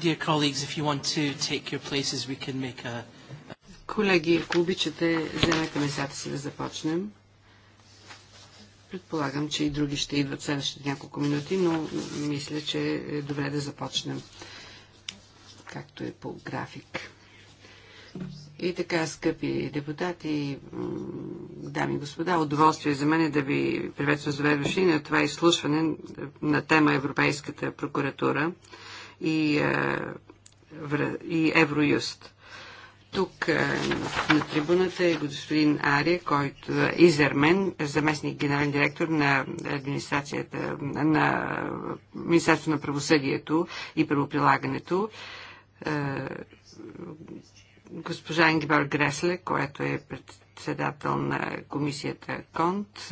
Dear colleagues, if you want to take your places, we can make a... Колеги, ако обичате, вземете местата си да започнем. Предполагам, че и други ще идват следващите няколко минути, но мисля, че е добре да започнем, както е по график. И така, скъпи депутати, дами и господа, удоволствие за мен е да ви приветствам с добре дошли на това изслушване на тема Европейската прокуратура и, е, и Евроюст. Тук е, на трибуната е господин Ари, който е изермен, заместник генерален директор на администрацията на Министерството на правосъдието и правоприлагането. Е, госпожа Ангебар Гресле, която е председател на комисията КОНТ,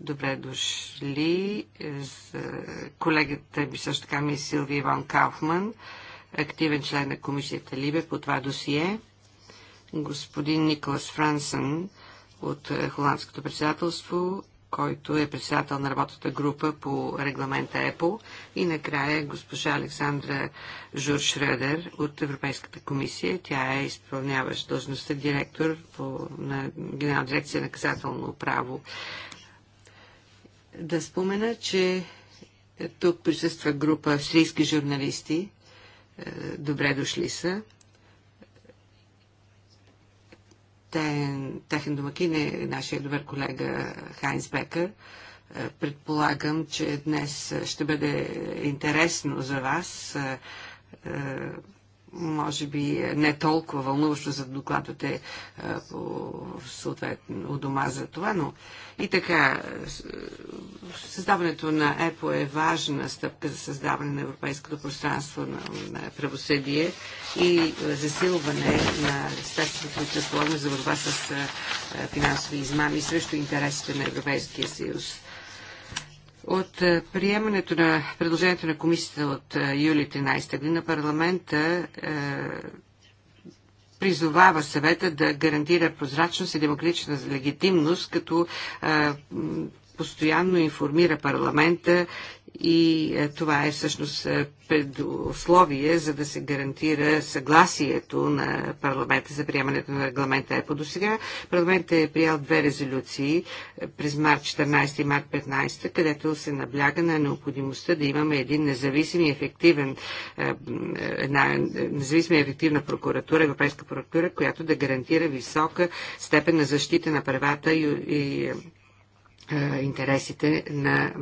Добре дошли. Е, е, колегата ми също така ми е Силвия Иван Кауфман, активен член на комисията Либе по това досие. Господин Николас Франсън от е, Холандското председателство, който е председател на работната група по регламента ЕПО. И накрая госпожа Александра Жур Шредер от Европейската комисия. Тя е изпълняващ должността директор по, на Генерална дирекция наказателно право да спомена, че тук присъства група австрийски журналисти. Е, добре дошли са. Техен домакин е нашия добър колега Хайнс Бекър. Е, предполагам, че днес ще бъде интересно за вас е, може би е не толкова вълнуващо за докладът е по съответно у дома за това, но и така е, създаването на ЕПО е важна стъпка за създаване на европейското пространство на, на правосъдие и засилване на естеството и за борба с е, финансови измами срещу интересите на Европейския съюз. От е, приемането на предложението на комисията от е, юли 13 година парламента е, призовава съвета да гарантира прозрачност и демократична легитимност, като е, постоянно информира парламента, и е, това е всъщност е, предусловие, за да се гарантира съгласието на парламента за приемането на регламента ЕПО. До сега парламентът е приял две резолюции е, през март 14 и март 15, където се набляга на необходимостта да имаме един независим и ефективен, една независима и ефективна прокуратура, Европейска прокуратура, която да гарантира висока степен на защита на правата и, и е, интересите на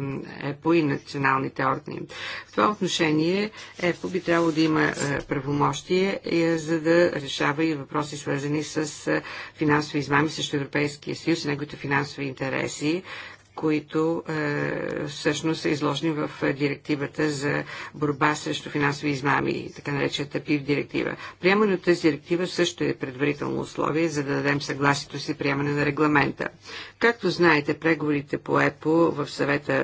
ЕПО и националните органи. В това отношение ЕПО би трябвало да има е, правомощие, е, за да решава и въпроси свързани с финансови измами срещу Европейския съюз и неговите финансови интереси, които е, всъщност са изложени в е, директивата за борба срещу финансови измами, така наречената ПИВ директива. Приемането на тази директива също е предварително условие, за да дадем съгласието си приемане на регламента. Както знаете, преговорите по ЕПО в съвета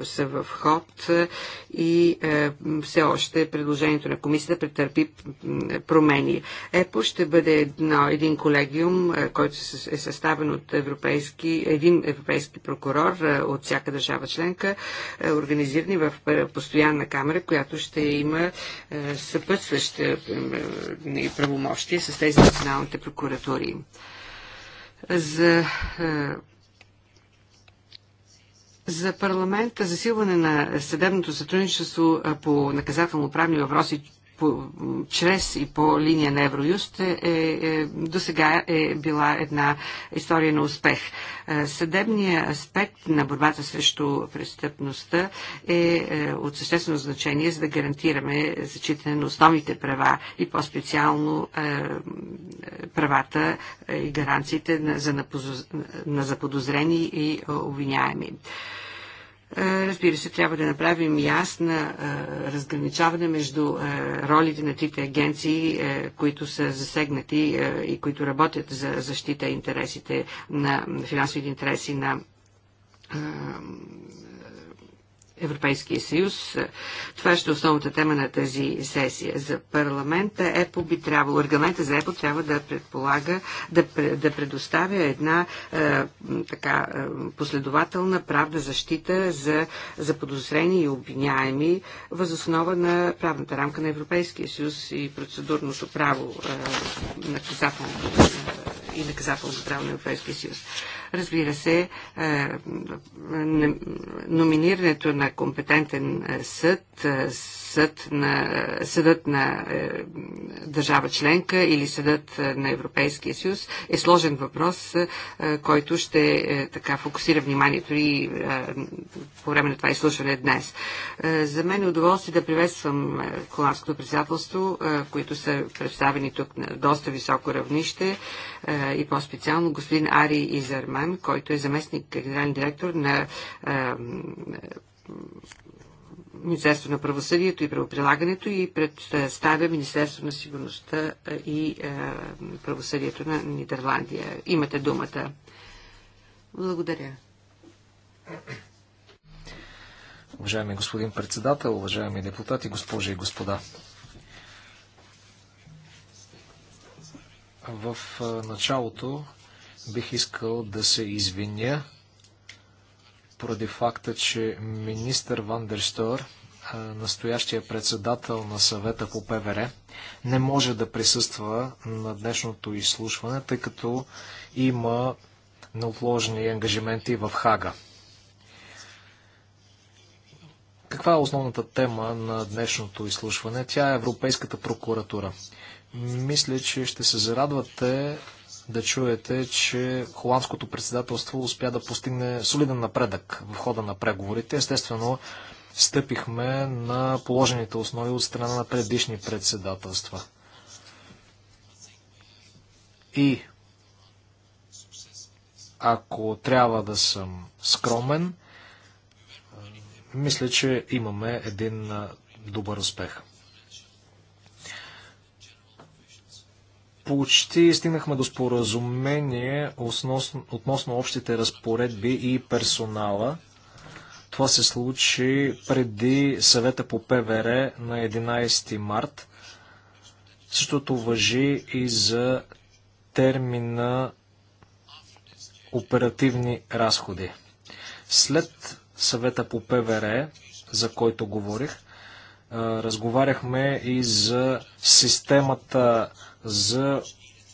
е, са в ход е, и е, все още предложението на комисията претърпи промени. ЕПО ще бъде едно, един колегиум, е, който е съставен от европейски, един европейски прокурор прокурор е, от всяка държава членка, е, организирани в е, постоянна камера, която ще има съпътстваща правомощия с тези националните прокуратури. За за парламента засилване на съдебното сътрудничество по наказателно-правни въпроси по, чрез и по линия на Евроюст е, е, е, до сега е била една история на успех. Е, съдебният аспект на борбата срещу престъпността е, е, от съществено значение, за да гарантираме зачитане на основните права и по-специално е, правата и гаранциите на, за, на, на заподозрени и обвиняеми. Е, е, разбира се, трябва да направим ясна е, разграничаване между е, ролите на трите агенции, които са засегнати и които работят за защита интересите на финансовите интереси на Европейския съюз. Това ще е основната тема на тази сесия. За парламента ЕПО би трябвало, регламента за ЕПО трябва да предполага, да, да предоставя една е, така е, последователна правна защита за, за подозрени и обвиняеми възоснова на правната рамка на Европейския съюз и процедурното право е, наказателно е, и наказателното право на Европейския съюз. Разбира се, е, номинирането на компетентен е, съд, е, съд на, съдът на държава членка или съдът на Европейския съюз е сложен въпрос, който ще така фокусира вниманието и по време на това изслушване днес. За мен е удоволствие да приветствам Холандското председателство, които са представени тук на доста високо равнище и по-специално господин Ари Изерма Хаман, който е заместник генерален директор на Министерство на правосъдието и правоприлагането и представя Министерство на сигурността и правосъдието на Нидерландия. Имате думата. Благодаря. Уважаеми господин председател, уважаеми депутати, госпожи и господа. В началото Бих искал да се извиня поради факта, че министър Ван Дерстор, настоящия председател на съвета по ПВР, не може да присъства на днешното изслушване, тъй като има неотложни ангажименти в Хага. Каква е основната тема на днешното изслушване? Тя е Европейската прокуратура. Мисля, че ще се зарадвате да чуете, че холандското председателство успя да постигне солиден напредък в хода на преговорите. Естествено, стъпихме на положените основи от страна на предишни председателства. И ако трябва да съм скромен, мисля, че имаме един добър успех. почти стигнахме до споразумение относно, относно общите разпоредби и персонала. Това се случи преди съвета по ПВР на 11 март. Същото въжи и за термина оперативни разходи. След съвета по ПВР, за който говорих, разговаряхме и за системата за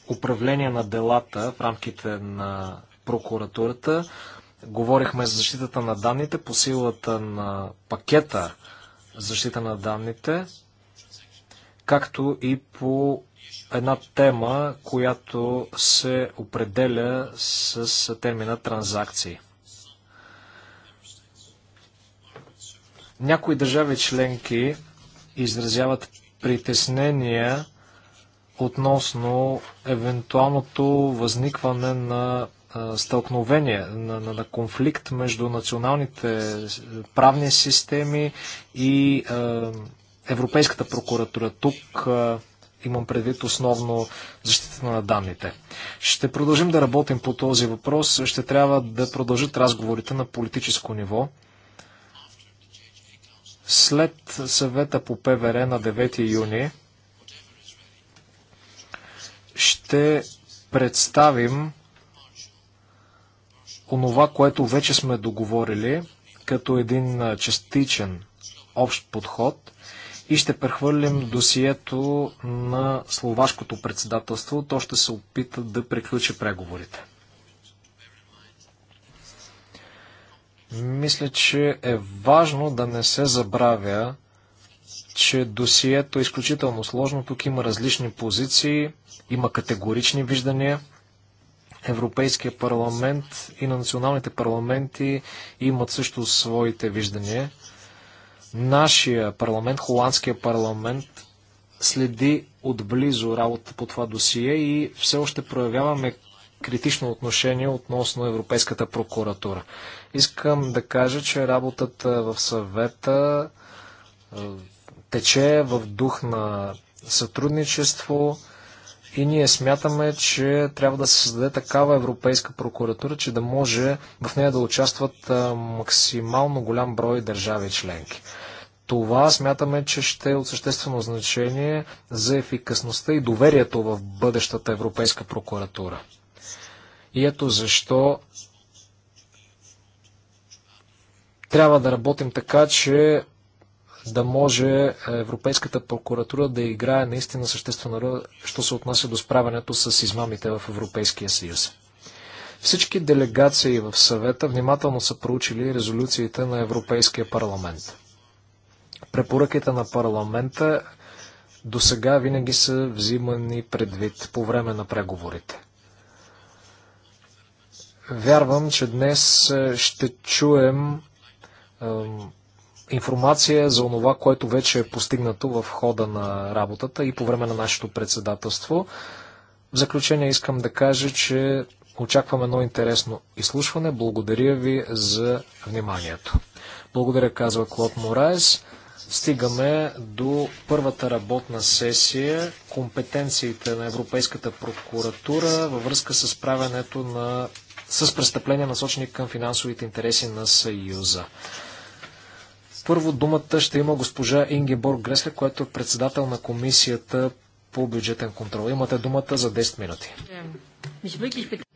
управление на делата в рамките на прокуратурата. Говорихме за защитата на данните по силата на пакета защита на данните, както и по една тема, която се определя с термина транзакции. Някои държави членки изразяват притеснения относно евентуалното възникване на стълкновение, на, на, на конфликт между националните правни системи и е, Европейската прокуратура. Тук е, имам предвид основно защитата на данните. Ще продължим да работим по този въпрос. Ще трябва да продължат разговорите на политическо ниво. След съвета по ПВР на 9 юни ще представим онова, което вече сме договорили, като един частичен общ подход и ще прехвърлим досието на словашкото председателство. То ще се опита да приключи преговорите. Мисля, че е важно да не се забравя че досието е изключително сложно. Тук има различни позиции, има категорични виждания. Европейския парламент и на националните парламенти имат също своите виждания. Нашия парламент, холандския парламент, следи отблизо работа по това досие и все още проявяваме критично отношение относно Европейската прокуратура. Искам да кажа, че работата в съвета тече в дух на сътрудничество и ние смятаме, че трябва да се създаде такава Европейска прокуратура, че да може в нея да участват максимално голям брой държави членки. Това смятаме, че ще е от съществено значение за ефикасността и доверието в бъдещата Европейска прокуратура. И ето защо трябва да работим така, че да може е, Европейската прокуратура да играе наистина съществена роля, що се отнася до справянето с измамите в Европейския съюз. Всички делегации в съвета внимателно са проучили резолюциите на Европейския парламент. Препоръките на парламента до сега винаги са взимани предвид по време на преговорите. Вярвам, че днес е, ще чуем информация за онова, което вече е постигнато в хода на работата и по време на нашето председателство. В заключение искам да кажа, че очакваме едно интересно изслушване. Благодаря ви за вниманието. Благодаря, казва Клод Мораес. Стигаме до първата работна сесия компетенциите на Европейската прокуратура във връзка с правенето на с престъпления насочени към финансовите интереси на Съюза. Първо думата ще има госпожа Ингеборг Гресле, която е председател на комисията по бюджетен контрол. Имате думата за 10 минути.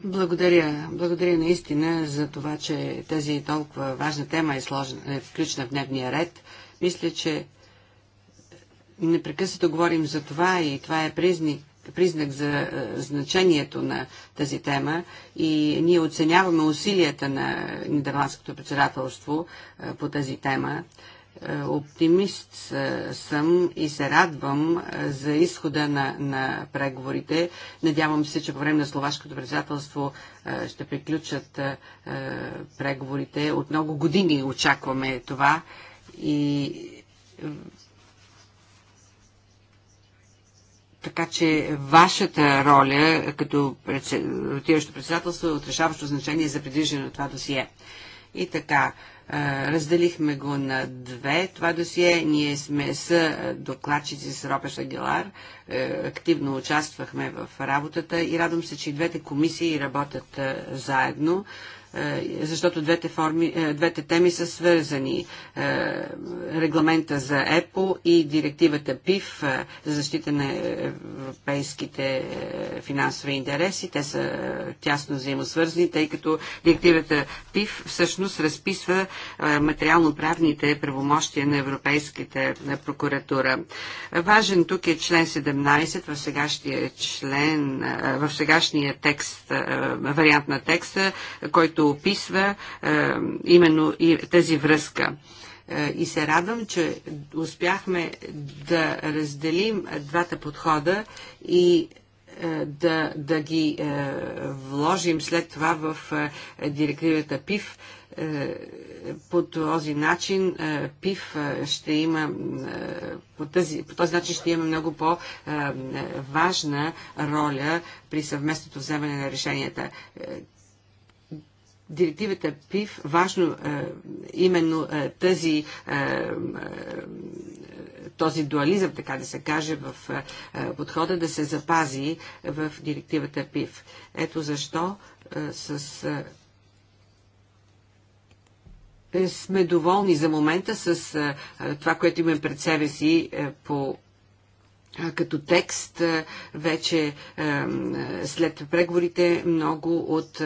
Благодаря. Благодаря наистина за това, че тази толкова важна тема е, сложна, е включена в дневния ред. Мисля, че непрекъснато говорим за това и това е признак, признак за е, значението на тази тема и ние оценяваме усилията на Нидерландското председателство е, по тази тема. Е, оптимист е, съм и се радвам е, за изхода на, на преговорите. Надявам се, че по време на словашкото председателство ще приключат преговорите. От много години очакваме това и така че вашата роля като ротиращо председателство е от решаващо значение за придвижване на това досие. И така, разделихме го на две. Това досие ние сме с докладчици с Ропеш Агилар. Е, активно участвахме в работата и радвам се, че и двете комисии работят заедно. Е, защото двете, форми, е, двете теми са свързани. Е, регламента за ЕПО и директивата ПИФ за защита на европейските финансови интереси. Те са тясно взаимосвързани, тъй като директивата ПИФ всъщност разписва материално-правните правомощия на Европейската прокуратура. Важен тук е член 17 в сегашния член, в сегашния текст, вариант на текста, който който описва е, именно и тази връзка. Е, и се радвам, че успяхме да разделим двата подхода и е, да, да ги е, вложим след това в е, директивата ПИФ. Е, по този начин е, ПИФ е, ще има по, тази, по този начин ще има много по-важна роля при съвместното вземане на решенията директивата ПИВ, важно е, именно е, тази, е, е, този дуализъм, така да се каже, в е, е подхода да се запази в директивата ПИВ. Ето защо е, с. Е, сме доволни за момента с а, е, това, което имаме пред себе си а, по като текст вече след преговорите много от,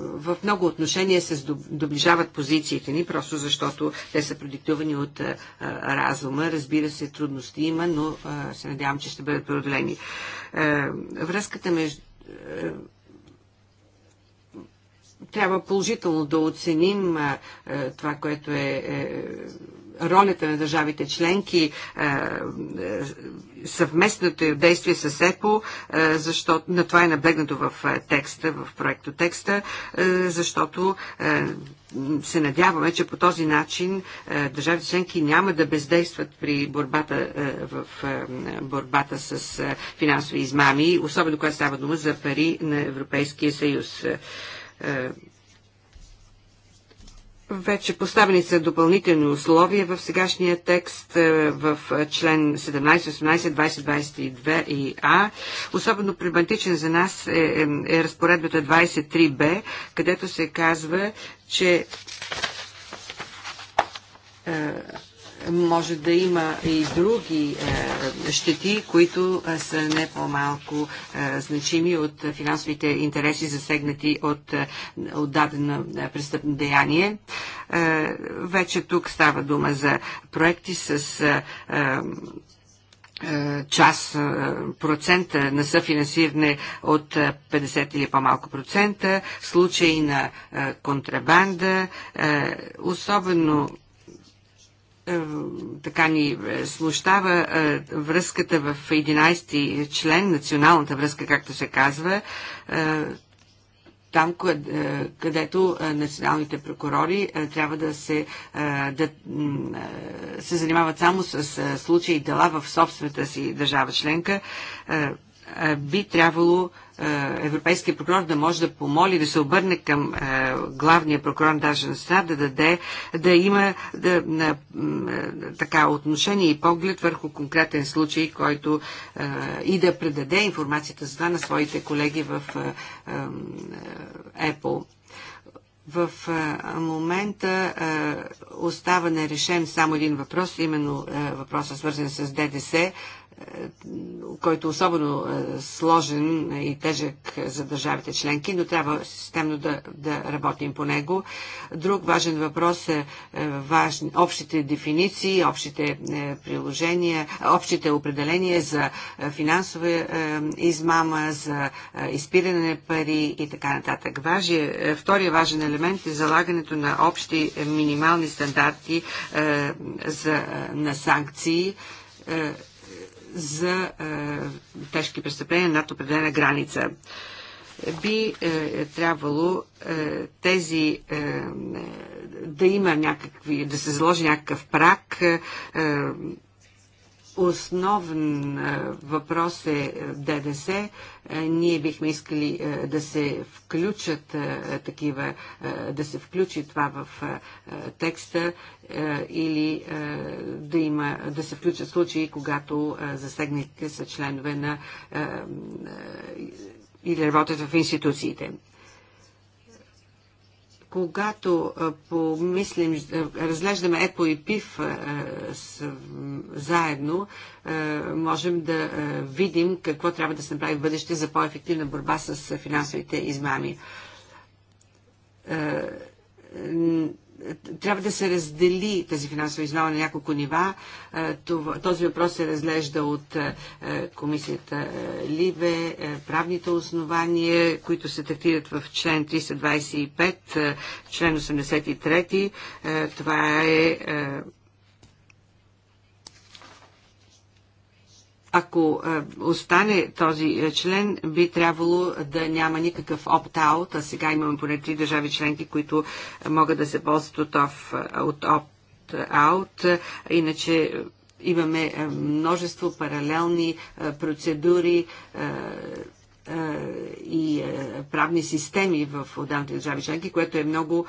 в много отношения се доближават позициите ни, просто защото те са продиктувани от разума. Разбира се, трудности има, но се надявам, че ще бъдат преодолени. Връзката между трябва положително да оценим това, което е, е ролята на държавите членки, е, е, съвместното действие с ЕПО, е, защото на това е наблегнато в текста, в проекто текста, защото се надяваме, че по този начин държавите членки няма да бездействат при борбата, в борбата с финансови измами, особено когато става дума за пари на Европейския съюз вече поставени са допълнителни условия в сегашния текст е, в е, член 17, 18, 20, 22 и А. Особено проблематичен за нас е, е, е разпоредбата 23Б, където се казва, че е, може да има и други е, щети, които е, са не по-малко е, значими от финансовите интереси, засегнати от, от дадено престъпно деяние. Вече тук става дума за проекти с час процента на съфинансиране от 50 или по-малко процента, случаи на контрабанда, особено е, така ни е, смущава е, връзката в 11 член, националната връзка, както се казва, там, където националните прокурори трябва да се, да се занимават само с случаи и дела в собствената си държава членка, би трябвало е, европейския прокурор да може да помоли, да се обърне към е, главния прокурор на на страна, да даде, да има да, на, е, така отношение и поглед върху конкретен случай, който и да предаде информацията за това на своите колеги в Apple в момента остава нерешен само един въпрос, именно въпроса свързан с ДДС който е особено е, сложен и тежък за държавите членки, но трябва системно да, да работим по него. Друг важен въпрос е, е важни, общите дефиниции, общите е, приложения, общите определения за финансова измама, за изпиране на пари и така нататък. Важи, втория важен елемент е залагането на общи минимални стандарти за, на санкции за е, тежки престъпления над определена граница би е, трябвало е, тези е, е да има някакви, да се заложи някакъв прак, е, е Основен е, въпрос е, е ДДС. Е, ние бихме искали да се включат такива, да се включи това в текста или да, има, да се включат случаи, когато засегнатите са членове на или работят в институциите. Когато помислим, разглеждаме ЕПО и ПИФ заедно, можем да видим какво трябва да се направи в бъдеще за по-ефективна борба с финансовите измами трябва да се раздели тази финансова измама на няколко нива. Този въпрос се разглежда от комисията Либе, правните основания, които се третират в член 325, член 83. Това е ако е, остане този е, член, би трябвало да няма никакъв опт-аут, а сега имаме поне три държави членки, които е, могат да се ползват от, от опт-аут. Иначе имаме множество паралелни процедури и правни системи в отделните държави членки, което е много,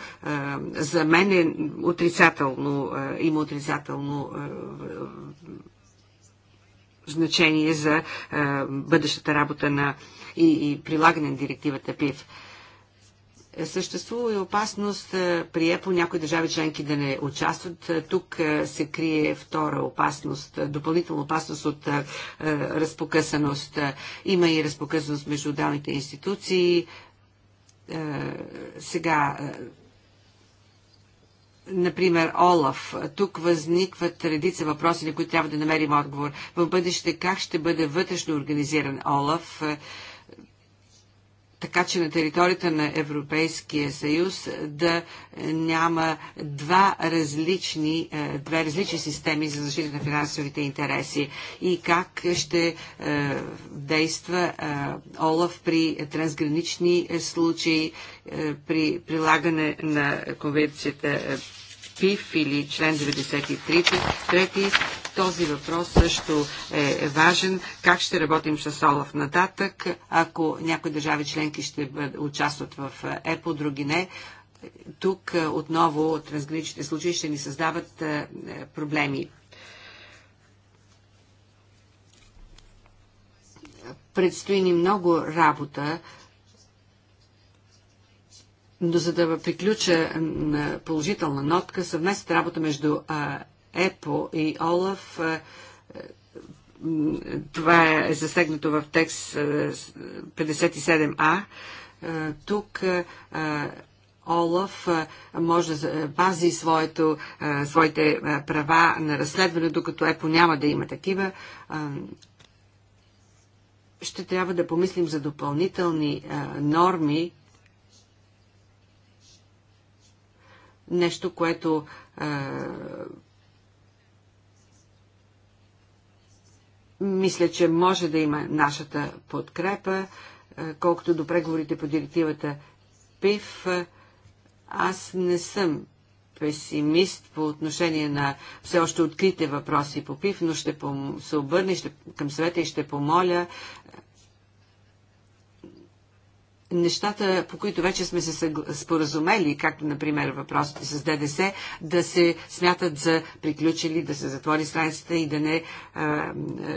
за мен е отрицателно, има отрицателно значение за е, бъдещата работа на и, и прилагане на директивата ПИВ. Е, съществува и опасност е, при ЕПО някои държави членки да не участват. Тук се крие втора опасност, допълнителна опасност от разпокъсаност. Има и разпокъсаност между отделните институции. Сега например, Олаф. Тук възникват редица въпроси, на които трябва да намерим отговор. В бъдеще как ще бъде вътрешно организиран Олаф? така че на територията на Европейския съюз да няма два различни, е, две различни системи за защита на финансовите интереси и как ще е, действа е, ОЛАФ при трансгранични случаи при прилагане на конвенцията ПИФ или член 93, трети този въпрос също е важен. Как ще работим с Олаф нататък, ако някои държави членки ще участват в е, ЕПО, други не. Тук е, отново трансграничните случаи ще ни създават е, проблеми. Предстои ни много работа, но за да приключа положителна нотка, съвместната работа между ЕПО и ОЛАФ. Е, е, това е засегнато в текст 57А. Е, тук Олаф може да пази своето, своите права на разследване, докато ЕПО няма да има такива. Ще трябва да помислим за допълнителни норми, нещо, което мисля, че може да има нашата подкрепа, е, колкото до преговорите по директивата ПИВ. Е, аз не съм песимист по отношение на все още открите въпроси по ПИФ, но ще се обърна към света и ще помоля нещата, по които вече сме се споразумели, както, например, въпросите с ДДС, да се смятат за приключили, да се затвори страницата и да не а,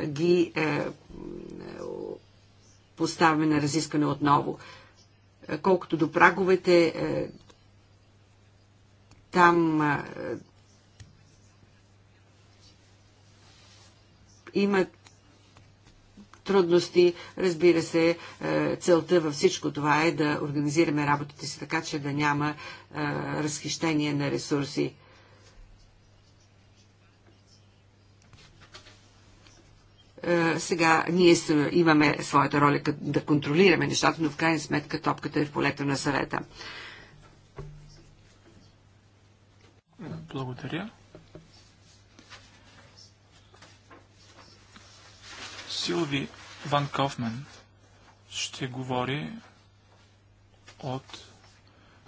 ги а, поставяме на разискане отново. Колкото до праговете, а, там а, имат трудности. Разбира се, е, целта във всичко това е да организираме работата си така, че да няма е, разхищение на ресурси. Е, сега ние имаме своята роля да контролираме нещата, но в крайна сметка топката е в полето на съвета. Благодаря. Силви Ван Кофмен ще говори от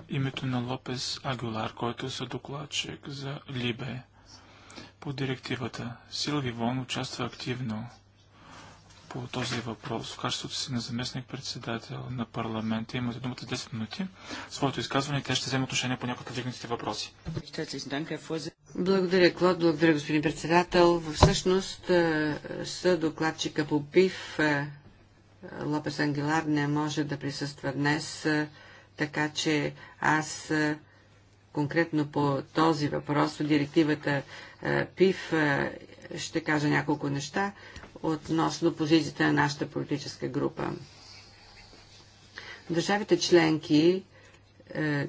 името на Лопес Агюлар, който е са докладчик за Либе по директивата. Силви Вон участва активно по този въпрос в качеството си на заместник-председател на парламента. Имате думата 10 минути. Своето изказване те ще вземе отношение по някои от въпроси. Благодаря, Клод. Благодаря, господин председател. Всъщност, е, съ докладчика по ПИВ е, Лопес Ангелар не може да присъства днес, е, така че аз конкретно по този въпрос, директивата ПИВ, ще кажа няколко неща относно позицията на нашата политическа група. Държавите членки, е,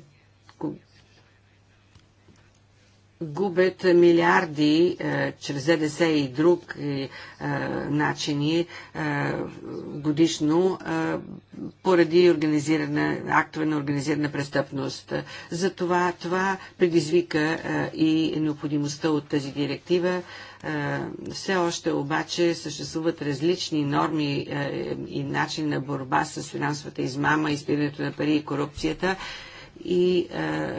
губят милиарди а, е, чрез ДДС и друг и, е, а, е, начини а, годишно а, поради организирана, актове на организирана престъпност. Затова това предизвика а, и необходимостта от тази директива. А, все още обаче съществуват различни норми а, и начин на борба с финансовата измама, изпирането на пари и корупцията. И а,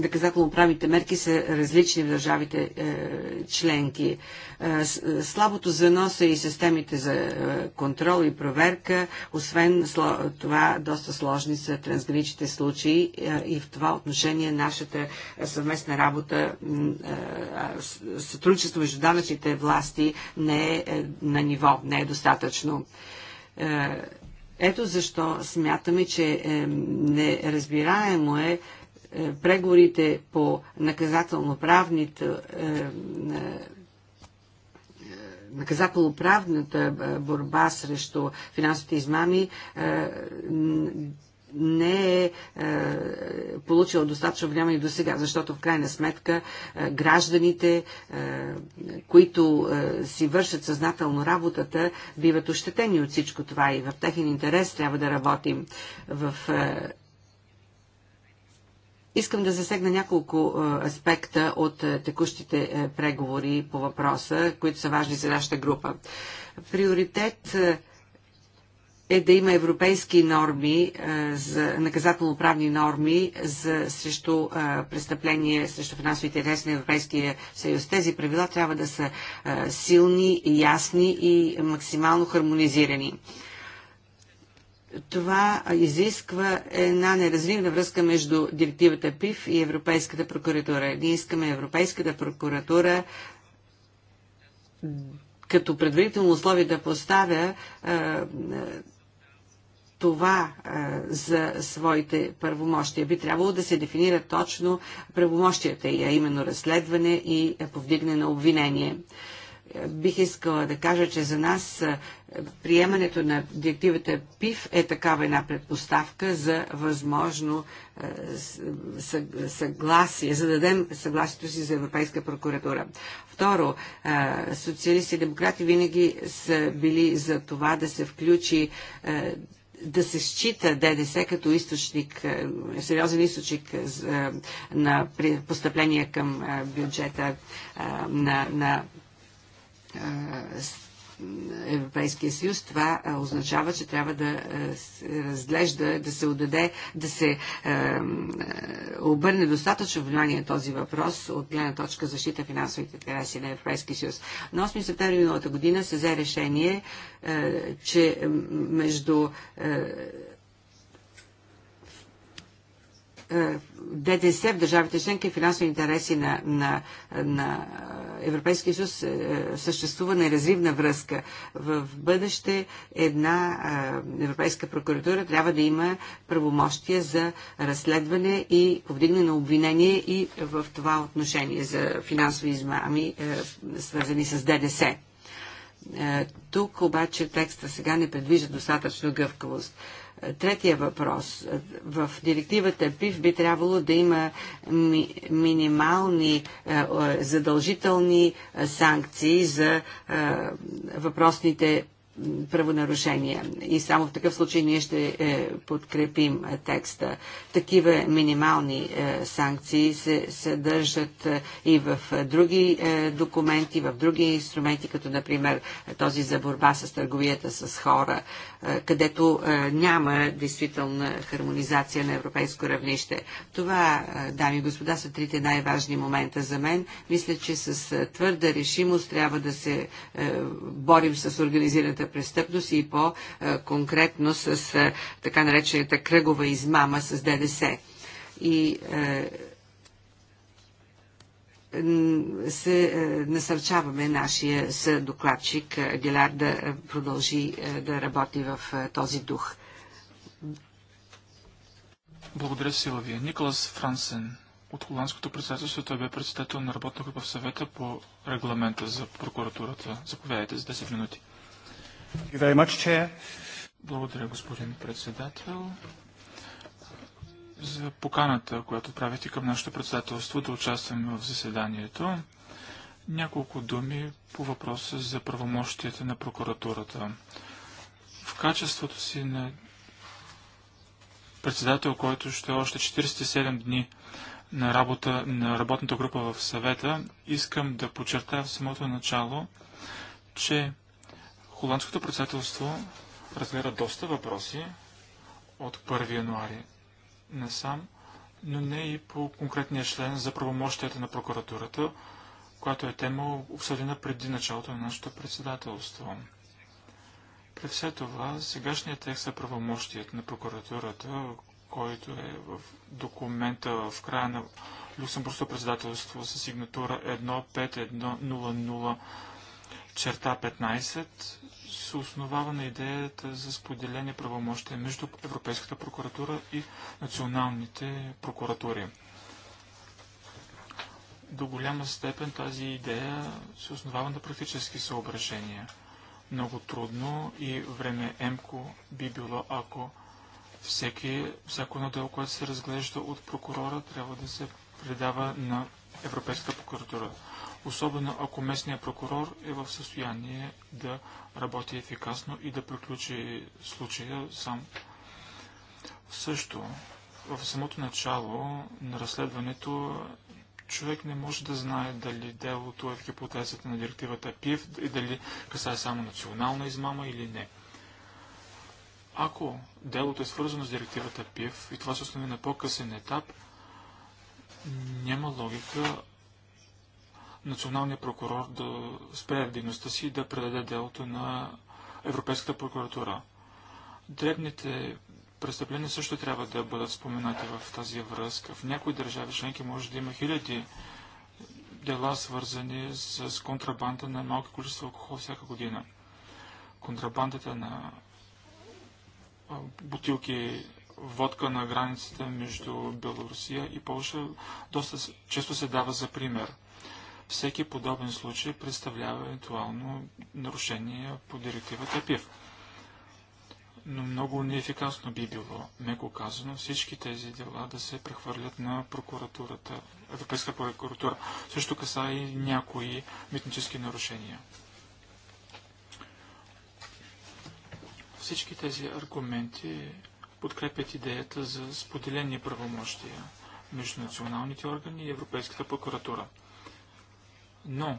наказателно-правните мерки са различни в държавите е, членки. Е, слабото звено са и системите за е, контрол и проверка. Освен това, доста сложни са трансграничните случаи и в това отношение нашата съвместна работа, сътрудничество между данъчните власти не е на ниво, не е достатъчно. Ето защо смятаме, че неразбираемо е е, преговорите по наказателно-правните е, е, наказателно-правната борба срещу финансовите измами не е, получила достатъчно време и до сега, защото в крайна сметка гражданите, които си вършат съзнателно работата, биват ощетени от всичко това и в техен интерес трябва да работим в Искам да засегна няколко аспекта от текущите преговори по въпроса, които са важни за нашата група. Приоритет е да има европейски норми, наказателно-правни норми за, срещу престъпление срещу финансовите интереси на Европейския съюз. Тези правила трябва да са силни, ясни и максимално хармонизирани това изисква една неразривна връзка между директивата ПИФ и Европейската прокуратура. Ние искаме Европейската прокуратура като предварително условие да поставя това за своите правомощия. Би трябвало да се дефинира точно правомощията и, а именно разследване и повдигне на обвинение бих искала да кажа, че за нас е, приемането на директивата ПИФ е такава една предпоставка за възможно е, съгласие, за да дадем съгласието си за Европейска прокуратура. Второ, е, социалисти и демократи винаги са били за това да се включи да се счита ДДС като източник, сериозен източник на постъпления към бюджета на, на Европейския съюз, това означава, че трябва да се разглежда, да се отдаде, да се е, обърне достатъчно внимание на този въпрос от гледна точка защита финансовите интереси на Европейския съюз. На 8 септември миналата година се взе решение, е, че между е, е, ДДС в държавите членки и финансови интереси на, на, на Европейския съюз е, съществува неразривна връзка. В бъдеще една е, Европейска прокуратура трябва да има правомощия за разследване и повдигне на обвинение и в това отношение за финансови измами, свързани с ДДС. Тук обаче текста сега не предвижда достатъчно гъвкавост. Третия въпрос. В директивата ПИФ би трябвало да има ми, минимални е, е, задължителни е, санкции за въпросните правонарушения. И само в такъв случай ние ще е, подкрепим текста. Такива минимални е, санкции се съдържат и в други документи, в други инструменти, като например този за борба с търговията с хора където няма действителна хармонизация на европейско равнище. Това, дами и господа, са трите най-важни момента за мен. Мисля, че с твърда решимост трябва да се борим с организираната престъпност и по-конкретно с така наречената кръгова измама с ДДС. И е, се е, насърчаваме нашия съдокладчик е, Гелар да е, продължи да работи в този дух. Благодаря, Силавия. Николас Франсен от Холандското председателство той бе председател на работна група в съвета по регламента за прокуратурата. Заповядайте за 10 минути. Благодаря, господин председател за поканата, която правите към нашето председателство да участваме в заседанието. Няколко думи по въпроса за правомощията на прокуратурата. В качеството си на председател, който ще е още 47 дни на работа на работната група в съвета, искам да подчертая в самото начало, че Холандското председателство разгледа доста въпроси от 1 януари насам, но не и по конкретния член за правомощията на прокуратурата, която е тема обсъдена преди началото на нашето председателство. При все това, сегашният текст за е правомощията на прокуратурата, който е в документа в края на Люксембургското председателство с сигнатура 15100 черта 15, се основава на идеята за споделени правомощия между Европейската прокуратура и националните прокуратури. До голяма степен тази идея се основава на практически съображения. Много трудно и време емко би било, ако всеки, всяко едно дело, което се разглежда от прокурора, трябва да се предава на Европейската прокуратура особено ако местният прокурор е в състояние да работи ефикасно и да приключи случая сам. Също, в самото начало на разследването човек не може да знае дали делото е в хипотезата на директивата ПИВ и дали касае само национална измама или не. Ако делото е свързано с директивата ПИВ и това се основи на по-късен етап, няма логика Националния прокурор да спре дейността си и да предаде делото на Европейската прокуратура. Дребните престъпления също трябва да бъдат споменати в тази връзка. В някои държави членки може да има хиляди дела, свързани с контрабанда на малки количества алкохол всяка година. Контрабандата на бутилки водка на границата между Белорусия и Польша доста често се дава за пример. Всеки подобен случай представлява евентуално нарушение по директивата ПИВ. Но много неефикасно би било, меко казано, всички тези дела да се прехвърлят на прокуратурата, Европейска прокуратура. Също каса и някои митнически нарушения. Всички тези аргументи подкрепят идеята за споделени правомощия между националните органи и Европейската прокуратура. Но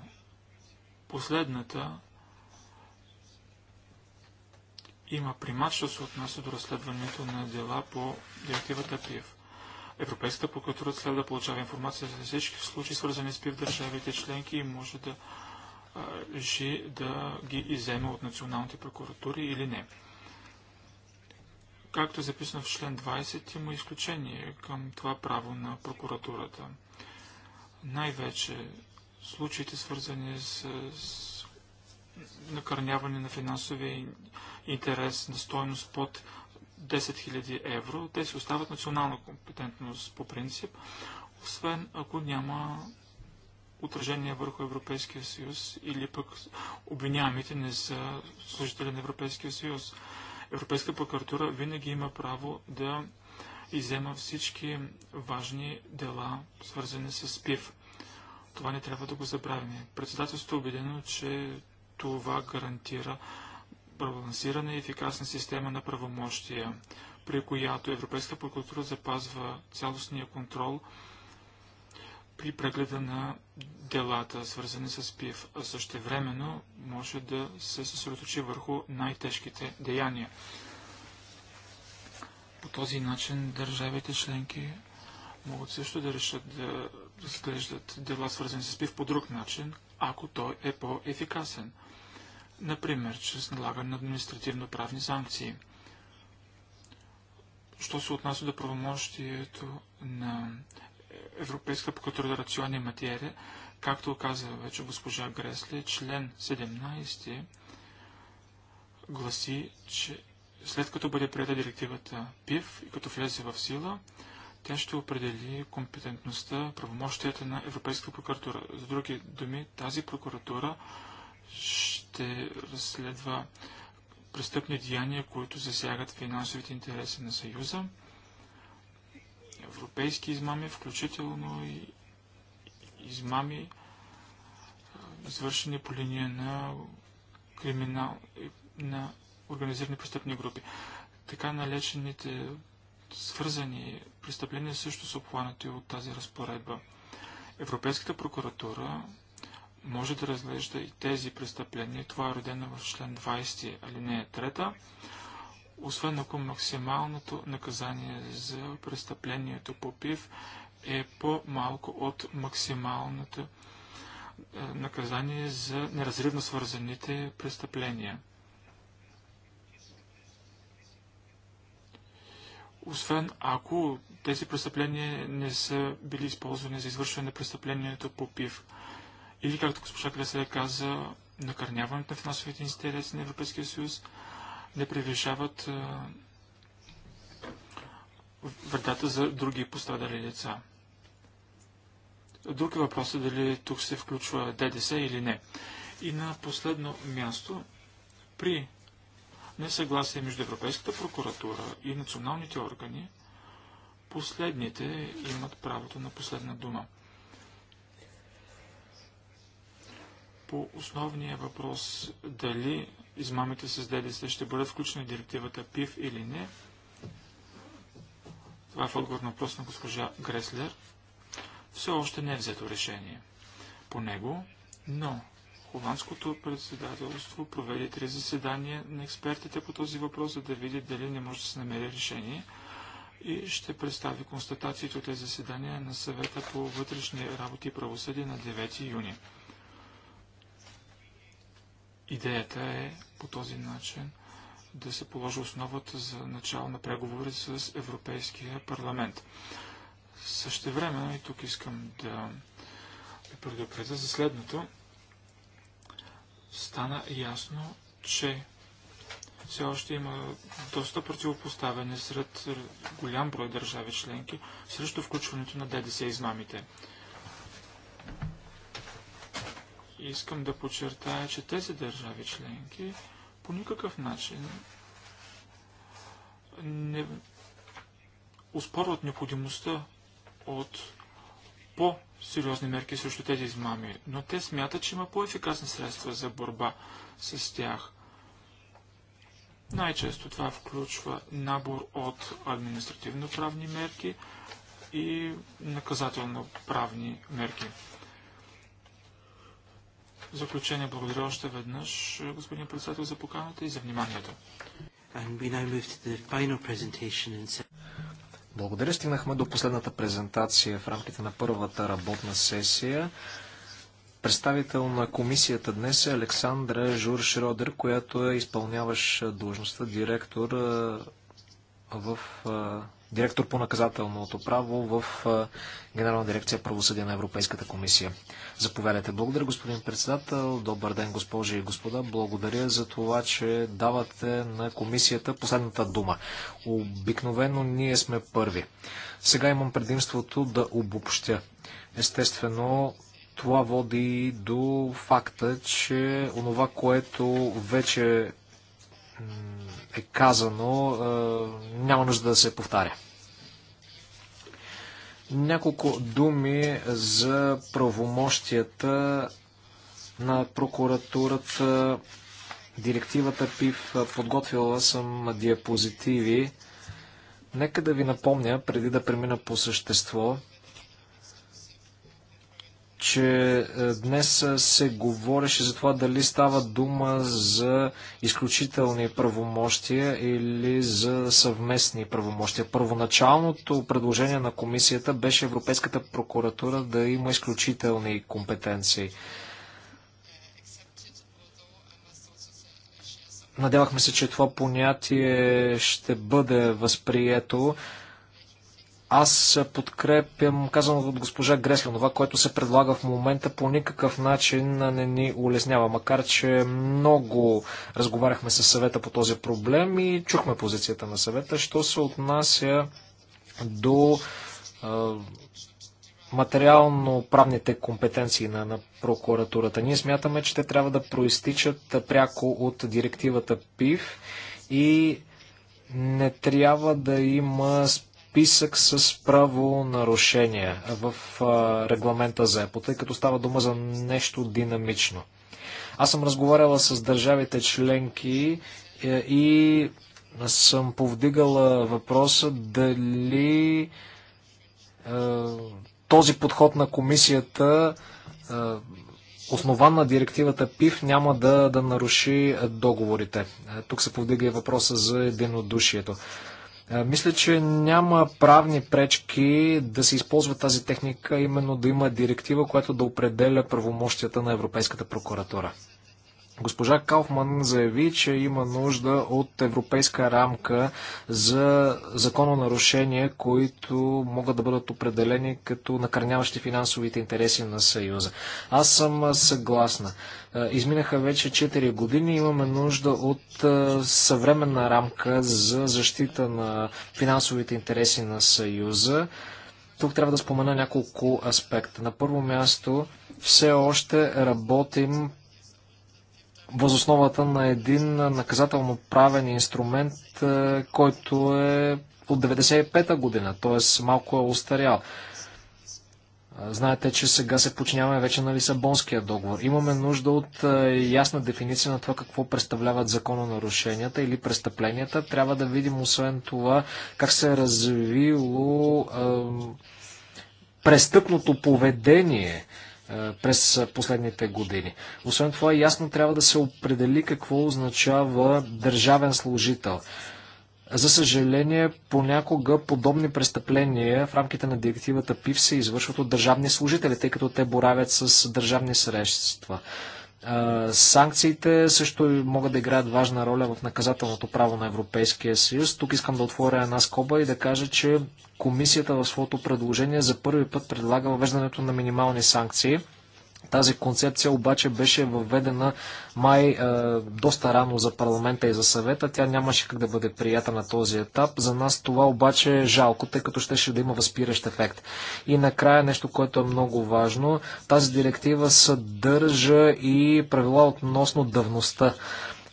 последната има примат, що се отнася до разследването на дела по директивата ПИВ. Европейската прокуратура следва да получава информация за всички случаи, свързани с ПИВ държавите членки и може да реши да ги иземе от националните прокуратури или не. Както е записано в член 20, има изключение към това право на прокуратурата. Най-вече случаите свързани с, с накърняване на финансови интерес на стоеност под 10 000 евро, те си остават национална компетентност по принцип, освен ако няма отражение върху Европейския съюз или пък обвиняемите не са служители на Европейския съюз. Европейска прокуратура винаги има право да изема всички важни дела, свързани с ПИФ. Това не трябва да го забравяме. Председателството е убедено, че това гарантира балансирана и ефикасна система на правомощия, при която Европейска прокуратура запазва цялостния контрол при прегледа на делата, свързани с ПИВ, а също времено може да се съсредоточи върху най-тежките деяния. По този начин държавите членки могат също да решат да разглеждат дела, свързани с пив по друг начин, ако той е по-ефикасен. Например, чрез налагане на административно-правни санкции. Що се отнася до правомощието на Европейска прокуратура рационни материя, както каза вече госпожа Гресли, член 17 гласи, че след като бъде прията директивата ПИВ и като влезе в сила, тя ще определи компетентността, правомощията на Европейската прокуратура. С други думи, тази прокуратура ще разследва престъпни деяния, които засягат финансовите интереси на Съюза, европейски измами, включително и измами, извършени по линия на криминал, на организирани престъпни групи. Така налечените свързани престъпления също са обхванати от тази разпоредба. Европейската прокуратура може да разглежда и тези престъпления. Това е родено в член 20, алинея 3, освен ако максималното наказание за престъплението по ПИВ е по-малко от максималното е, наказание за неразривно свързаните престъпления. освен ако тези престъпления не са били използвани за извършване на престъплението по ПИВ. Или, както госпожа Креселя каза, накърняването на финансовите интереси на Европейския съюз не превишават вредата за други пострадали деца. Друг е дали тук се включва ДДС или не. И на последно място, при несъгласие между Европейската прокуратура и националните органи, последните имат правото на последна дума. По основния въпрос дали измамите с ДДС ще бъдат включени в директивата ПИВ или не, това е в отговор на въпрос на госпожа Греслер, все още не е взето решение по него, но Холандското председателство проведе три заседания на експертите по този въпрос, за да види дали не може да се намери решение и ще представи констатациите от тези заседания на съвета по вътрешни работи и правосъдие на 9 юни. Идеята е по този начин да се положи основата за начало на преговори с Европейския парламент. време и тук искам да ви предупредя за следното, стана ясно, че все още има доста противопоставяне сред голям брой държави членки срещу включването на ДДС измамите. Искам да подчертая, че тези държави членки по никакъв начин не успорват необходимостта от по-сериозни мерки срещу тези измами, но те смятат, че има по-ефикасни средства за борба с тях. Най-често това включва набор от административно-правни мерки и наказателно-правни мерки. В заключение благодаря още веднъж, господин председател, за поканата и за вниманието. And we now move to the final presentation in благодаря. Стигнахме до последната презентация в рамките на първата работна сесия. Представител на комисията днес е Александра Жур Шродер, която е изпълняваш длъжността директор в директор по наказателното право в Генерална дирекция правосъдие на Европейската комисия. Заповядайте. Благодаря, господин председател. Добър ден, госпожи и господа. Благодаря за това, че давате на комисията последната дума. Обикновено ние сме първи. Сега имам предимството да обобщя. Естествено, това води до факта, че онова, което вече е казано, няма нужда да се повтаря. Няколко думи за правомощията на прокуратурата, директивата ПИВ. Подготвила съм диапозитиви. Нека да ви напомня, преди да премина по същество, че е, днес е, се говореше за това дали става дума за изключителни правомощия или за съвместни правомощия. Първоначалното предложение на комисията беше Европейската прокуратура да има изключителни компетенции. Надявахме се, че това понятие ще бъде възприето. Аз подкрепям казаното от госпожа Гресленова, което се предлага в момента, по никакъв начин не ни улеснява. Макар, че много разговаряхме с съвета по този проблем и чухме позицията на съвета, що се отнася до е, материално-правните компетенции на, на прокуратурата. Ние смятаме, че те трябва да проистичат пряко от директивата ПИВ и не трябва да има списък с правонарушения в регламента за ЕПО, тъй като става дума за нещо динамично. Аз съм разговаряла с държавите членки е, и съм повдигала въпроса дали е, този подход на комисията, е, основан на директивата ПИВ, няма да, да наруши договорите. Тук се повдига и въпроса за единодушието. Е, мисля, че няма правни пречки да се използва тази техника, именно да има директива, която да определя правомощията на Европейската прокуратура. Госпожа Кауфман заяви, че има нужда от европейска рамка за закононарушения, които могат да бъдат определени като накърняващи финансовите интереси на Съюза. Аз съм съгласна. Е, изминаха вече 4 години, имаме нужда от е, съвременна рамка за защита на финансовите интереси на Съюза. Тук трябва да спомена няколко аспекта. На първо място, все още работим възосновата на един наказателно правен инструмент, е, който е от 95-та година, т.е. малко е устарял. Е, знаете, че сега се починяваме вече на Лисабонския договор. Имаме нужда от е, ясна дефиниция на това какво представляват закононарушенията или престъпленията. Трябва да видим освен това как се е развило е, престъпното поведение през последните години. Освен това, ясно трябва да се определи какво означава държавен служител. За съжаление, понякога подобни престъпления в рамките на директивата ПИВ се извършват от държавни служители, тъй като те боравят с държавни средства. Санкциите също могат да играят важна роля в наказателното право на Европейския съюз. Тук искам да отворя една скоба и да кажа, че комисията в своето предложение за първи път предлага въвеждането на минимални санкции – тази концепция обаче беше въведена май е, доста рано за парламента и за съвета. Тя нямаше как да бъде прията на този етап. За нас това обаче е жалко, тъй като щеше да има възпиращ ефект. И накрая нещо, което е много важно. Тази директива съдържа и правила относно давността.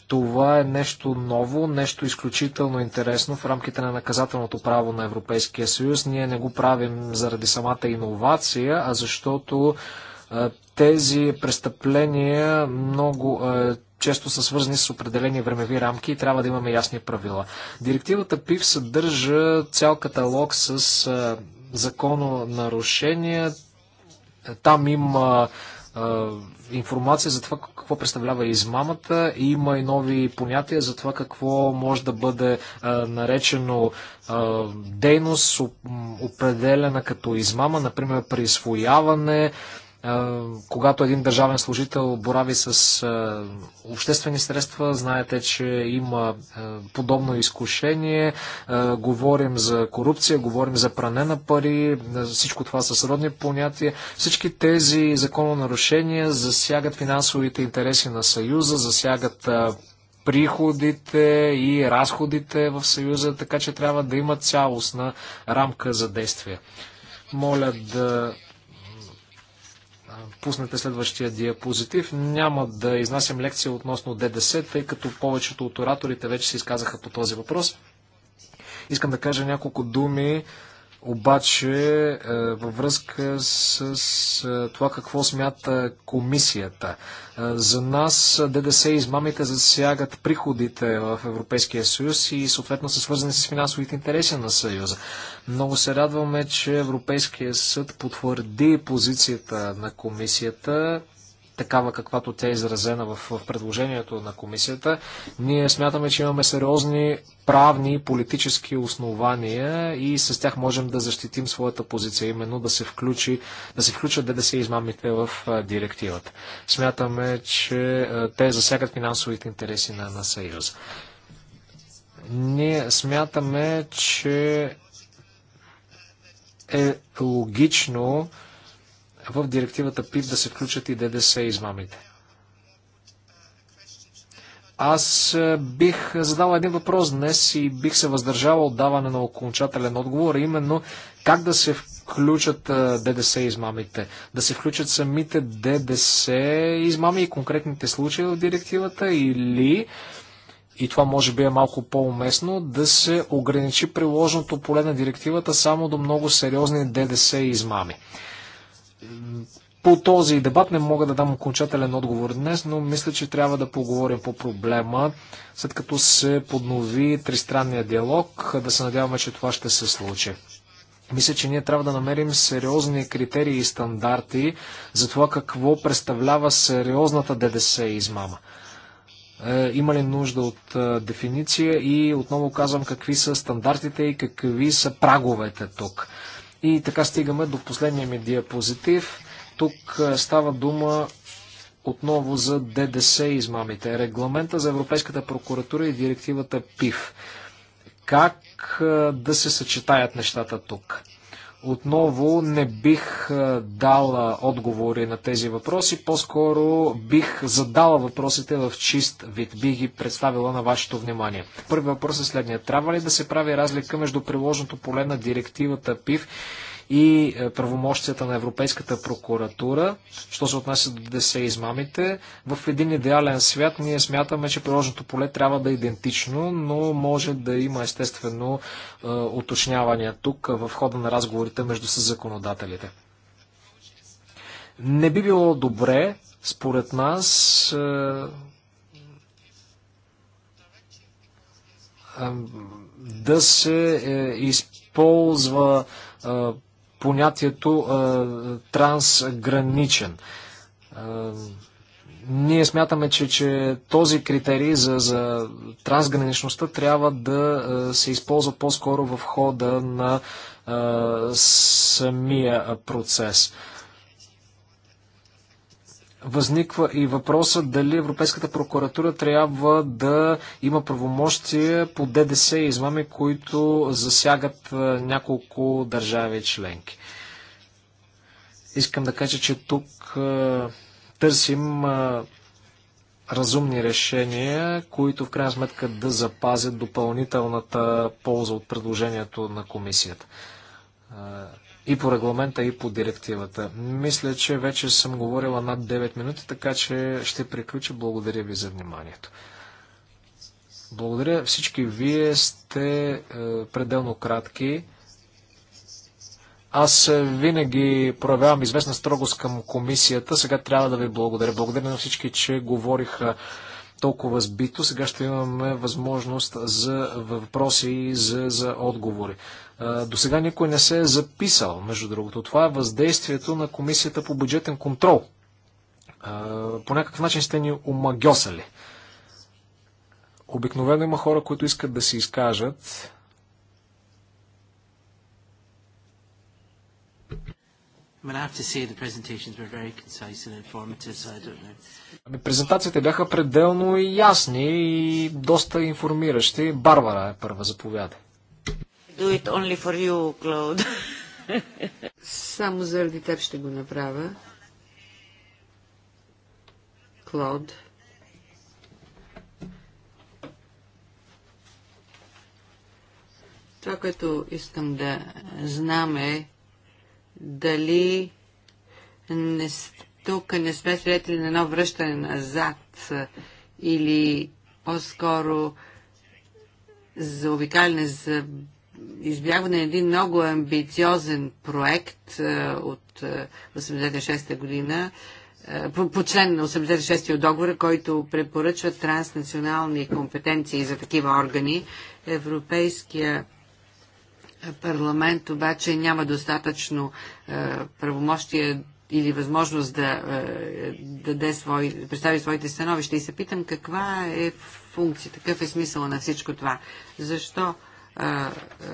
Това е нещо ново, нещо изключително интересно в рамките на наказателното право на Европейския съюз. Ние не го правим заради самата иновация, а защото е, тези престъпления много е, често са свързани с определени времеви рамки и трябва да имаме ясни правила. Директивата ПИВ съдържа цял каталог с е, закононарушения. Там има е, информация за това какво представлява измамата. Има и нови понятия за това какво може да бъде а, е, наречено а, дейност, определена като измама, например при изфояване, когато един държавен служител борави с обществени средства, знаете, че има подобно изкушение. Говорим за корупция, говорим за пране на пари, всичко това са сродни понятия. Всички тези закононарушения засягат финансовите интереси на Съюза, засягат приходите и разходите в Съюза, така че трябва да има цялостна рамка за действие. Моля да пуснете следващия диапозитив. Няма да изнасям лекция относно ДДС, тъй като повечето от ораторите вече се изказаха по този въпрос. Искам да кажа няколко думи обаче е, във връзка с, с е, това какво смята комисията. Е, за нас ДДС измамите засягат приходите в Европейския съюз и съответно са свързани с финансовите интереси на съюза. Много се радваме, че Европейския съд потвърди позицията на комисията такава каквато тя е изразена в, в предложението на комисията. Ние смятаме, че имаме сериозни правни и политически основания и с тях можем да защитим своята позиция, именно да се, включи, да се включат ДДС измамите в директивата. Смятаме, че те засягат финансовите интереси на, на Съюза. Ние смятаме, че е логично в директивата ПИП да се включат и ДДС измамите. Аз е, бих задал един въпрос днес и бих се въздържал от даване на окончателен отговор, именно как да се включат е, ДДС измамите, да се включат самите ДДС измами и конкретните случаи в директивата или и това може би е малко по-уместно, да се ограничи приложното поле на директивата само до много сериозни ДДС измами по този дебат не мога да дам окончателен отговор днес, но мисля, че трябва да поговорим по проблема, след като се поднови тристранния диалог, да се надяваме, че това ще се случи. Мисля, че ние трябва да намерим сериозни критерии и стандарти за това какво представлява сериозната ДДС измама. Е, има ли нужда от е, дефиниция и отново казвам какви са стандартите и какви са праговете тук. И така стигаме до последния ми диапозитив. Тук става дума отново за ДДС измамите. Регламента за Европейската прокуратура и директивата ПИФ. Как да се съчетаят нещата тук? Отново не бих дала отговори на тези въпроси, по-скоро бих задала въпросите в чист вид, бих ги представила на вашето внимание. Първи въпрос е следния. Трябва ли да се прави разлика между приложното поле на директивата ПИВ и е, правомощията на Европейската прокуратура, що се отнася до ДС измамите. В един идеален свят ние смятаме, че приложното поле трябва да е идентично, но може да има естествено е, уточнявания тук в хода на разговорите между законодателите. Не би било добре, според нас, е, да се използва понятието трансграничен. Ние смятаме, че, че този критерий за, за трансграничността трябва да се използва по-скоро в хода на самия процес възниква и въпроса дали Европейската прокуратура трябва да има правомощия по ДДС и измами, които засягат няколко държави членки. Искам да кажа, че тук търсим разумни решения, които в крайна сметка да запазят допълнителната полза от предложението на комисията и по регламента, и по директивата. Мисля, че вече съм говорила над 9 минути, така че ще приключа. Благодаря ви за вниманието. Благодаря всички. Вие сте е, пределно кратки. Аз винаги проявявам известна строгост към комисията. Сега трябва да ви благодаря. Благодаря на всички, че говориха толкова сбито. Сега ще имаме възможност за въпроси и за, за отговори. До сега никой не се е записал, между другото. Това е въздействието на Комисията по бюджетен контрол. По някакъв начин сте ни омагьосали. Обикновено има хора, които искат да се изкажат. I mean, I have to say the presentations were very concise and informative, so I don't know. Ами, презентациите бяха пределно и ясни и доста информиращи. Барбара е първа, заповядай. Do it only for you, Claude. Само заради теб ще го направя. Клод. Това, което искам да знам е, дали не, тук не сме свидетели на едно връщане назад или по-скоро за обикаляне, за избягване на един много амбициозен проект от 86-та година, по, по член на 86 от договора, който препоръчва транснационални компетенции за такива органи. Европейския парламент обаче няма достатъчно е, правомощия или възможност да, е, даде свой, представи своите становища. И се питам каква е функция, какъв е смисъл на всичко това. Защо е,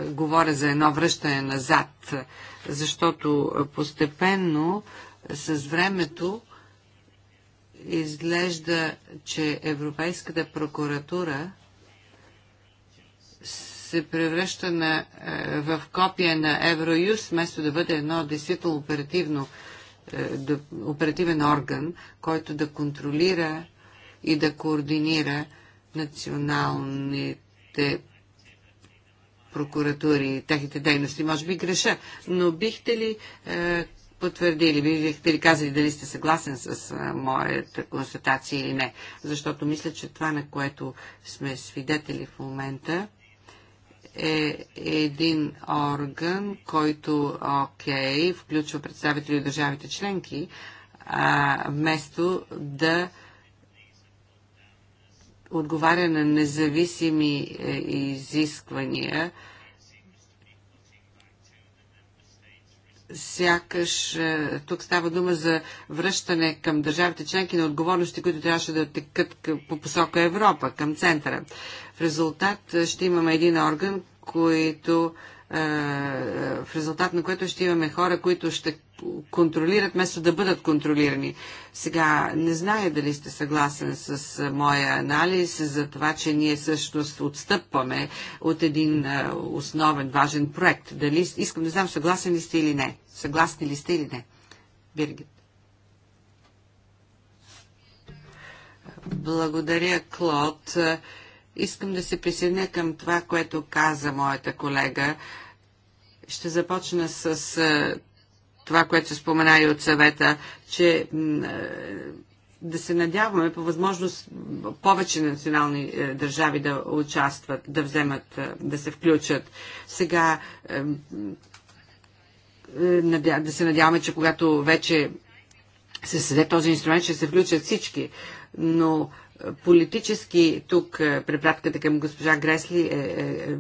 говоря за едно връщане назад? Защото постепенно, с времето, изглежда, че Европейската прокуратура се превръща на, е, в копия на Евроюз, вместо да бъде едно действително оперативно, е, оперативен орган, който да контролира и да координира националните прокуратури и техните дейности. Може би греша, но бихте ли е, потвърдили, бихте ли казали дали сте съгласен с моята констатация или не? Защото мисля, че това, на което сме свидетели в момента, е един орган, който, окей, okay, включва представители от държавите членки, а, вместо да отговаря на независими е, изисквания, сякаш е, тук става дума за връщане към държавите членки на отговорности, които трябваше да текат по посока Европа, към центъра. В резултат ще имаме един орган, който в резултат на което ще имаме хора, които ще контролират, вместо да бъдат контролирани. Сега, не зная дали сте съгласен с моя анализ за това, че ние също отстъпваме от един основен, важен проект. Дали, искам да знам, съгласен ли сте или не. Съгласни ли сте или не? Биргит. Благодаря, Клод. Клод Искам да се присъединя към това, което каза моята колега. Ще започна с това, което се спомена и от съвета, че да се надяваме по възможност повече национални е, държави да участват, да вземат, е, да се включат. Сега е, да се надяваме, че когато вече се създаде този инструмент, ще се включат всички. Но политически тук е, препратката към госпожа Гресли е, е, е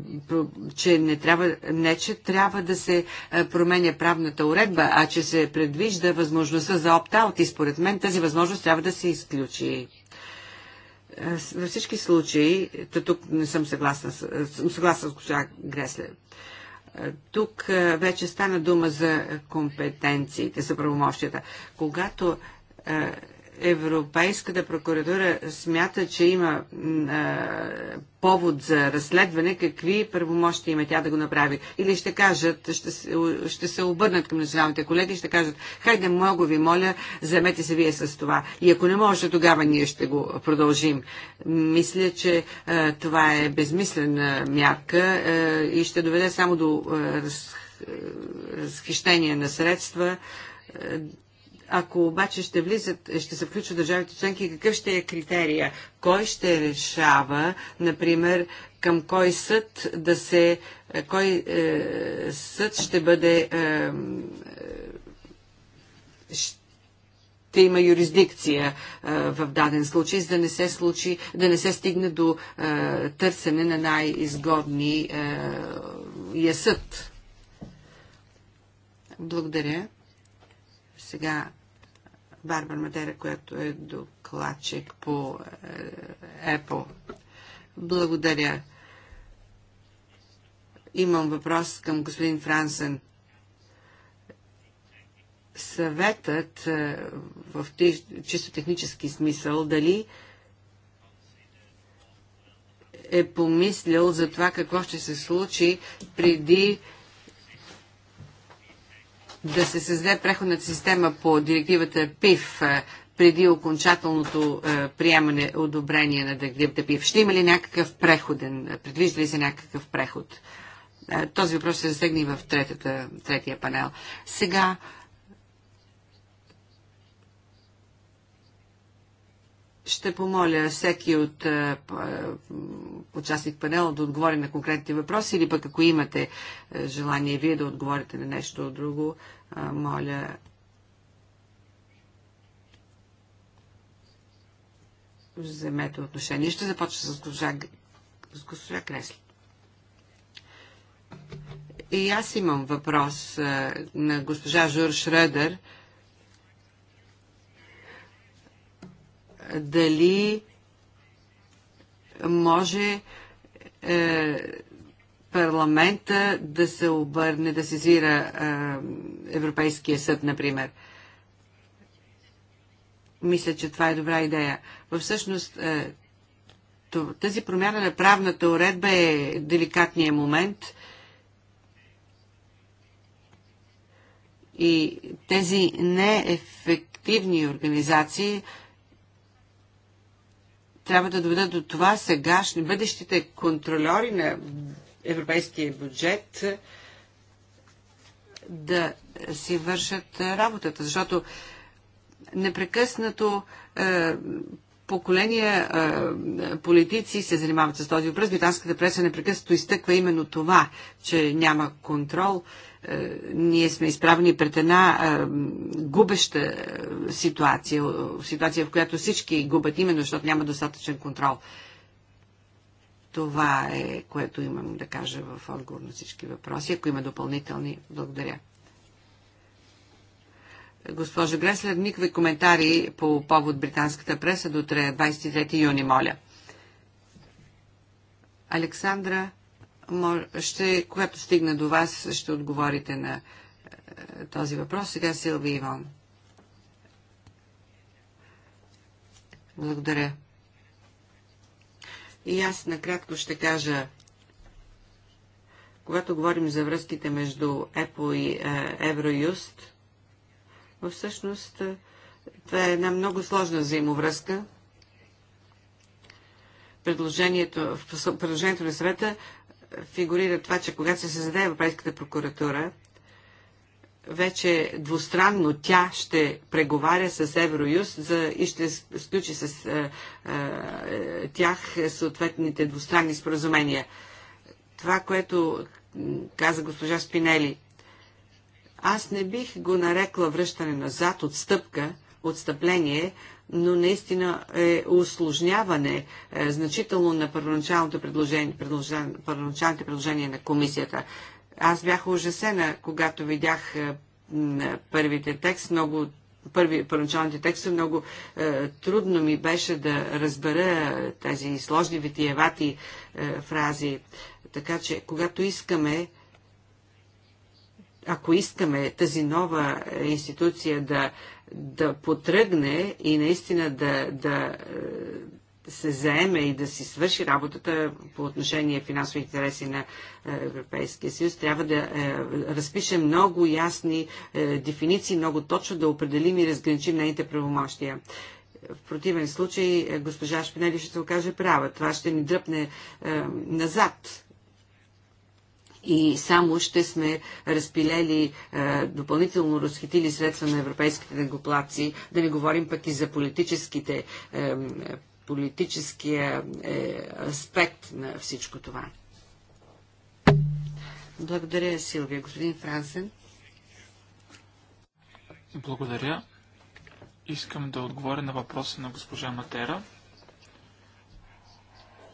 че не трябва, не че трябва да се е, променя правната уредба, а че се предвижда възможността за опт-аут и според мен тази възможност трябва да се изключи. Във всички случаи, тук не съм съгласна, съм съгласна с госпожа Гресле. Тук вече стана дума за компетенциите, за правомощията. Когато Европейската прокуратура смята, че има повод за разследване, какви правомощи има тя да го направи? Или ще кажат, ще, ще се обърнат към националните колеги и ще кажат, хайде много ви моля, вземете се вие с това. И ако не може, тогава ние ще го продължим. Мисля, че а, това е безмислена мярка а, и ще доведе само до а, раз, разхищение на средства ако обаче ще влизат, ще се включват държавите членки, какъв ще е критерия? Кой ще решава, например, към кой съд да се, е, кой е, съд ще бъде, е, е ще има юрисдикция е, в даден случай, за да не се случи, да не се стигне до е, търсене на най-изгодни е, съд. Благодаря. Сега Барбара Мадера, която е докладчик по е, Apple. Благодаря. Имам въпрос към господин Франсен. Съветът е, в чисто технически смисъл, дали е помислил за това какво ще се случи преди да се създаде преходната система по директивата ПИФ е, преди окончателното е, приемане, одобрение на директивата ПИФ. Ще има ли някакъв преходен, е, предвижда ли се някакъв преход? Този въпрос се засегне в третата, третия панел. Сега Ще помоля всеки от е, е, участник панела да отговори на конкретните въпроси или пък ако имате е, желание вие да отговорите на нещо друго, моля вземете отношение. Ще започна с госпожа, с госпожа Кресли. И аз имам въпрос на госпожа Жур Шредер. дали може е, парламента да се обърне, да сезира е, Европейския съд, например. Мисля, че това е добра идея. Във всъщност, е, тази промяна на правната уредба е деликатният момент и тези неефективни организации трябва да доведат до това сегашни, бъдещите контролери на европейския бюджет е, да си вършат работата, защото непрекъснато е, поколения е, политици се занимават с този въпрос. Британската преса непрекъснато изтъква именно това, че няма контрол. Е, ние сме изправени пред една е, губеща ситуация, ситуация, в която всички губят, именно защото няма достатъчен контрол. Това е, което имам да кажа в отговор на всички въпроси. Ако има допълнителни, благодаря. Госпожо Греслер, никакви коментари по повод британската преса до 23 юни, моля. Александра, ще, когато стигна до вас, ще отговорите на е, този въпрос. Сега Силви Иван. Благодаря. И аз накратко ще кажа, когато говорим за връзките между ЕПО и е, Евроюст, но всъщност е, това е една много сложна взаимовръзка. Предложението, в предложението на съвета е, фигурира това, че когато се създаде Европейската прокуратура, вече двустранно тя ще преговаря с Евроюст за, и ще сключи с а, е, а, тях съответните двустранни споразумения. Това, което каза госпожа Спинели, аз не бих го нарекла връщане назад, отстъпка, отстъпление, но наистина е усложняване е, значително на първоначалното предложение, предложен, първоначалните предложения на комисията. Аз бях ужасена, когато видях е, първите текст, много първи, първоначалните тексти, много е, трудно ми беше да разбера тези сложни витиевати е, фрази. Така че, когато искаме ако искаме тази нова институция да, да потръгне и наистина да, да е, се заеме и да си свърши работата по отношение финансови интереси на е, Европейския съюз, трябва да е, разпишем много ясни е, дефиниции, много точно да определим и разграничим нейните правомощия. В противен случай е, госпожа Шпинели ще се окаже права. Това ще ни дръпне е, назад и само ще сме разпилели, е, допълнително разхитили средства на европейските дъгоплаци, да не говорим пък и за политическите, е, политическия е, аспект на всичко това. Благодаря, Силвия. Господин Франсен. Благодаря. Искам да отговоря на въпроса на госпожа Матера.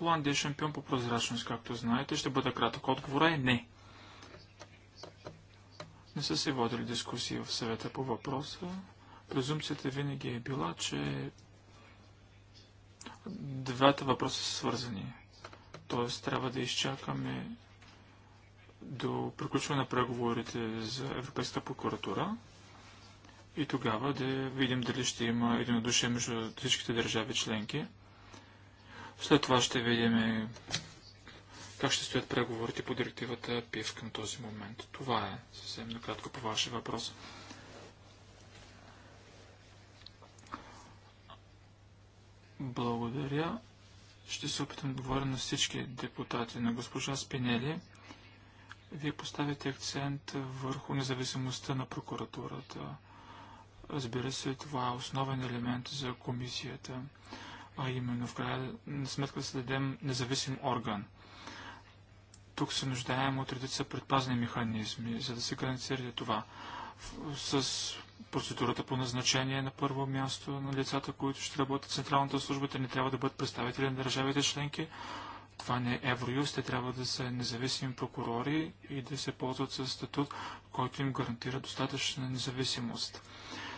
Холандия е шампион по прозрачност, както знаете. Ще бъда кратък. Отговора е не. Не са се водили дискусии в съвета по въпроса. Презумцията винаги е била, че двата въпроса са свързани. Тоест трябва да изчакаме до приключване на преговорите за Европейската прокуратура и тогава да видим дали ще има единодушие между всичките държави членки. След това ще видим е, как ще стоят преговорите по директивата ПИВ към този момент. Това е съвсем накратко по ваши въпрос. Благодаря. Ще се опитам да говоря на всички депутати. На госпожа Спинели, вие поставяте акцент върху независимостта на прокуратурата. Разбира се, това е основен елемент за комисията а именно в крайна сметка да създадем независим орган. Тук се нуждаем от редица предпазни механизми, за да се гарантира това. С процедурата по назначение на първо място на лицата, които ще работят в Централната служба, те не трябва да бъдат представители на държавите членки. Това не е Евроюз, те трябва да са независими прокурори и да се ползват с статут, който им гарантира достатъчна независимост.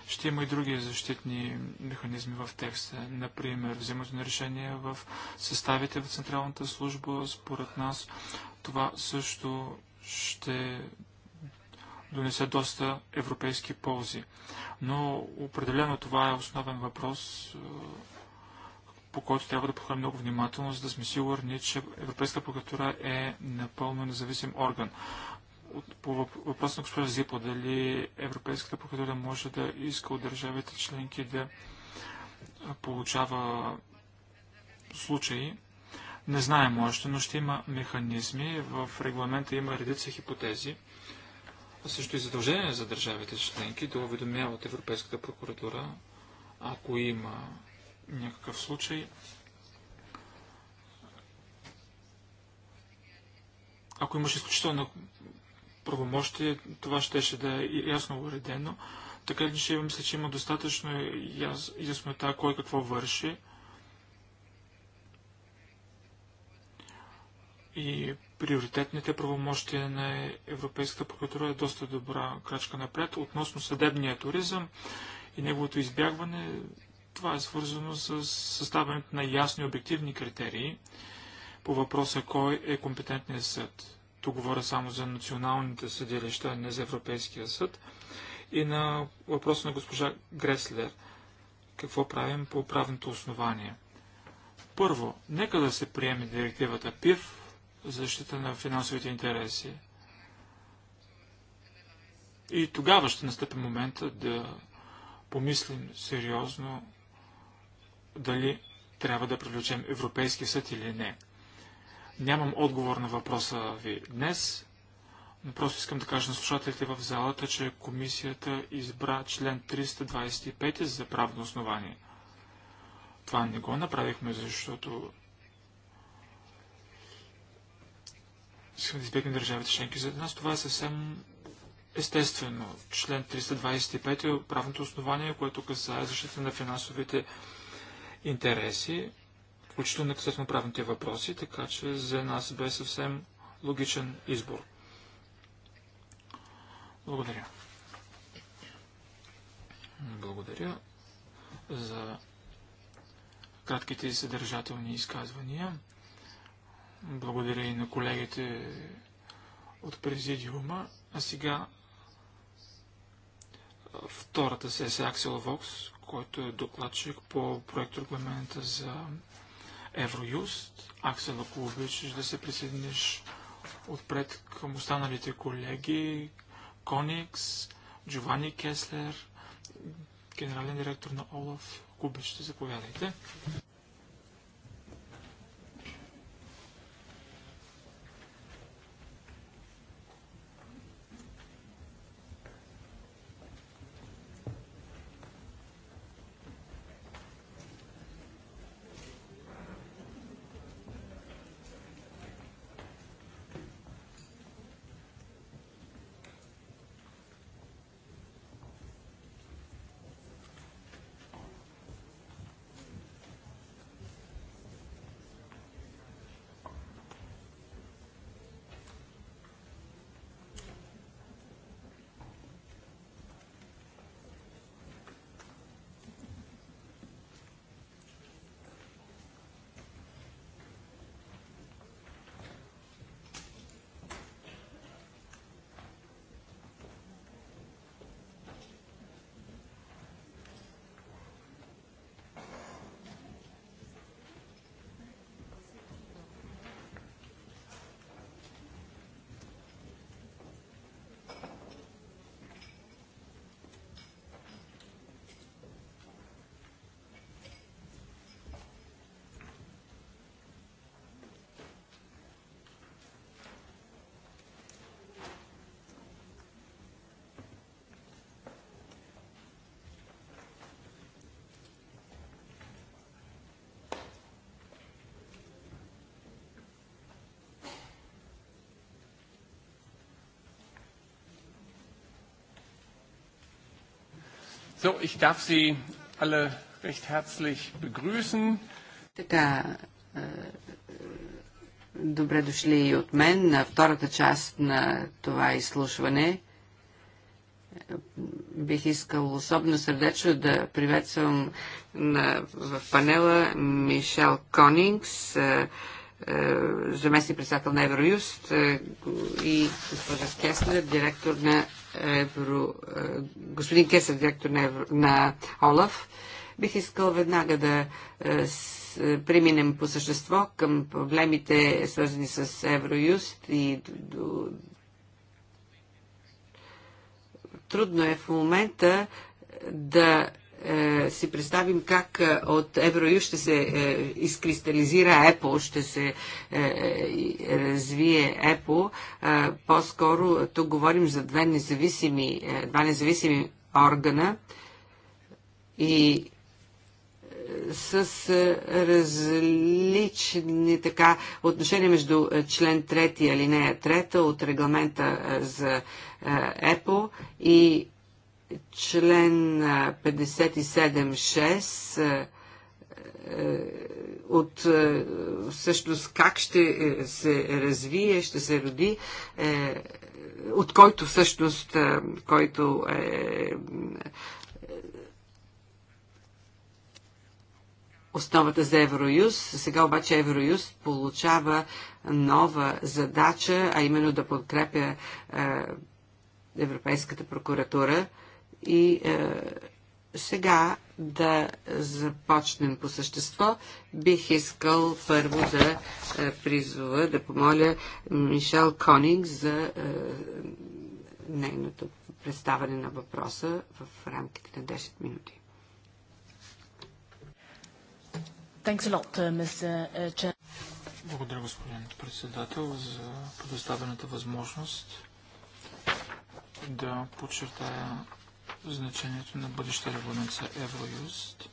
Ще има и други защитни механизми в текста. Например, взимането на решения в съставите в Централната служба, според нас, това също ще донесе доста европейски ползи. Но определено това е основен въпрос, по който трябва да подходим много внимателно, за да сме сигурни, че Европейска прокуратура е напълно независим орган по въпрос на госпожа Зипо, дали Европейската прокуратура може да иска от държавите членки да получава случаи. Не знаем още, но ще има механизми. В регламента има редица хипотези. също и задължение за държавите членки да уведомяват Европейската прокуратура, ако има някакъв случай. Ако имаш изключително правомощие, това щеше да е ясно уредено. Така ли, ще мисля, че има достатъчно яс, яснота кой какво върши. И приоритетните правомощия на Европейската прокуратура е доста добра крачка напред. Относно съдебния туризъм и неговото избягване, това е свързано с съставянето на ясни обективни критерии по въпроса кой е компетентният съд тук говоря само за националните съдилища, не за Европейския съд, и на въпроса на госпожа Греслер. Какво правим по правното основание? Първо, нека да се приеме директивата ПИВ, защита на финансовите интереси. И тогава ще настъпи момента да помислим сериозно дали трябва да привлечем Европейски съд или не. Нямам отговор на въпроса ви днес, но просто искам да кажа на слушателите в залата, че комисията избра член 325 за правно основание. Това не го направихме, защото искам да избегнем държавите членки. За нас това е съвсем естествено. Член 325 е правното основание, което касае защита на финансовите интереси включително и правните въпроси, така че за нас бе съвсем логичен избор. Благодаря. Благодаря за кратките и съдържателни изказвания. Благодаря и на колегите от президиума. А сега втората сесия Аксел Вокс, който е докладчик по проект регламента за Евроюст. Аксел, ако обичаш да се присъединиш отпред към останалите колеги, Коникс, Джовани Кеслер, генерален директор на Олаф, ако да заповядайте. So, ich darf Sie alle recht herzlich begrüßen. Така, е, добре дошли и от мен на втората част на това изслушване. Бих искал особено сърдечно да приветствам на, в панела Мишел Конингс, е, е, заместник председател на Евроюст и госпожа Кеслер, директор на Евро, господин Кесър, директор на, на Олаф. Бих искал веднага да е, преминем по същество към проблемите, свързани с Евроюст и до... трудно е в момента да е, си представим как е, от Еврою ще се е, изкристализира Apple, ще се развие Apple. По-скоро тук говорим за две независими, два независими органа и с различни така отношения между член 3 алинея 3 от регламента за Apple и член 57.6 е, от е, всъщност как ще е, се развие, ще се роди, от който всъщност, който е основата за Евроюз. Сега обаче Евроюз получава нова задача, а именно да подкрепя Европейската прокуратура и е, сега да започнем по същество. Бих искал първо да е, призова, да помоля Мишел Конинг за е, нейното представане на въпроса в рамките на 10 минути. Uh, uh, Благодаря, господин председател, за предоставената възможност да подчертая значението на бъдеща регламент Евроюст.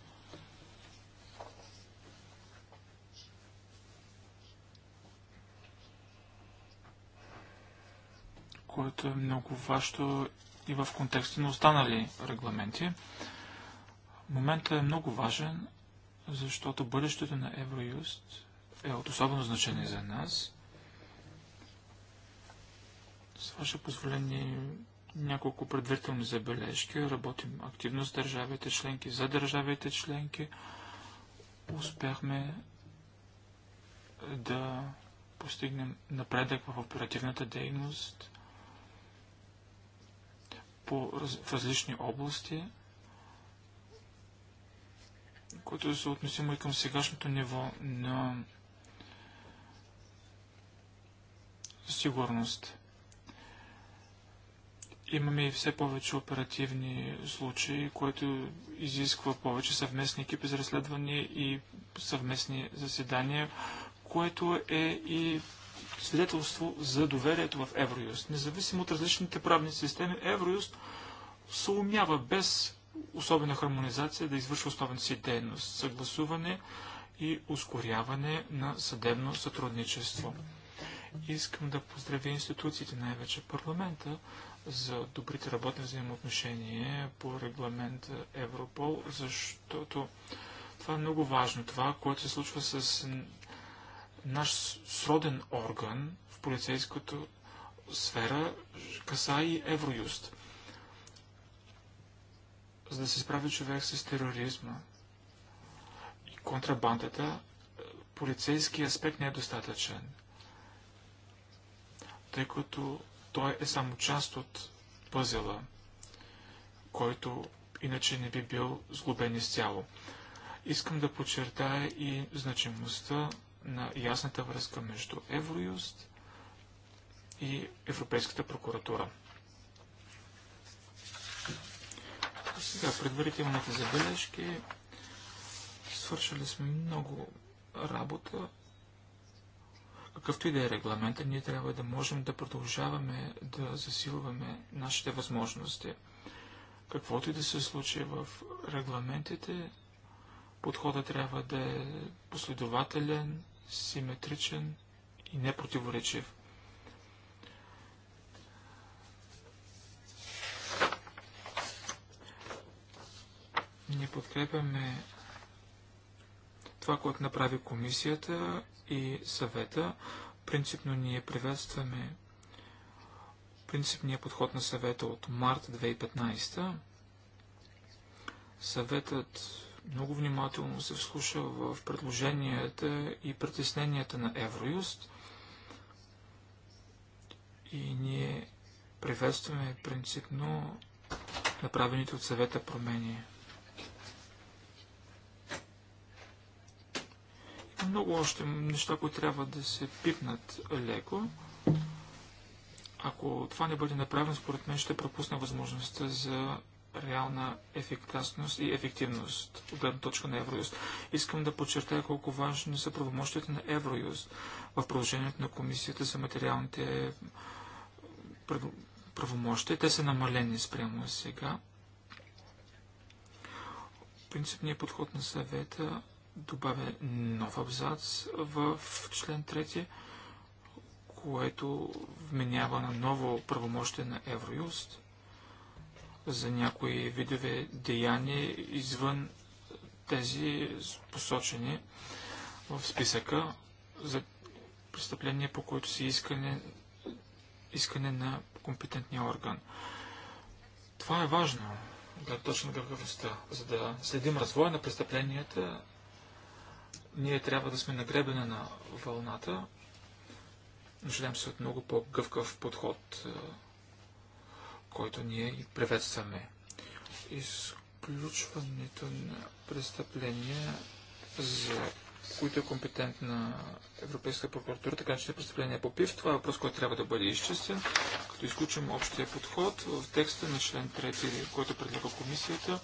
което е много важно и в контекста на останали регламенти. Моментът е много важен, защото бъдещето на Евроюст е от особено значение за нас. С ваше позволение няколко предварителни забележки. Работим активно с държавите членки, за държавите членки. Успяхме да постигнем напредък в оперативната дейност по, в различни области, които е са относимо и към сегашното ниво на сигурност. Имаме и все повече оперативни случаи, което изисква повече съвместни екипи за разследване и съвместни заседания, което е и свидетелство за доверието в Евроюст. Независимо от различните правни системи, Евроюст се умява без особена хармонизация да извършва основната си дейност – съгласуване и ускоряване на съдебно сътрудничество. Искам да поздравя институциите, най-вече парламента, за добрите работни взаимоотношения по регламент Европол, защото това е много важно. Това, което се случва с наш сроден орган в полицейската сфера, каса и Евроюст. За да се справи човек с тероризма и контрабандата, полицейски аспект не е достатъчен. Тъй като той е само част от пъзела, който иначе не би бил сглобен изцяло. Искам да подчертая и значимостта на ясната връзка между Евроюст и Европейската прокуратура. Сега предварителните забележки. Свършили сме много работа какъвто и да е регламента, ние трябва да можем да продължаваме да засилваме нашите възможности. Каквото и да се случи в регламентите, подходът трябва да е последователен, симетричен и непротиворечив. Ние подкрепяме това, което направи комисията и съвета. Принципно ние приветстваме принципния подход на съвета от март 2015. Съветът много внимателно се вслуша в предложенията и притесненията на Евроюст и ние приветстваме принципно направените от съвета промени. много още неща, които трябва да се пипнат леко. Ако това не бъде направено, според мен ще пропусне възможността за реална ефикасност и ефективност от гледна точка на Евроюст. Искам да подчертая колко важни са правомощията на Евроюст в продължението на Комисията за материалните правомощия. Те са намалени спрямо сега. Принципният подход на съвета добавя нов абзац в член 3, което вменява на ново правомощие на Евроюст за някои видове деяния извън тези посочени в списъка за престъпления, по които се искане, искане на компетентния орган. Това е важно, да точно гъвкавостта, за да следим развоя на престъпленията ние трябва да сме гребена на вълната. Нуждаем се от много по-гъвкав подход, който ние и приветстваме. Изключването на престъпления, за които е компетентна Европейска прокуратура, така че престъпления е по ПИВ. Това е въпрос, който трябва да бъде изчистен. Като изключим общия подход в текста на член 3, който предлага комисията,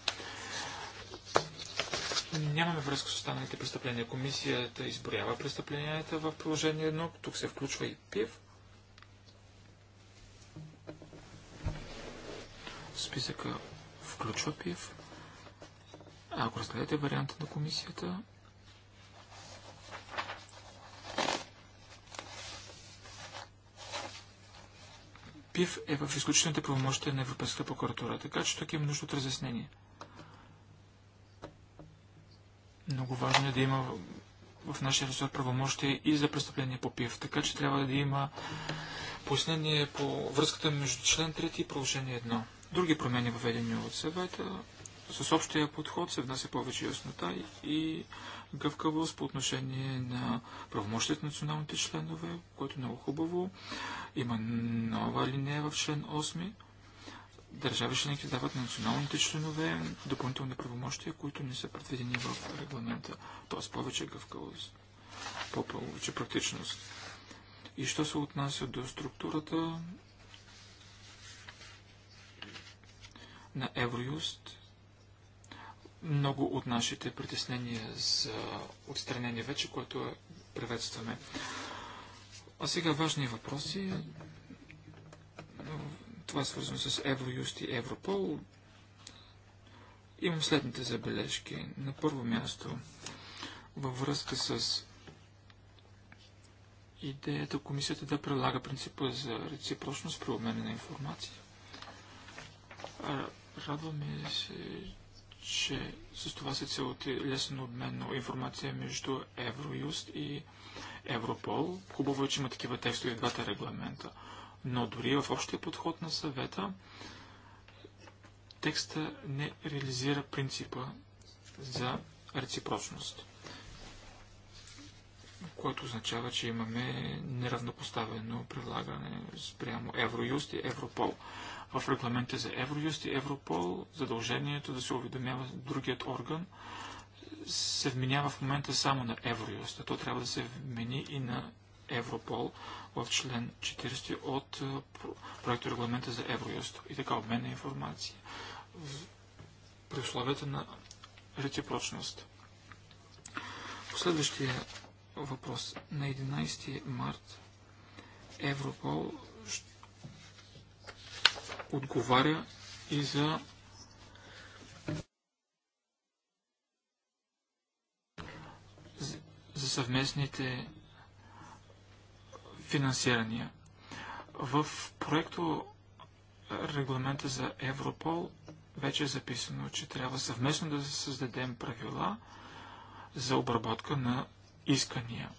ние нямаме връзка с останалите престъпления. Комисията изборява престъпленията в приложение 1. Тук се включва и ПИВ. Списъка включва ПИВ. Ако разгледате варианта на комисията, ПИВ е в изключителните правомощия на Европейската прокуратура, така че тук има нужда от разяснение. Много важно е да има в нашия ресурс правомощие и за престъпление по пив, така че трябва да има пояснение по връзката между член 3 и приложение 1. Други промени въведени от съвета с общия подход се внася повече яснота и гъвкавост по отношение на правомощите на националните членове, което е много хубаво. Има нова линия в член 8 държави ще членки дават на националните членове допълнителни правомощия, които не са предвидени в регламента, т.е. повече гъвкавост, по-повече практичност. И що се отнася до структурата на Евроюст, много от нашите притеснения за отстранение вече, което е приветстваме. А сега важни въпроси това е свързано с Евроюст и Европол, имам следните забележки. На първо място, във връзка с идеята комисията да прилага принципа за реципрочност при обмене на информация. Радваме се, че с това се целоти лесно обмен на информация между Евроюст и Европол. Хубаво е, че има такива текстове в двата регламента. Но дори в общия подход на съвета текста не реализира принципа за реципрочност, което означава, че имаме неравнопоставено прилагане спрямо Евроюст и Европол. В регламента за Евроюст и Европол задължението да се уведомява другият орган се вменява в момента само на Евроюст, а то трябва да се вмени и на Европол в член 40 от е, проекта регламента за Евроюст и така обмен на информация при условията на реципрочност. Последващия въпрос. На 11 март Европол отговаря и за за съвместните финансирания. В проекто регламента за Европол вече е записано, че трябва съвместно да създадем правила за обработка на искания.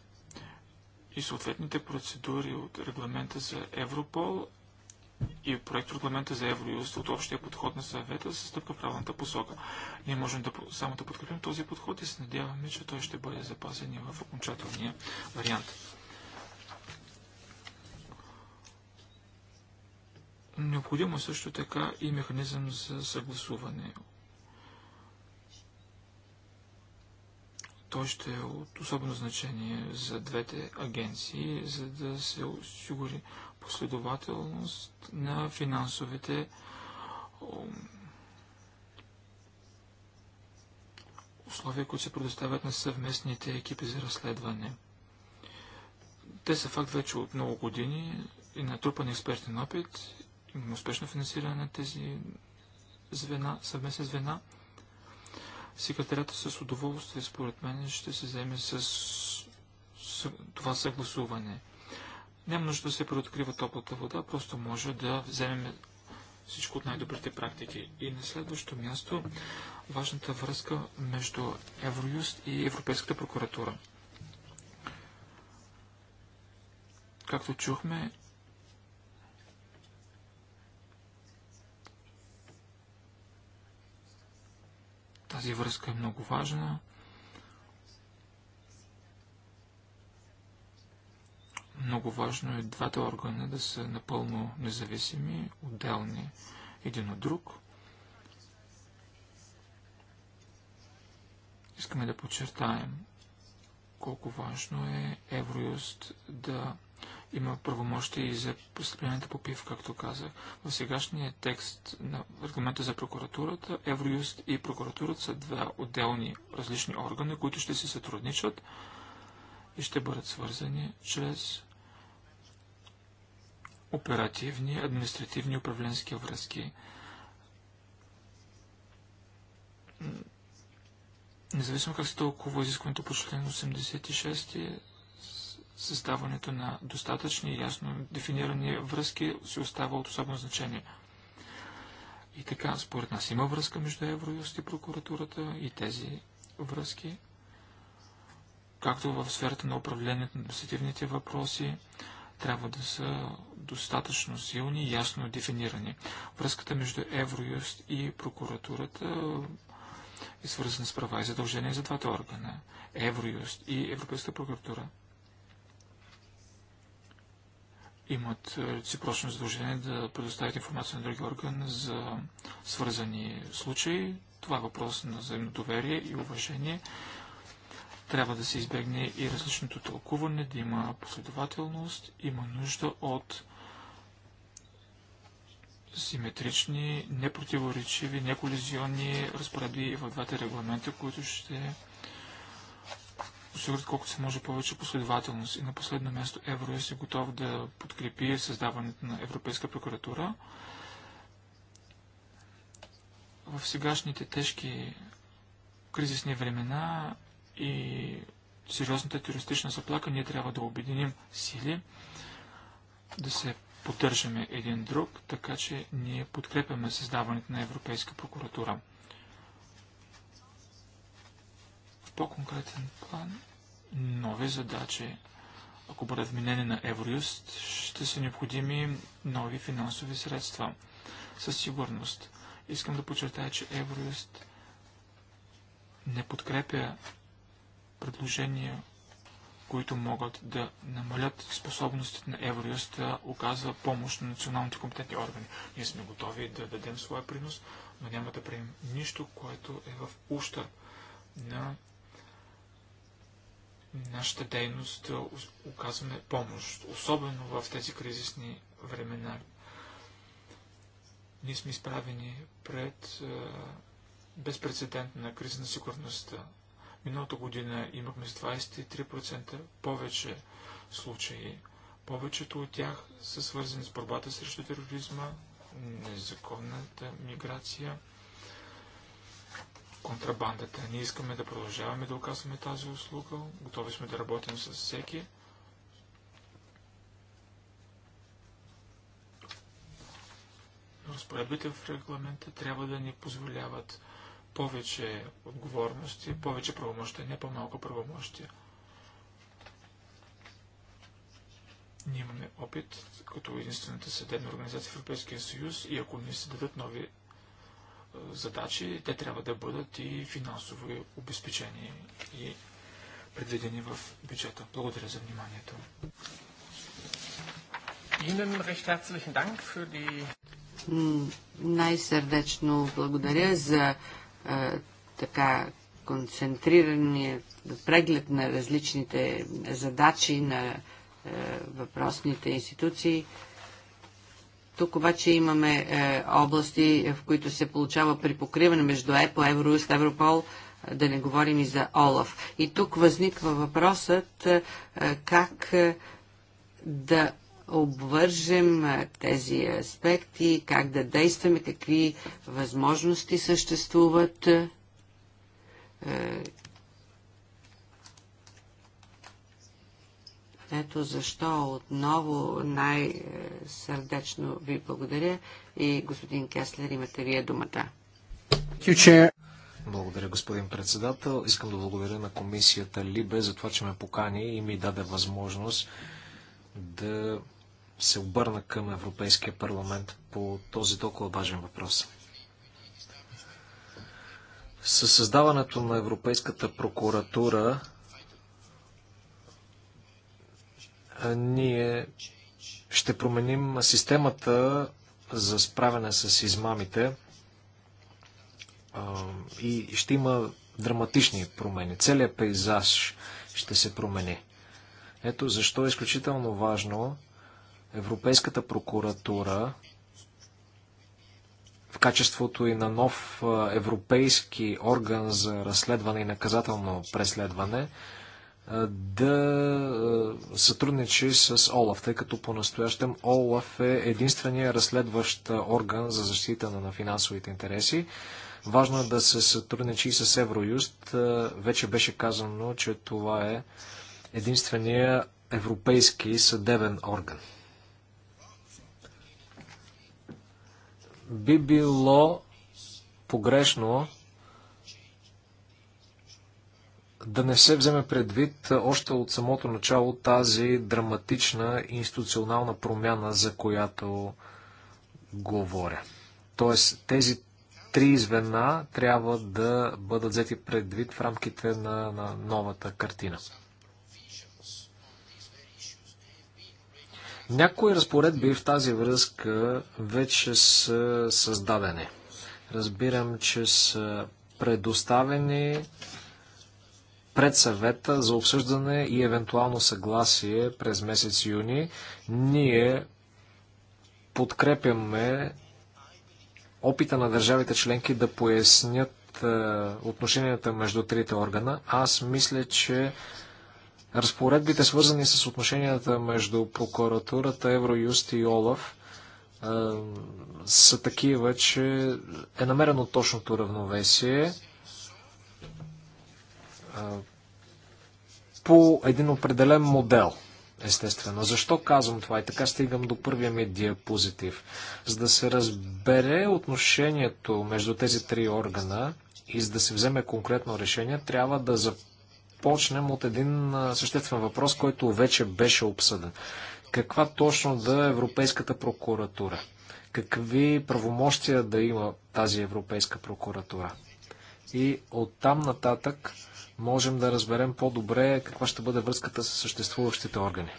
И съответните процедури от регламента за Европол и проект регламента за Евроюст от общия подход на съвета се стъпка в правилната посока. Ние можем да, само да подкрепим този подход и се надяваме, че той ще бъде запазен и в окончателния вариант. Необходимо е също така и механизъм за съгласуване. Той ще е от особено значение за двете агенции, за да се осигури последователност на финансовите условия, които се предоставят на съвместните екипи за разследване. Те са факт вече от много години и натрупан експертен опит успешно финансиране на тези звена, съвместни звена. Секретарята с удоволствие, според мен, ще се вземе с, с това съгласуване. Няма нужда да се преоткрива топлата вода, просто може да вземем всичко от най-добрите практики. И на следващо място, важната връзка между Евроюст и Европейската прокуратура. Както чухме, Тази връзка е много важна. Много важно е двата органа да са напълно независими, отделни един от друг. Искаме да подчертаем колко важно е Евроюст да има правомощи и за престъпленията по ПИВ, както казах. В сегашния текст на регламента за прокуратурата, Евроюст и прокуратурата са два отделни различни органи, които ще се сътрудничат и ще бъдат свързани чрез оперативни, административни и управленски връзки. Независимо как се толкова изискването по член 86 създаването на достатъчни и ясно дефинирани връзки се остава от особено значение. И така, според нас има връзка между Евроюст и прокуратурата и тези връзки, както в сферата на управлението на административните въпроси, трябва да са достатъчно силни и ясно дефинирани. Връзката между Евроюст и прокуратурата е свързана с права и задължения за двата органа. Евроюст и Европейската прокуратура имат реципрочно задължение да предоставят информация на други орган за свързани случаи. Това е въпрос на взаимно доверие и уважение. Трябва да се избегне и различното тълкуване, да има последователност, има нужда от симетрични, непротиворечиви, неколизионни разпоредби в двата регламента, които ще осигурят колкото се може повече последователност. И на последно място Евроес е готов да подкрепи създаването на Европейска прокуратура. В сегашните тежки кризисни времена и сериозната терористична заплака ние трябва да обединим сили, да се поддържаме един друг, така че ние подкрепяме създаването на Европейска прокуратура. В по-конкретен план нови задачи. Ако бъдат вменени на Евроюст, ще са необходими нови финансови средства. Със сигурност. Искам да подчертая, че Евроюст не подкрепя предложения, които могат да намалят способностите на Евроюст да оказва помощ на националните компетентни органи. Ние сме готови да дадем своя принос, но няма да приемем нищо, което е в ущърб на нашата дейност оказваме помощ, особено в тези кризисни времена. Ние сме изправени пред безпредседентна криза на сигурността. Миналата година имахме с 23% повече случаи. Повечето от тях са свързани с борбата срещу тероризма, незаконната миграция – контрабандата. Ние искаме да продължаваме да оказваме тази услуга. Готови сме да работим с всеки. Разпоредбите в регламента трябва да ни позволяват повече отговорности, повече правомощия, не по-малко правомощия. Ние имаме опит като единствената съдебна организация в Европейския съюз и ако ни се дадат нови задачи, те трябва да бъдат и финансово обезпечени и предвидени в бюджета. Благодаря за вниманието. Най-сърдечно благодаря за така концентрирания преглед на различните задачи на въпросните институции. Тук обаче имаме е, области, в които се получава припокриване между ЕПО, Евроюст, Европол, е, да не говорим и за ОЛАФ. И тук възниква въпросът е, е как е, да обвържем е, тези аспекти, как да действаме, какви възможности съществуват Ето защо отново най-сърдечно ви благодаря и господин Кеслер, имате вие думата. Благодаря, господин председател. Искам да благодаря на комисията Либе за това, че ме покани и ми даде възможност да се обърна към Европейския парламент по този толкова важен въпрос. Със създаването на Европейската прокуратура ние ще променим системата за справяне с измамите и ще има драматични промени. Целият пейзаж ще се промени. Ето защо е изключително важно Европейската прокуратура в качеството и на нов европейски орган за разследване и наказателно преследване да сътрудничи с ОЛАФ, тъй като по-настоящем ОЛАФ е единствения разследващ орган за защита на финансовите интереси. Важно е да се сътрудничи с Евроюст. Вече беше казано, че това е единствения европейски съдебен орган. Би било погрешно да не се вземе предвид още от самото начало тази драматична институционална промяна, за която говоря. Тоест, тези три звена трябва да бъдат взети предвид в рамките на, на новата картина. Някои разпоредби в тази връзка вече са създадени. Разбирам, че са предоставени пред съвета за обсъждане и евентуално съгласие през месец юни. Ние подкрепяме опита на държавите членки да пояснят е, отношенията между трите органа. Аз мисля, че разпоредбите, свързани с отношенията между прокуратурата, Евроюст и Олаф, е, са такива, че е намерено точното равновесие по един определен модел. Естествено. Защо казвам това? И така стигам до първия ми диапозитив. За да се разбере отношението между тези три органа и за да се вземе конкретно решение, трябва да започнем от един съществен въпрос, който вече беше обсъден. Каква точно да е Европейската прокуратура? Какви правомощия да има тази Европейска прокуратура? И оттам нататък можем да разберем по-добре каква ще бъде връзката с съществуващите органи.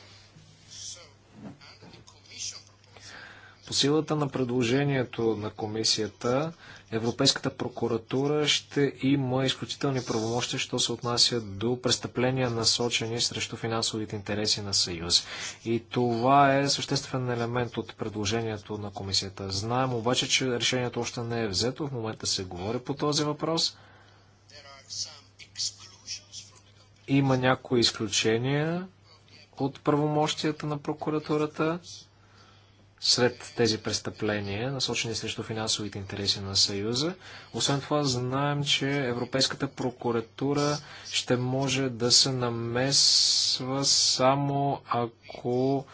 По силата на предложението на комисията, Европейската прокуратура ще има изключителни правомощи, що се отнася до престъпления насочени срещу финансовите интереси на Съюз. И това е съществен елемент от предложението на комисията. Знаем обаче, че решението още не е взето. В момента се говори по този въпрос. Има някои изключения от правомощията на прокуратурата сред тези престъпления, насочени срещу финансовите интереси на Съюза. Освен това, знаем, че Европейската прокуратура ще може да се намесва само ако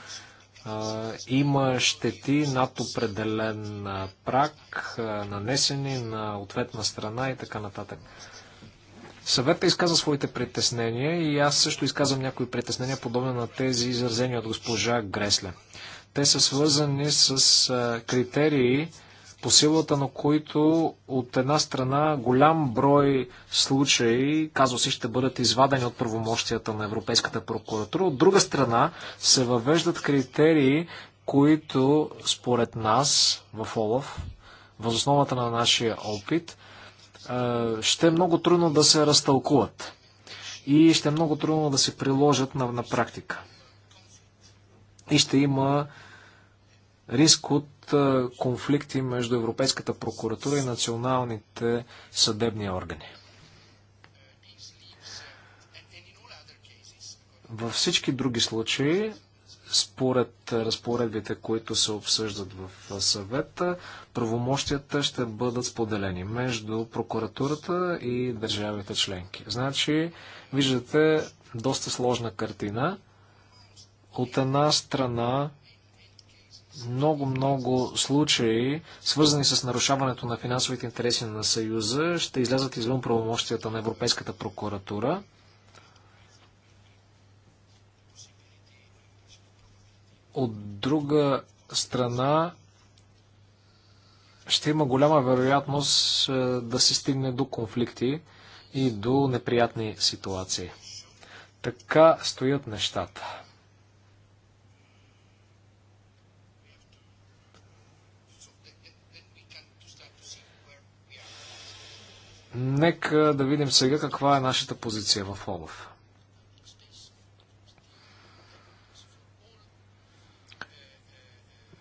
а, има щети над определен прак, а, нанесени на ответна страна и така нататък. Съвета изказа своите притеснения и аз също изказвам някои притеснения, подобни на тези изразени от госпожа Гресле. Те са свързани с критерии, по силата на които от една страна голям брой случаи, казва си ще бъдат извадени от правомощията на Европейската прокуратура. От друга страна се въвеждат критерии, които според нас в ОЛАФ, възосновата на нашия опит, е, ще е много трудно да се разтълкуват и ще е много трудно да се приложат на, на практика. И ще има риск от е, конфликти между Европейската прокуратура и националните съдебни органи. Във всички други случаи според разпоредбите, които се обсъждат в съвета, правомощията ще бъдат споделени между прокуратурата и държавите членки. Значи, виждате доста сложна картина. От една страна много-много случаи, свързани с нарушаването на финансовите интереси на Съюза, ще излязат извън правомощията на Европейската прокуратура. От друга страна, ще има голяма вероятност е, да се стигне до конфликти и до неприятни ситуации. Така стоят нещата. Нека да видим сега каква е нашата позиция в Олаф.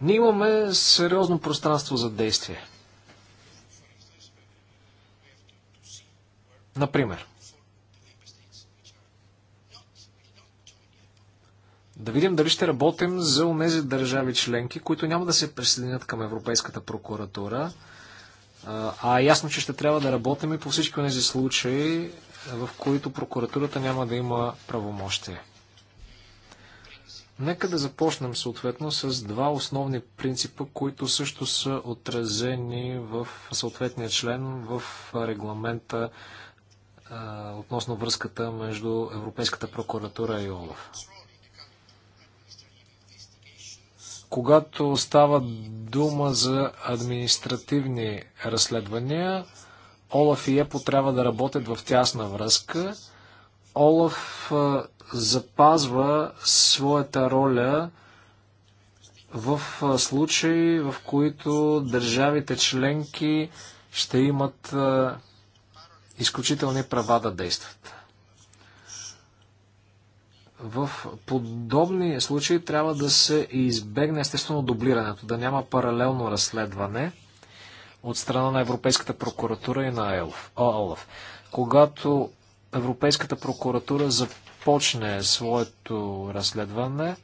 Ние имаме сериозно пространство за действие. Например, да видим дали ще работим за унези държави членки, които няма да се присъединят към Европейската прокуратура, а ясно, че ще трябва да работим и по всички тези случаи, в които прокуратурата няма да има правомощие. Нека да започнем съответно с два основни принципа, които също са отразени в съответния член в регламента а, относно връзката между Европейската прокуратура и ОЛАФ. Когато става дума за административни разследвания, ОЛАФ и ЕПО трябва да работят в тясна връзка. Олаф запазва своята роля в случаи, в които държавите членки ще имат изключителни права да действат. В подобни случаи трябва да се избегне естествено дублирането, да няма паралелно разследване от страна на Европейската прокуратура и на ОЛАФ. Когато Европейската прокуратура за започне своето разследване.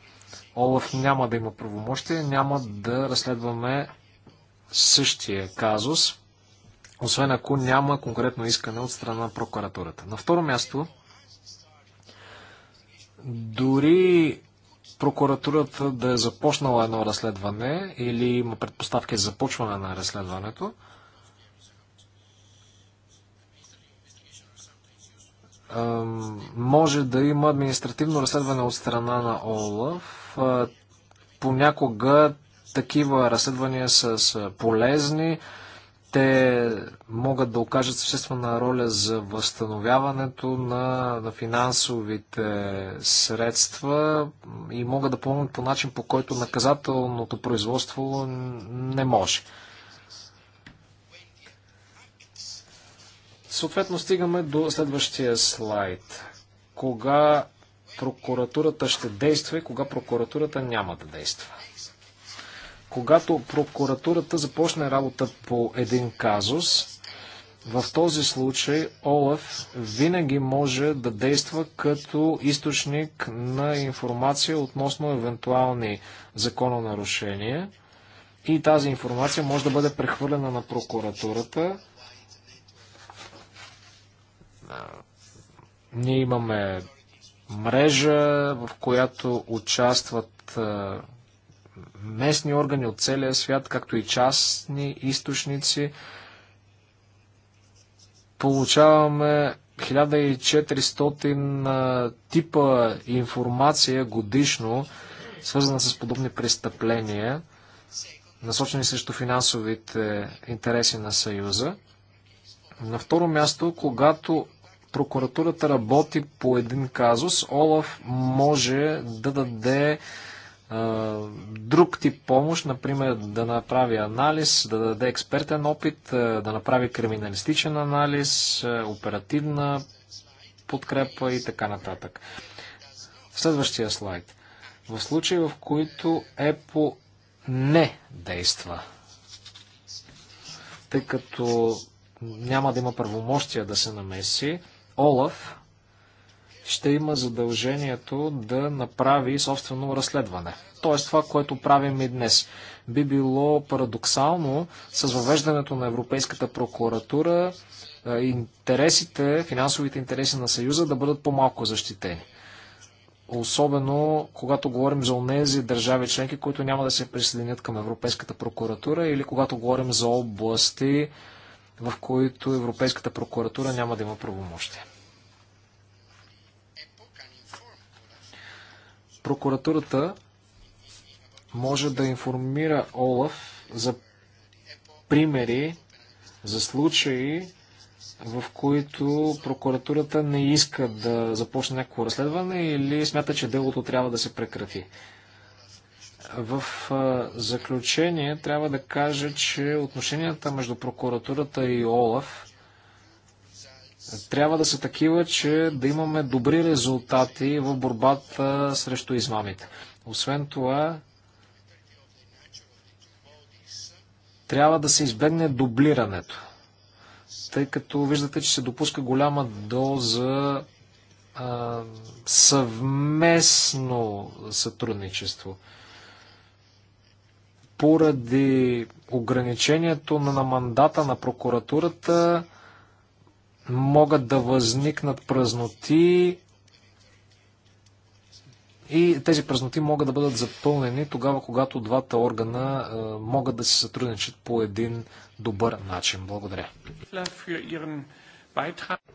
Олаф няма да има правомощие, няма да разследваме същия казус, освен ако няма конкретно искане от страна на прокуратурата. На второ място, дори прокуратурата да е започнала едно разследване или има предпоставки за започване на разследването, може да има административно разследване от страна на ОЛАФ. Понякога такива разследвания са, полезни. Те могат да окажат съществена роля за възстановяването на, на финансовите средства и могат да помогнат по начин, по който наказателното производство не може. Съответно стигаме до следващия слайд. Кога прокуратурата ще действа и кога прокуратурата няма да действа. Когато прокуратурата започне работа по един казус, в този случай ОЛАФ винаги може да действа като източник на информация относно евентуални закононарушения и тази информация може да бъде прехвърлена на прокуратурата ние имаме мрежа, в която участват местни органи от целия свят, както и частни източници. Получаваме 1400 типа информация годишно, свързана с подобни престъпления, насочени срещу финансовите интереси на Съюза. На второ място, когато прокуратурата работи по един казус, Олаф може да даде друг тип помощ, например да направи анализ, да даде експертен опит, да направи криминалистичен анализ, оперативна подкрепа и така нататък. В следващия слайд. В случай, в които ЕПО не действа, тъй като няма да има правомощия да се намеси, Олаф ще има задължението да направи собствено разследване. Тоест това, което правим и днес. Би било парадоксално с въвеждането на Европейската прокуратура е, интересите, финансовите интереси на Съюза да бъдат по-малко защитени. Особено когато говорим за онези държави членки, които няма да се присъединят към Европейската прокуратура или когато говорим за области, в които Европейската прокуратура няма да има правомощие. Прокуратурата може да информира Олаф за примери, за случаи, в които прокуратурата не иска да започне някакво разследване или смята, че делото трябва да се прекрати. В заключение трябва да кажа, че отношенията между прокуратурата и ОЛАФ трябва да са такива, че да имаме добри резултати в борбата срещу измамите. Освен това, трябва да се избегне дублирането, тъй като виждате, че се допуска голяма доза а, съвместно сътрудничество поради ограничението на мандата на прокуратурата могат да възникнат празноти и тези празноти могат да бъдат запълнени тогава, когато двата органа е, могат да се сътрудничат по един добър начин. Благодаря.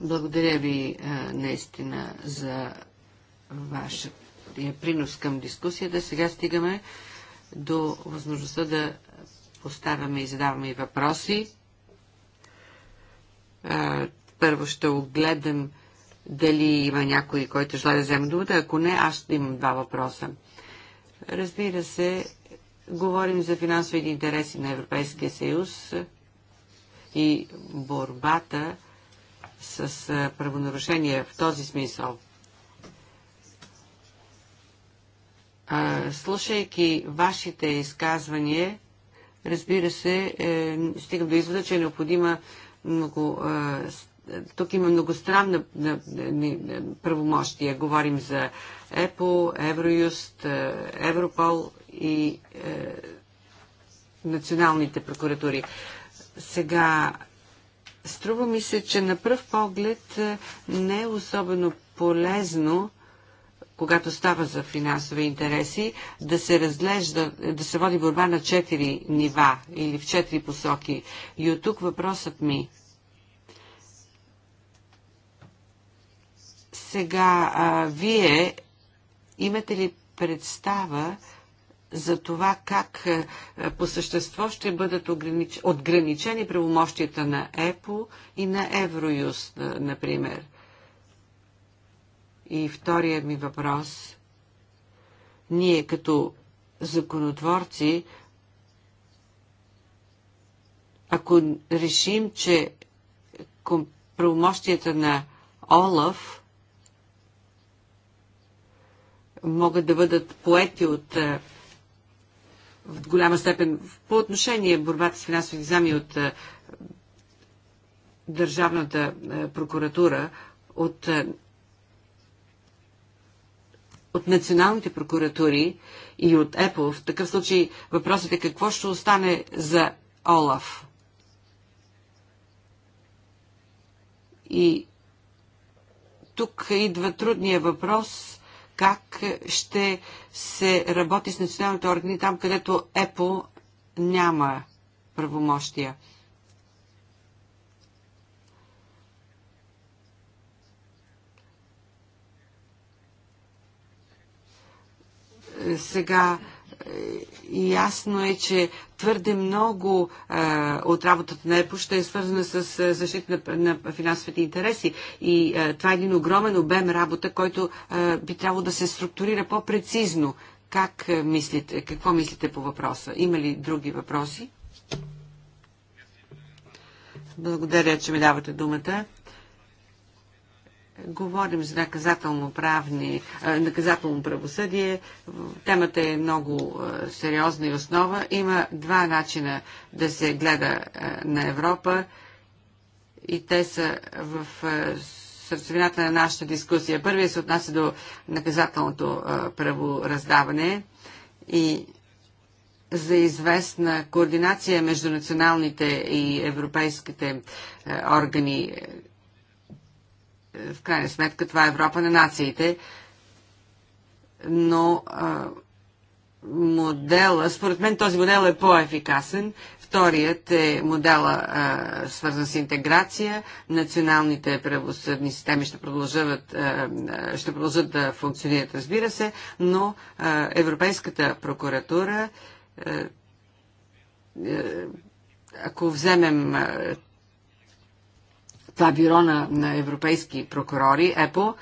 Благодаря ви е, наистина за вашия принос към дискусията. Сега стигаме до възможността да поставяме и задаваме и въпроси. Първо ще огледам дали има някой, който желая да вземе думата. Ако не, аз ще имам два въпроса. Разбира се, говорим за финансовите интереси на Европейския съюз и борбата с правонарушения в този смисъл. А, слушайки вашите изказвания, разбира се, е, стигам до извода, че е необходима много. Е, тук има многостранна правомощия. Говорим за ЕПО, Евроюст, е, Европол и е, националните прокуратури. Сега, струва ми се, че на пръв поглед е, не е особено полезно когато става за финансови интереси, да се разглежда, да се води борба на четири нива или в четири посоки. И от тук въпросът ми. Сега, а, вие имате ли представа за това как а, по същество ще бъдат огранич... отграничени правомощията на ЕПО и на Евроюз, например? И втория ми въпрос. Ние като законотворци, ако решим, че правомощията на Олаф могат да бъдат поети от е, в голяма степен по отношение борбата с финансови зами от е, Държавната е, прокуратура, от от националните прокуратури и от Apple. В такъв случай въпросът е какво ще остане за Олаф. И тук идва трудния въпрос как ще се работи с националните органи там, където Apple няма правомощия. Сега е, ясно е, че твърде много а, е, от работата на ЕПО ще е свързана с е, защита на, на финансовите интереси. И а, това е един огромен обем работа, който а, би трябвало да се структурира по-прецизно. Как а, мислите, какво мислите по въпроса? Има ли други въпроси? Благодаря, че ми давате думата. Говорим за наказателно, правни, наказателно правосъдие. Темата е много сериозна и основа. Има два начина да се гледа на Европа и те са в сърцевината на нашата дискусия. Първият се отнася до наказателното правораздаване и за известна координация между националните и европейските органи в крайна сметка това е Европа на нациите, но а, модела, според мен този модел е по-ефикасен. Вторият е модела а, свързан с интеграция. Националните правосъдни системи ще продължат, а, ще продължат да функционират, разбира се, но а, Европейската прокуратура а, ако вземем това бюро на, на европейски прокурори, ЕПО,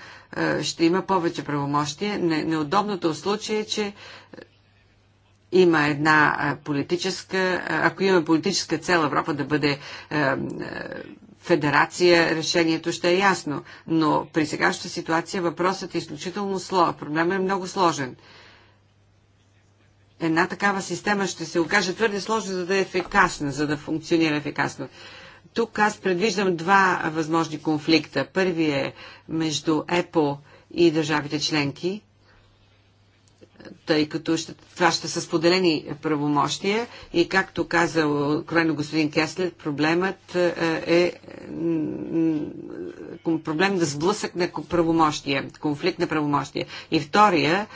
ще има повече правомощие. Неудобното в случай е, че има една е, политическа, е, ако има политическа цел Европа да бъде е, федерация, решението ще е ясно. Но при сегашната ситуация въпросът е изключително сложен. Проблемът е много сложен. Една такава система ще се окаже твърде сложна, за да е ефикасна, за да функционира ефикасно. Тук аз предвиждам два възможни конфликта. Първият е между ЕПО и държавите членки, тъй като ще, това ще са споделени правомощия и както каза крайно господин Кеслет, проблемът е, е проблем да сблъсък на правомощия, конфликт на правомощия. И втория,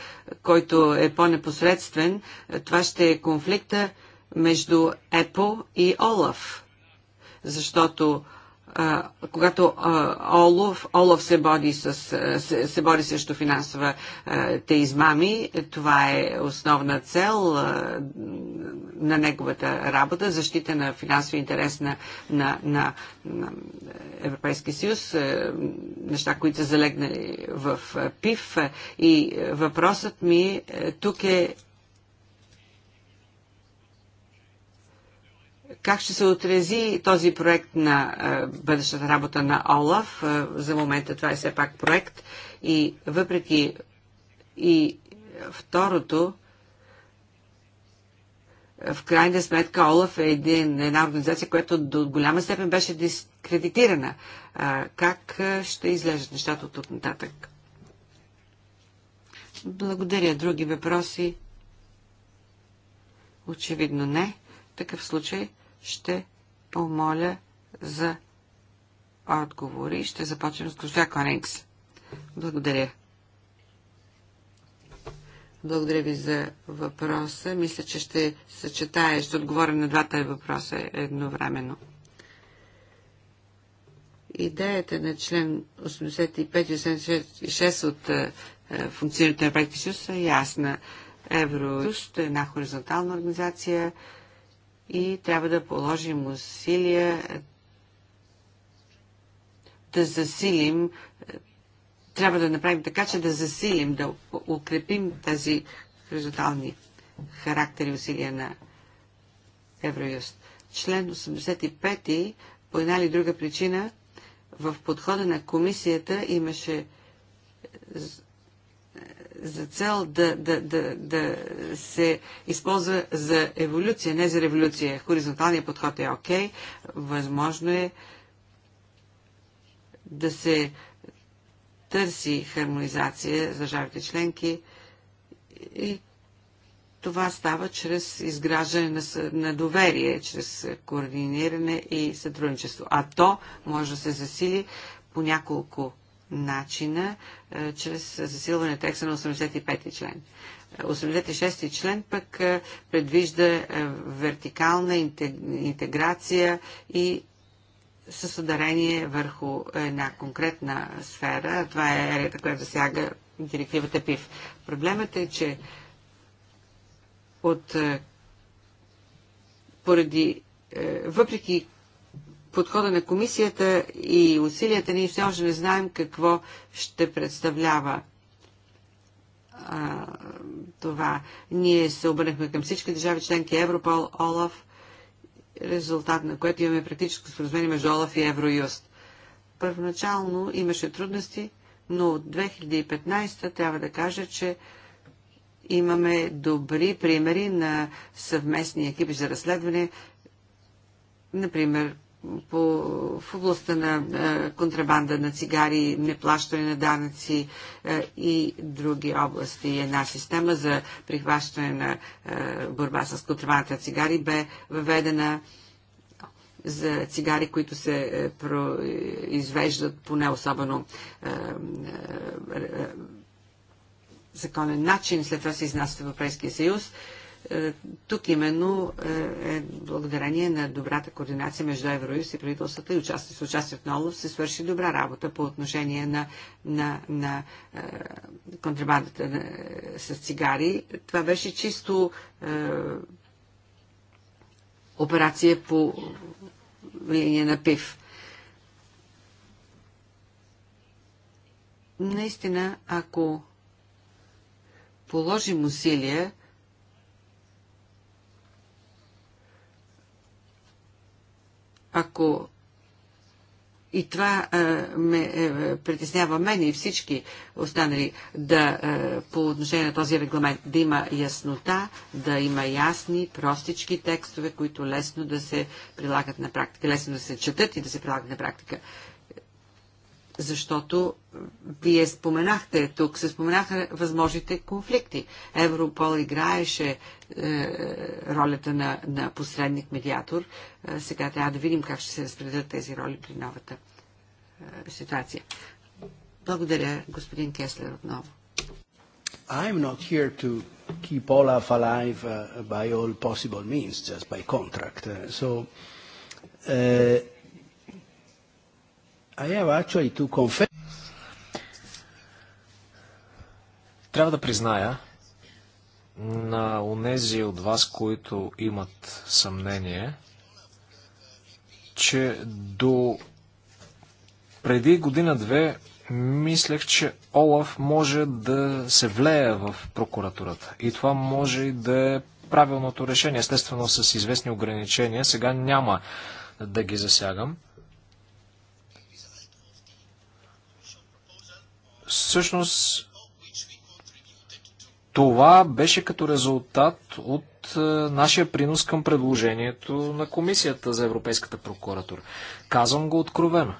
който е по-непосредствен, е, това ще е конфликта между ЕПО и ОЛАФ защото а, когато а, Олов, Олов се бори, с, се, се бори срещу финансовите измами, това е основна цел а, на неговата работа, защита на финансови интерес на, на, на, на Европейския съюз, а, неща, които са залегнали в ПИФ. И въпросът ми тук е Как ще се отрази този проект на е, бъдещата работа на ОЛАФ? Е, за момента това е все пак проект и въпреки и второто, в крайна сметка Олаф е един, една организация, която до голяма степен беше дискредитирана. А, е, как ще излежат нещата от тук нататък? Благодаря. Други въпроси? Очевидно не такъв случай ще помоля за отговори. Ще започнем с госпожа Конекс. Благодаря. Благодаря ви за въпроса. Мисля, че ще съчетая, ще отговоря на двата въпроса едновременно. Идеята на член 85 и 86 от е, е, функционирането на Европейския съюз е ясна. Евросъюз е една хоризонтална организация, и трябва да положим усилия е, да засилим, е, трябва да направим така, че да засилим, да укрепим тези хоризонтални характери усилия на Евроюст. Член 85 по една или друга причина в подхода на комисията имаше е, за цел да, да, да, да се използва за еволюция, не за революция. Хоризонталният подход е окей, okay, възможно е да се търси хармонизация за държавите членки и това става чрез изграждане на, на доверие, чрез координиране и сътрудничество. А то може да се засили по няколко начина е, чрез засилване текста на 85-ти член. 86-ти е, член пък е, предвижда вертикална интеграция и с ударение върху една конкретна сфера. Това е ерията, която засяга директивата ПИВ. Проблемът е, че от поради въпреки подхода на комисията и усилията ни все още не знаем какво ще представлява а, това. Ние се обърнахме към всички държави членки Европол, ОЛАФ, резултат на което имаме практическо споразумение между ОЛАФ и Евроюст. Първоначално имаше трудности, но от 2015 трябва да кажа, че имаме добри примери на съвместни екипи за разследване, например по, в областта на е, контрабанда на цигари, неплащане на данъци е, и други области. Една система за прихващане на е, борба с контрабанда на цигари бе въведена за цигари, които се произвеждат по не особено законен начин, след това се изнася в Европейския съюз. Е, тук именно е, е благодарение на добрата координация между Евроюз и правителствата и участие, с участието на ОЛАФ се свърши добра работа по отношение на, на, на е, контрабандата е, с цигари. Това беше чисто е, операция по линия на ПИВ. Наистина, ако положим усилия, Ако и това а, ме а, е, притеснява мен и всички останали да а, по отношение на този регламент да има яснота, да има ясни, простички текстове, които лесно да се прилагат на практика, лесно да се четат и да се прилагат на практика защото вие споменахте, тук се споменаха възможните конфликти. Европол играеше е, ролята на, на посредник-медиатор. Е, сега трябва да видим как ще се разпределят тези роли при новата е, ситуация. Благодаря, господин Кеслер, отново. I'm not here to keep Olaf alive uh, by all possible means, just by contract. Uh, so, uh, I have actually to confess. Трябва да призная на онези от вас, които имат съмнение, че до преди година-две мислех, че Олаф може да се влее в прокуратурата. И това може и да е правилното решение. Естествено, с известни ограничения. Сега няма да ги засягам. Всъщност, това беше като резултат от е, нашия принос към предложението на Комисията за Европейската прокуратура. Казвам го откровено.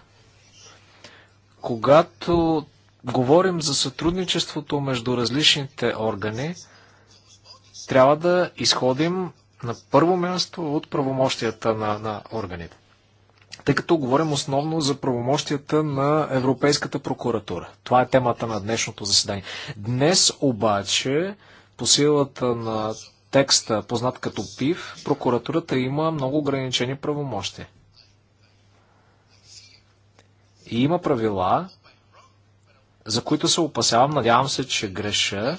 Когато говорим за сътрудничеството между различните органи, трябва да изходим на първо място от правомощията на, на органите тъй като говорим основно за правомощията на Европейската прокуратура. Това е темата на днешното заседание. Днес обаче, по силата на текста, познат като ПИВ, прокуратурата има много ограничени правомощия. И има правила, за които се опасявам, надявам се, че греша,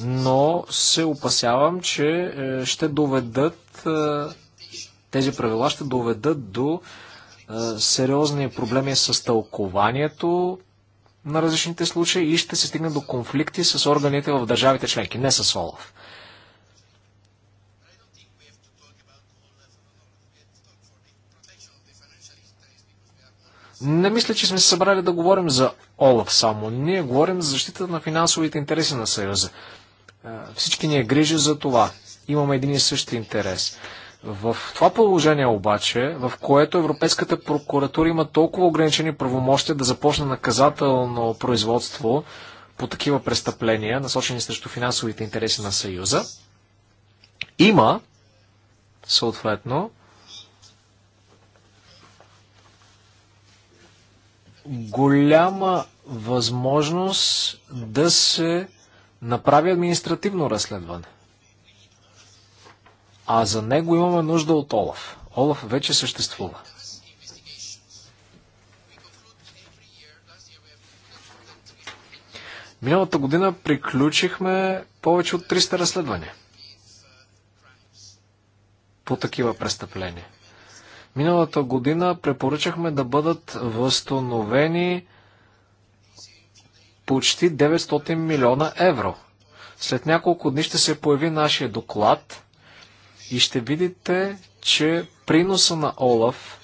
но се опасявам, че е, ще доведат е, тези правила ще доведат до сериозни проблеми с тълкованието на различните случаи и ще се стигне до конфликти с органите в държавите членки, не с ОЛАФ. Не мисля, че сме се събрали да говорим за ОЛАФ само. Ние говорим за защита на финансовите интереси на Съюза. Всички ни е грижа за това. Имаме един и същи интерес. В това положение обаче, в което Европейската прокуратура има толкова ограничени правомощия да започне наказателно производство по такива престъпления, насочени срещу финансовите интереси на Съюза, има, съответно, голяма възможност да се направи административно разследване а за него имаме нужда от Олаф. Олаф вече съществува. Миналата година приключихме повече от 300 разследвания по такива престъпления. Миналата година препоръчахме да бъдат възстановени почти 900 милиона евро. След няколко дни ще се появи нашия доклад. И ще видите, че приноса на Олаф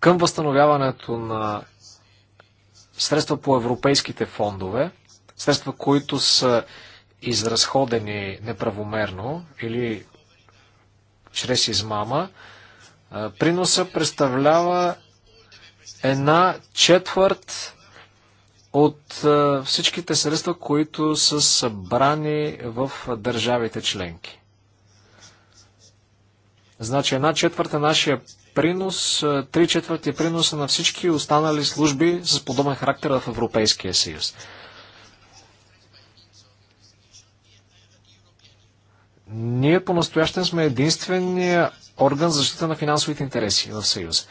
към възстановяването на средства по европейските фондове, средства, които са изразходени неправомерно или чрез измама, приноса представлява една четвърт от всичките средства, които са събрани в държавите членки. Значи една четвърта нашия принос, е, три четвърти приноса на всички останали служби с подобен характер в Европейския съюз. Ние по-настоящен сме единствения орган за защита на финансовите интереси в Съюз.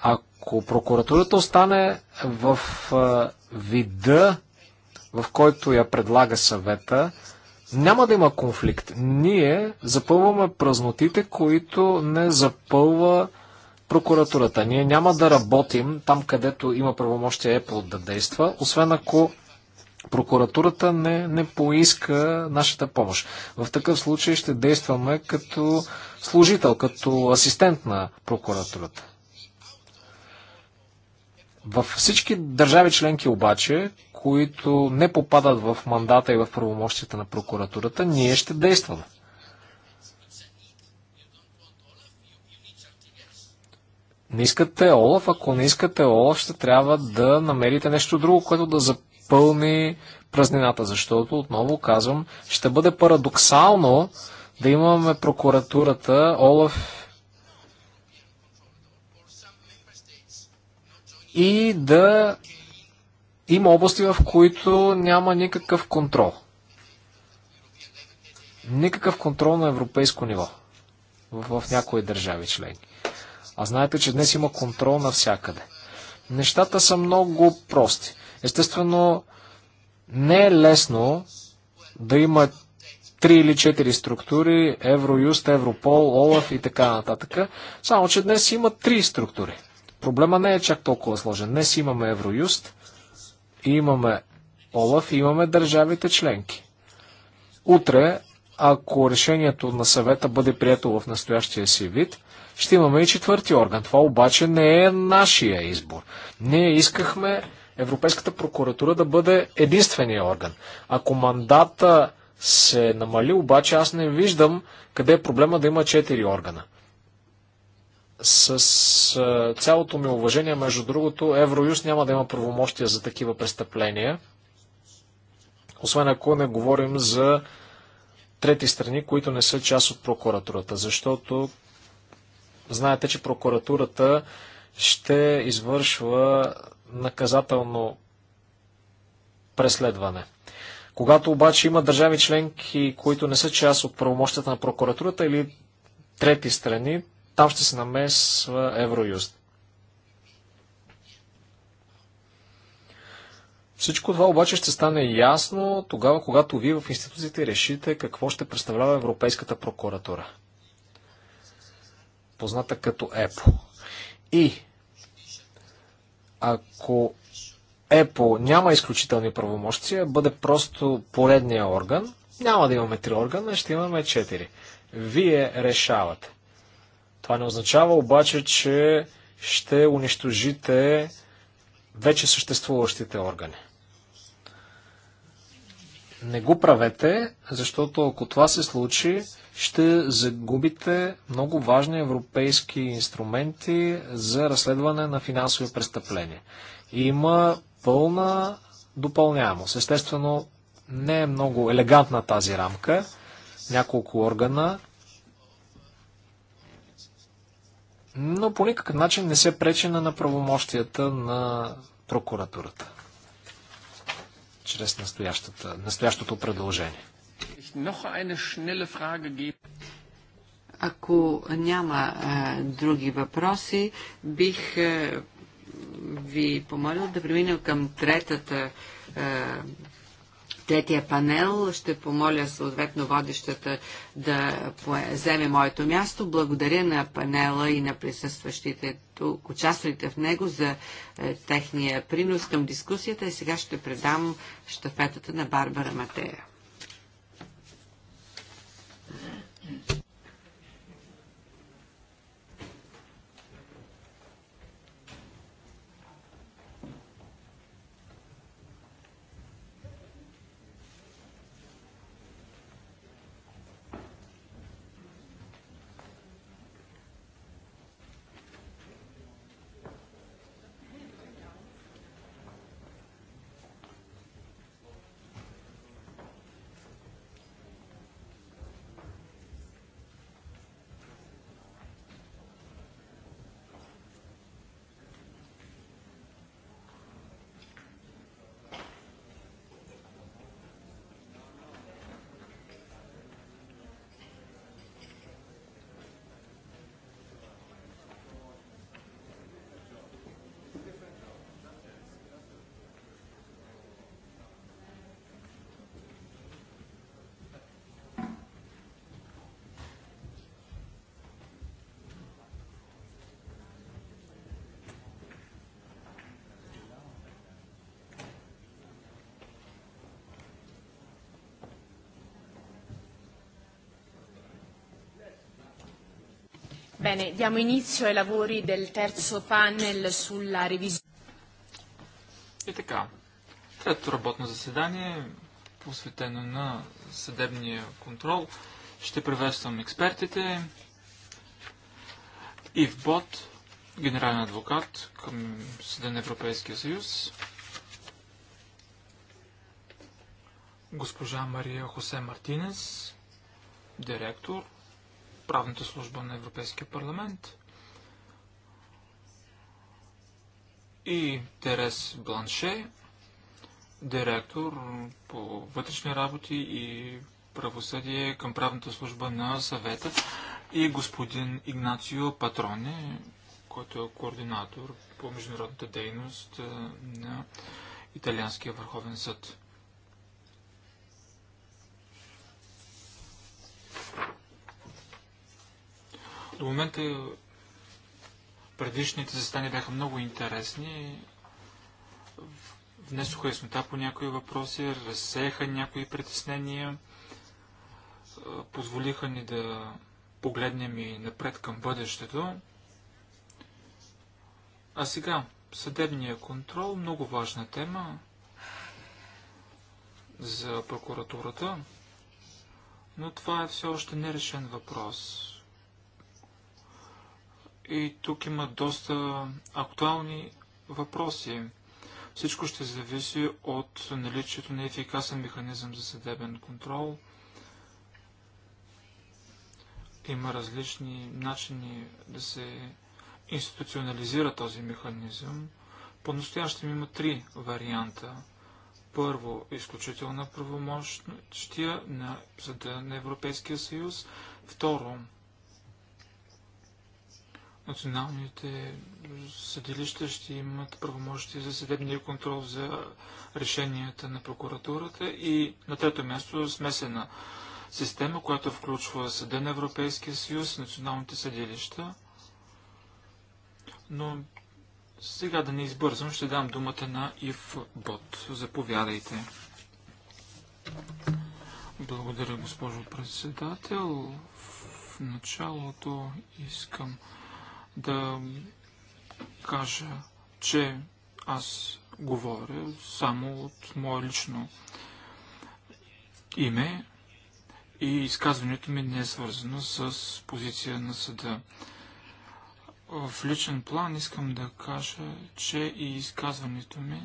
Ако прокуратурата остане в е, вида, в който я предлага съвета, няма да има конфликт. Ние запълваме празнотите, които не запълва прокуратурата. Ние няма да работим там, където има правомощия Apple да действа, освен ако прокуратурата не, не поиска нашата помощ. В такъв случай ще действаме като служител, като асистент на прокуратурата. Във всички държави членки обаче, които не попадат в мандата и в правомощията на прокуратурата, ние ще действаме. Не искате Олаф, ако не искате Олаф, ще трябва да намерите нещо друго, което да запълни празнината, защото, отново казвам, ще бъде парадоксално да имаме прокуратурата, Олаф и да има области, в които няма никакъв контрол. Никакъв контрол на европейско ниво в, в някои държави членки. А знаете, че днес има контрол навсякъде. Нещата са много прости. Естествено, не е лесно да има три или четири структури, Евроюст, Европол, ОЛАФ и така нататък. Само, че днес има три структури. Проблема не е чак толкова сложен. Днес имаме Евроюст, имаме Олаф, имаме държавите членки. Утре, ако решението на съвета бъде прието в настоящия си вид, ще имаме и четвърти орган. Това обаче не е нашия избор. Ние искахме Европейската прокуратура да бъде единствения орган. Ако мандата се намали, обаче аз не виждам къде е проблема да има четири органа. С а, цялото ми уважение, между другото, Евроюст няма да има правомощия за такива престъпления. Освен ако не говорим за трети страни, които не са част от прокуратурата, защото знаете, че прокуратурата ще извършва наказателно преследване. Когато обаче има държави членки, които не са част от правомощията на прокуратурата или трети страни, там ще се намесва Евроюст. Всичко това обаче ще стане ясно тогава, когато вие в институциите решите какво ще представлява Европейската прокуратура. Позната като ЕПО. И ако ЕПО няма изключителни правомощия, бъде просто поредния орган, няма да имаме три органа, ще имаме четири. Вие решавате. Това не означава обаче, че ще унищожите вече съществуващите органи. Не го правете, защото ако това се случи, ще загубите много важни европейски инструменти за разследване на финансови престъпления. И има пълна допълняемост. Естествено, не е много елегантна тази рамка. Няколко органа но по никакъв начин не се пречи на правомощията на прокуратурата чрез настоящото предложение. Ако няма а, други въпроси, бих а, ви помолил да преминем към третата а, третия панел. Ще помоля съответно водещата да вземе моето място. Благодаря на панела и на присъстващите тук, участвалите в него за е, техния принос към дискусията и сега ще предам щафетата на Барбара Матея. Bene, diamo inizio ai lavori del terzo panel sulla revisione. И така, третото работно заседание, посветено на съдебния контрол, ще приветствам експертите. Ив Бот, генерален адвокат към Съда на Европейския съюз. Госпожа Мария Хосе Мартинес, директор правната служба на Европейския парламент и Терес Бланше, директор по вътрешни работи и правосъдие към правната служба на съвета и господин Игнацио Патроне, който е координатор по международната дейност е, на Италианския върховен съд. До момента предишните застания бяха много интересни. Внесоха яснота по някои въпроси, разсеяха някои притеснения, позволиха ни да погледнем и напред към бъдещето. А сега, съдебния контрол, много важна тема за прокуратурата, но това е все още нерешен въпрос. И тук има доста актуални въпроси. Всичко ще зависи от наличието на ефикасен механизъм за съдебен контрол. Има различни начини да се институционализира този механизъм. По-настоящем има три варианта. Първо, изключителна правомощ на Съда на Европейския съюз. Второ, Националните съдилища ще имат правомощие за съдебния контрол за решенията на прокуратурата и на трето място смесена система, която включва Съда на Европейския съюз, националните съдилища. Но сега да не избързвам, ще дам думата на Ив Бот. Заповядайте. Благодаря, госпожо председател. В началото искам да кажа, че аз говоря само от мое лично име и изказването ми не е свързано с позиция на съда. В личен план искам да кажа, че и изказването ми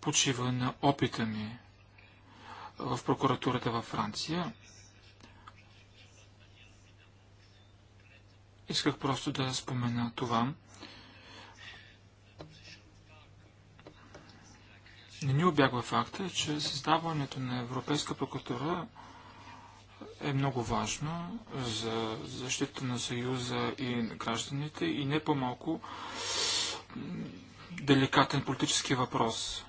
почива на опита ми в прокуратурата във Франция. Исках просто да спомена това. Не ни обягва факта, че създаването на Европейска прокуратура е много важно за защита на Съюза и на гражданите и не по-малко деликатен политически въпрос.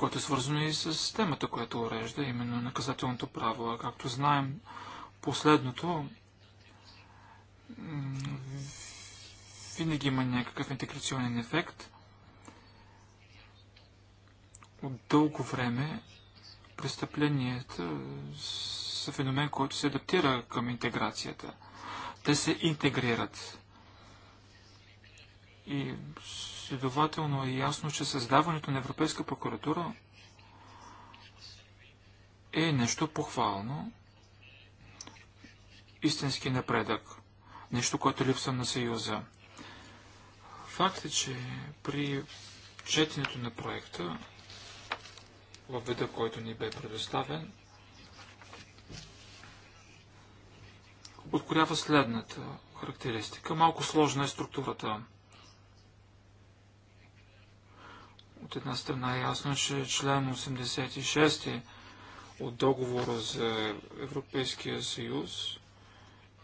Който е свързано и с темата, която урежда, именно наказателното право. А както знаем, последното винаги има някакъв интеграционен ефект. От дълго време престъпленията са феномен, който се адаптира към интеграцията. Те се интегрират. И Следователно е ясно, че създаването на Европейска прокуратура е нещо похвално, истински напредък, нещо, което липсва на Съюза. Факт е, че при четенето на проекта, във вида, който ни бе предоставен, откорява следната характеристика. Малко сложна е структурата От една страна е ясно, че член 86 от договора за Европейския съюз,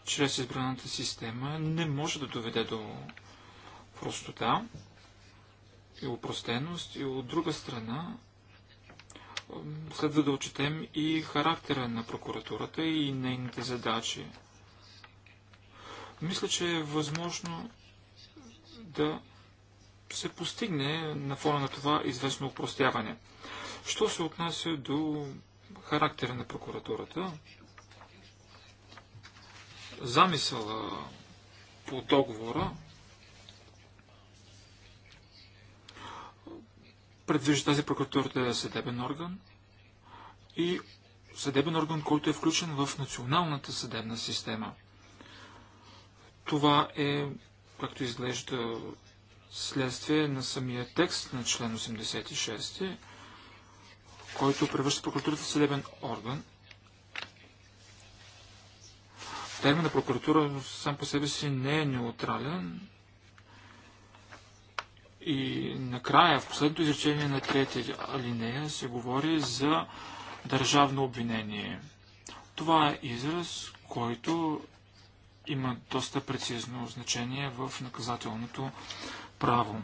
чрез избраната система, не може да доведе до простота и упростеност. И от друга страна, следва да отчетем и характера на прокуратурата и нейните задачи. Мисля, че е възможно да се постигне на фона на това известно упростяване. Що се отнася до характера на прокуратурата, замисъла по договора предвижда тази прокуратура да е съдебен орган и съдебен орган, който е включен в националната съдебна система. Това е, както изглежда, следствие на самия текст на член 86, който превръща прокуратурата в съдебен орган. Терминът прокуратура сам по себе си не е неутрален. И накрая, в последното изречение на третия алинея, се говори за държавно обвинение. Това е израз, който има доста прецизно значение в наказателното право.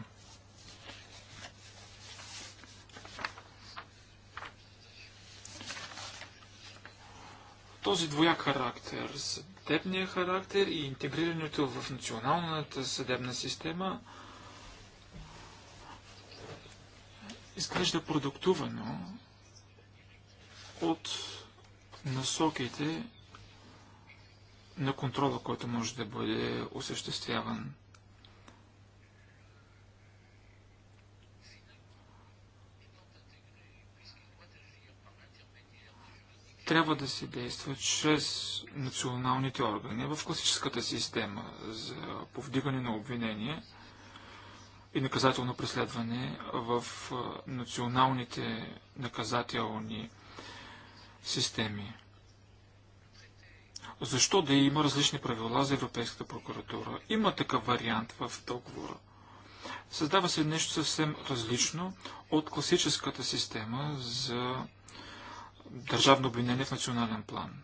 Този двояк характер, съдебния характер и интегрирането в националната съдебна система изглежда продуктувано от насоките на контрола, който може да бъде осъществяван. трябва да се действа чрез националните органи в класическата система за повдигане на обвинение и наказателно преследване в националните наказателни системи. Защо да има различни правила за Европейската прокуратура? Има такъв вариант в договора. Създава се нещо съвсем различно от класическата система за държавно обвинение в национален план.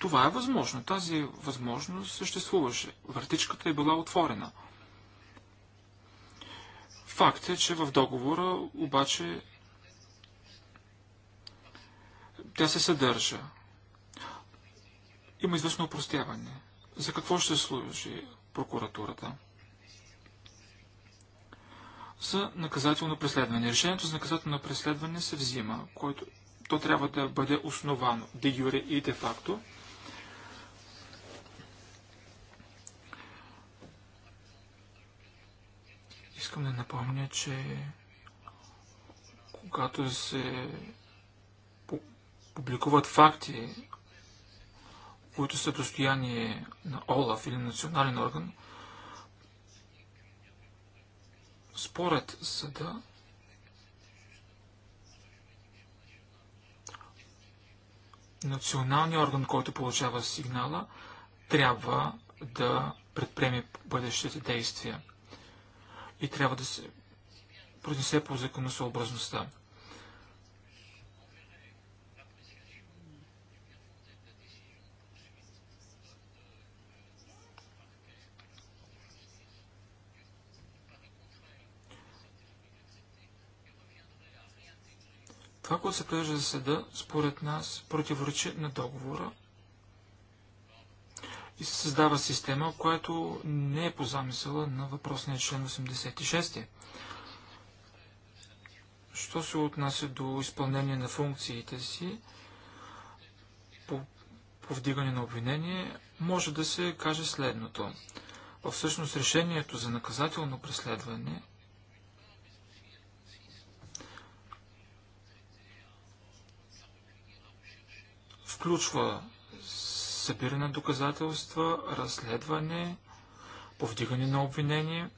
Това е възможно. Тази възможност съществуваше. Въртичката е била отворена. Факт е, че в договора обаче тя се съдържа. Има известно упростяване. За какво ще служи прокуратурата? За наказателно преследване. Решението за наказателно преследване се взима, което то трябва да бъде основано де юре и де факто. Искам да напомня, че когато се публикуват факти, които са достояние на ОЛАФ или национален орган, според съда, Националния орган, който получава сигнала, трябва да предприеме бъдещите действия и трябва да се произнесе по законосъобразността. Това, което се каже за съда, според нас, противоречи на договора и се създава система, която не е по замисъла на въпросния член 86. Що се отнася до изпълнение на функциите си по повдигане на обвинение, може да се каже следното. Всъщност решението за наказателно преследване – включва събиране на доказателства, разследване, повдигане на обвинение.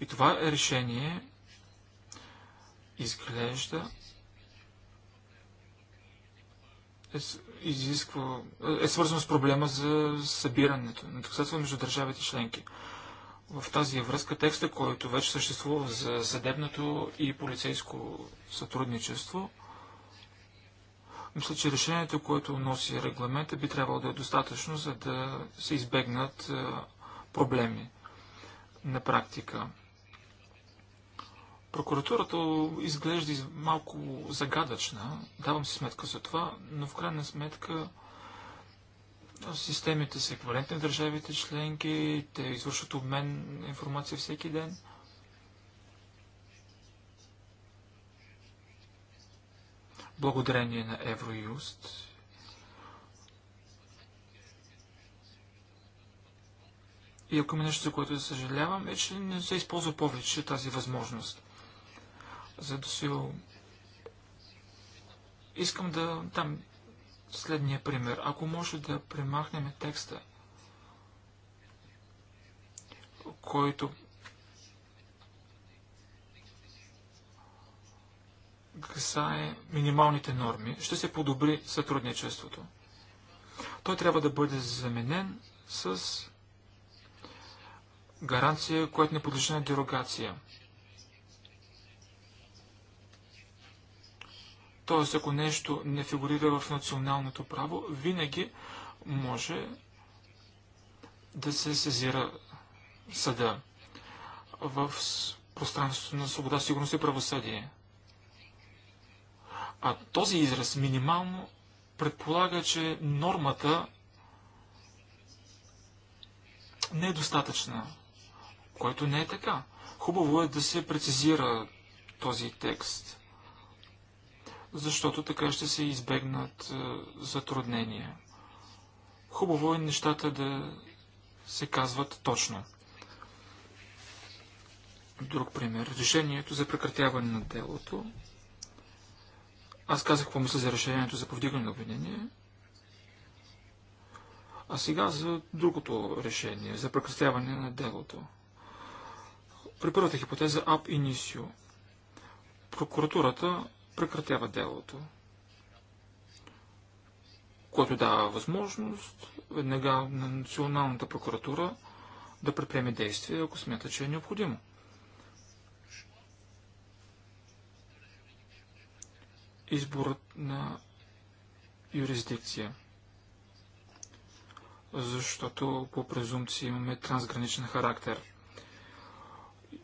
И това е решение изглежда е, изисква, е свързано с проблема за събирането на доказателства между държавите членки. В тази връзка текста, който вече съществува за съдебното и полицейско сътрудничество – мисля, че решението, което носи регламента, би трябвало да е достатъчно, за да се избегнат е, проблеми на практика. Прокуратурата изглежда малко загадъчна, давам си сметка за това, но в крайна сметка системите са еквивалентни в държавите членки, те извършват обмен информация всеки ден – благодарение на Евроюст. И ако ми нещо, за което да съжалявам, е, че не се използва повече тази възможност. За да си... Искам да дам следния пример. Ако може да премахнем текста, който касае минималните норми, ще се подобри сътрудничеството. Той трябва да бъде заменен с гаранция, която не подлежи на дерогация. Тоест, ако нещо не фигурира в националното право, винаги може да се сезира съда в пространството на свобода, сигурност и правосъдие. А този израз минимално предполага, че нормата не е достатъчна, което не е така. Хубаво е да се прецизира този текст, защото така ще се избегнат е, затруднения. Хубаво е нещата да се казват точно. Друг пример. Решението за прекратяване на делото аз казах какво мисля за решението за повдигане на обвинение. А сега за другото решение, за прекратяване на делото. При първата хипотеза ап initio. Прокуратурата прекратява делото, което дава възможност веднага на Националната прокуратура да предприеме действия, ако смята, че е необходимо. изборът на юрисдикция. Защото по презумпция имаме трансграничен характер.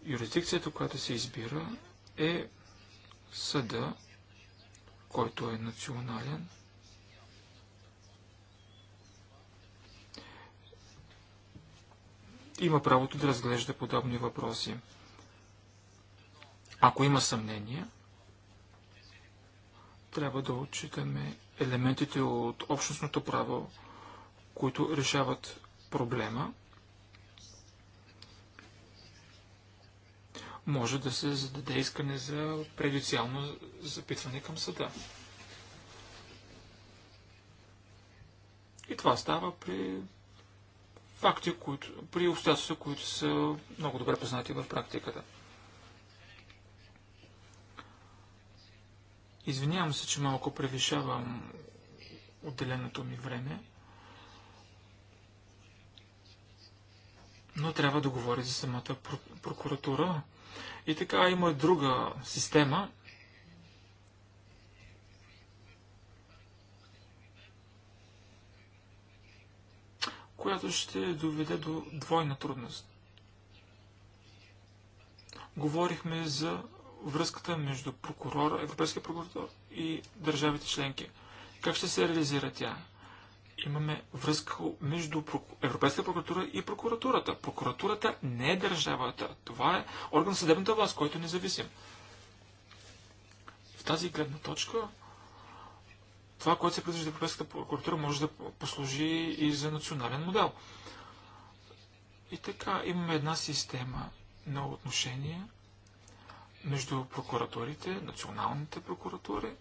Юрисдикцията, която се избира, е съда, който е национален, има правото да разглежда подобни въпроси. Ако има съмнение, трябва да отчитаме елементите от общностното право, които решават проблема. Може да се зададе искане за предициално запитване към съда. И това става при факти, които, при обстоятелства, които са много добре познати в практиката. Извинявам се, че малко превишавам отделеното ми време, но трябва да говори за самата прокуратура. И така има и друга система. която ще доведе до двойна трудност. Говорихме за връзката между прокурор, европейския прокурор и държавите членки. Как ще се реализира тя? Имаме връзка между Европейската прокуратура и прокуратурата. Прокуратурата не е държавата. Това е орган на съдебната власт, който е независим. В тази гледна точка това, което се предвижда Европейската прокуратура, може да послужи и за национален модел. И така имаме една система на отношения, между прокуратурите, националните прокуратури.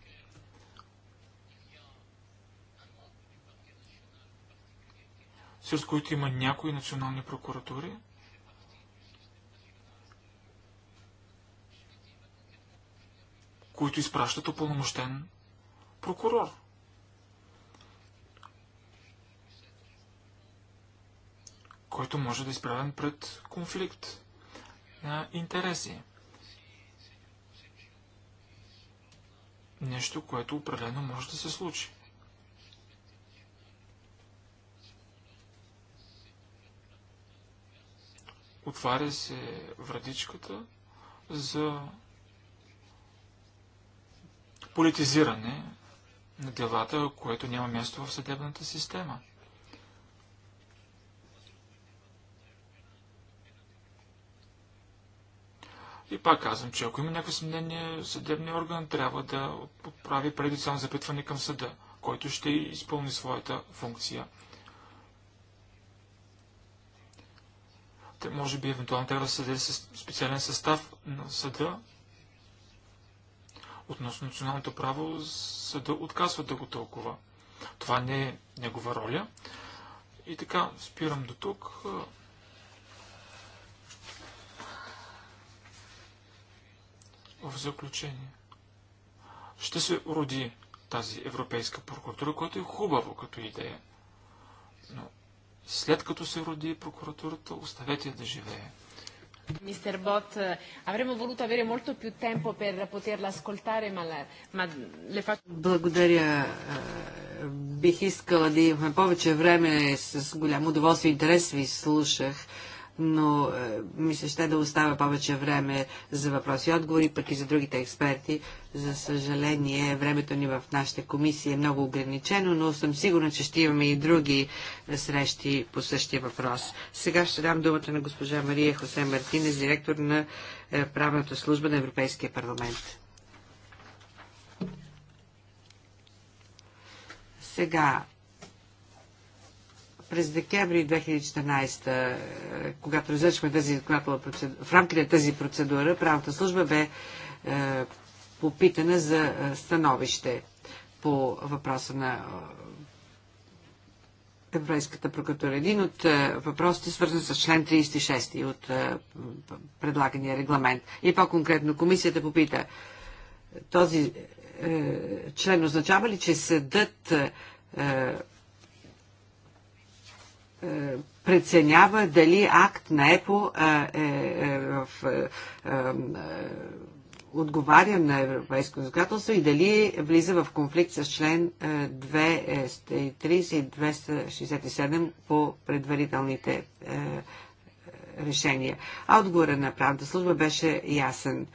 сред които има някои национални прокуратури, които изпращат опълномощен прокурор. който може да е изправен пред конфликт на интереси. нещо, което определено може да се случи. Отваря се вратичката за политизиране на делата, което няма място в съдебната система. И пак казвам, че ако има някакво съмнение, съдебният орган трябва да прави предицално запитване към съда, който ще изпълни своята функция. Те, може би, евентуално трябва да създаде специален състав на съда. Относно националното право, съда отказва да го толкова. Това не е негова роля. И така, спирам до тук. В заключение, ще се роди тази Европейска прокуратура, което е хубаво като идея. Но след като се роди прокуратурата, оставете я да живее. Мистер Бот, е, avremmo voluto avere molto più tempo per poterla ascoltare, ma, la, ma le faccio... Благодаря. Е, бих искала да имаме повече време. С голямо удоволствие и интерес ви слушах но е, ми се ще да оставя повече време за въпроси и отговори, пък и за другите експерти. За съжаление, времето ни в нашата комисия е много ограничено, но съм сигурна, че ще имаме и други е, срещи по същия въпрос. Сега ще дам думата на госпожа Мария Хосе Мартинес, директор на е, правната служба на Европейския парламент. Сега през декември 2014, е, когато разрешихме тази е в рамките на тази процедура, правната служба бе е, попитана за становище по въпроса на Европейската прокуратура. Един от въпросите е свързан с член 36 от предлагания регламент. И по-конкретно комисията попита този член означава ли, че съдът преценява дали акт на ЕПО е, е в е, е, отговаря на европейско законодателство и дали влиза в конфликт с член 230 и 267 по предварителните решения. А отговора на правната служба беше ясен.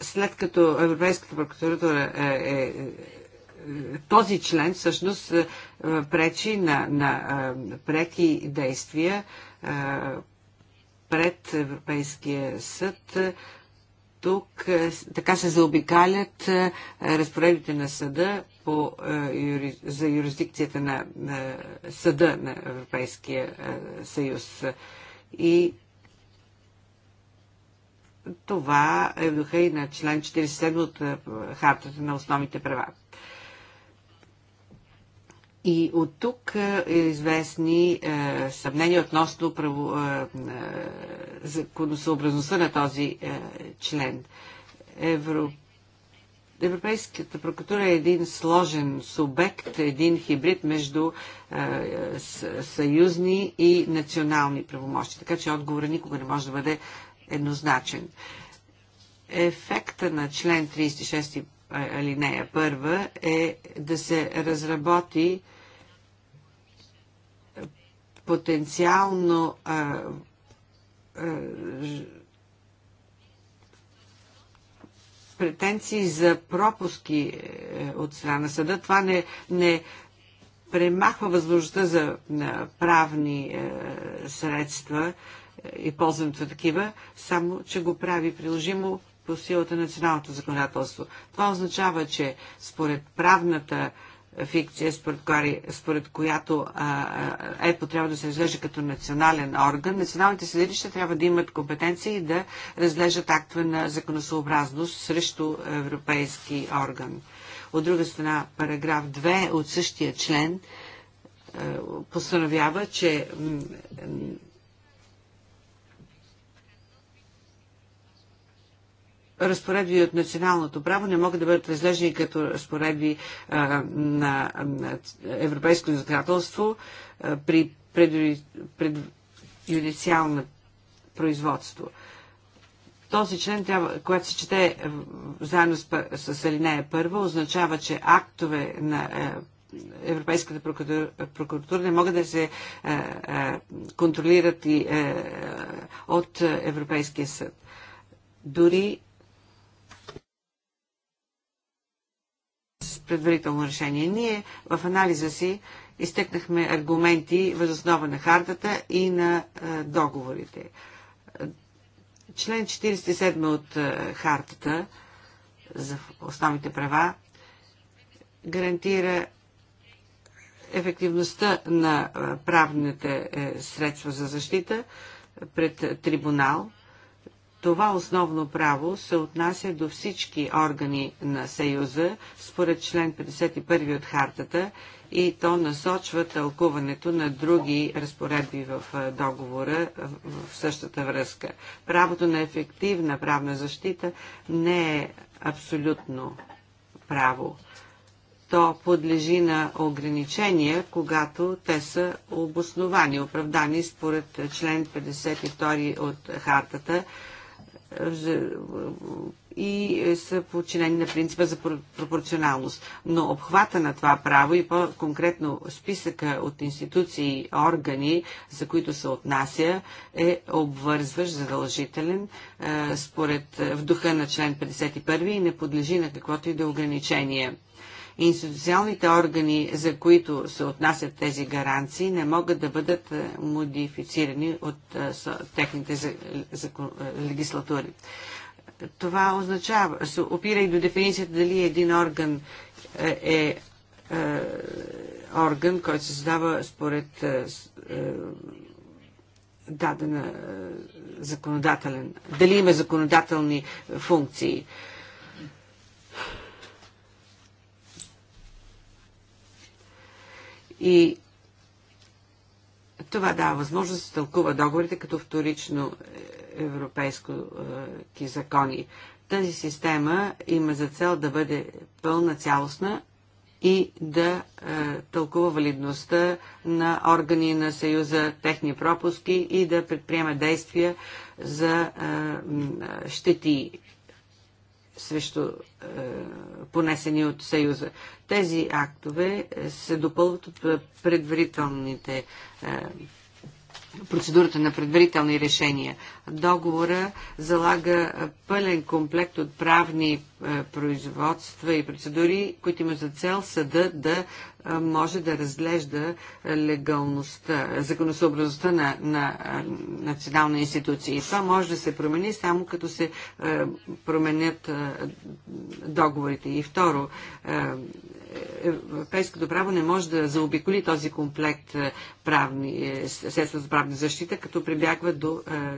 след като Европейската прокуратура е, е, е този член всъщност е, пречи на, на е, преки действия пред Европейския съд. Тук така се заобикалят разпоредите на съда по, за юрисдикцията на, на съда на Европейския съюз. И това е духа и на член 47 от е, Хартата на основните права. И от тук е известни е, съмнения относно право, е, е, законосъобразността на този е, член. Евро... Европейската прокуратура е един сложен субект, един хибрид между е, съюзни и национални правомощи. Така че отговора никога не може да бъде еднозначен. Ефекта на член 36 алинея 1 е да се разработи потенциално претенции за пропуски е, от страна на съда. Това не, не премахва възможността за правни е, средства и ползването на такива, само че го прави приложимо по силата на националното законодателство. Това означава, че според правната фикция, според, коя, според която ЕПО трябва да се разглежда като национален орган, националните съдилища трябва да имат компетенции да разглеждат актове на законосообразност срещу европейски орган. От друга страна, параграф 2 от същия член постановява, че разпоредби от националното право не могат да бъдат разглеждани като разпоредби а, на, на европейско законодателство при предюдициално производство. Този член, трябва, когато се чете заедно с, с алинея първа, означава, че актове на е, Европейската прокуратура, прокуратура не могат да се е, е, контролират и, е, от Европейския съд. Дори предварително решение. Ние в анализа си изтъкнахме аргументи възоснова на хартата и на е, договорите. Член 47 от е, хартата за основните права гарантира ефективността на е, правните средства за защита пред трибунал това основно право се отнася до всички органи на Съюза, според член 51 от хартата, и то насочва тълкуването на други разпоредби в договора в същата връзка. Правото на ефективна правна защита не е абсолютно право. То подлежи на ограничения, когато те са обосновани, оправдани според член 52 от хартата, и са подчинени на принципа за пропорционалност. Но обхвата на това право и по-конкретно списъка от институции и органи, за които се отнася, е обвързващ, задължителен, е, според в духа на член 51 и не подлежи на каквото и да е ограничение институционалните органи, за които се отнасят тези гаранции, не могат да бъдат е, модифицирани от е, техните е, легислатури. Това означава, се опира и до дефиницията дали един орган е, орган, който се създава според дадена законодателен, дали има законодателни функции. И това дава възможност да се тълкува договорите като вторично е, европейски е, закони. Тази система има за цел да бъде пълна, цялостна и да е, тълкува валидността на органи на Съюза, техни пропуски и да предприема действия за е, е щети срещу е, понесени от Съюза. Тези актове е, се допълват от е, предварителните е, процедурата на предварителни решения. Договора залага пълен комплект от правни е, производства и процедури, които имат за цел съда да е, може да разглежда легалността, законосъобразността на, на е, национална институция. И това може да се промени само като се променят договорите. И второ, европейското право не може да заобиколи този комплект е, правни, е, средства за правна защита, като прибягва до е,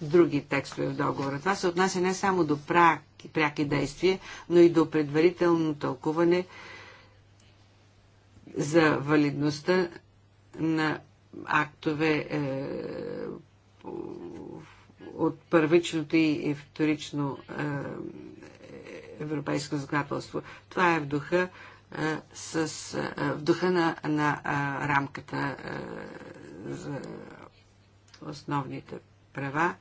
други текстове в договора. Това се отнася не само до пряки, пряки действия, но и до предварително тълкуване за валидността на актове е, от първичното и вторично е, европейско законодателство. Това е в духа, с, в духа на, на рамката за основните права.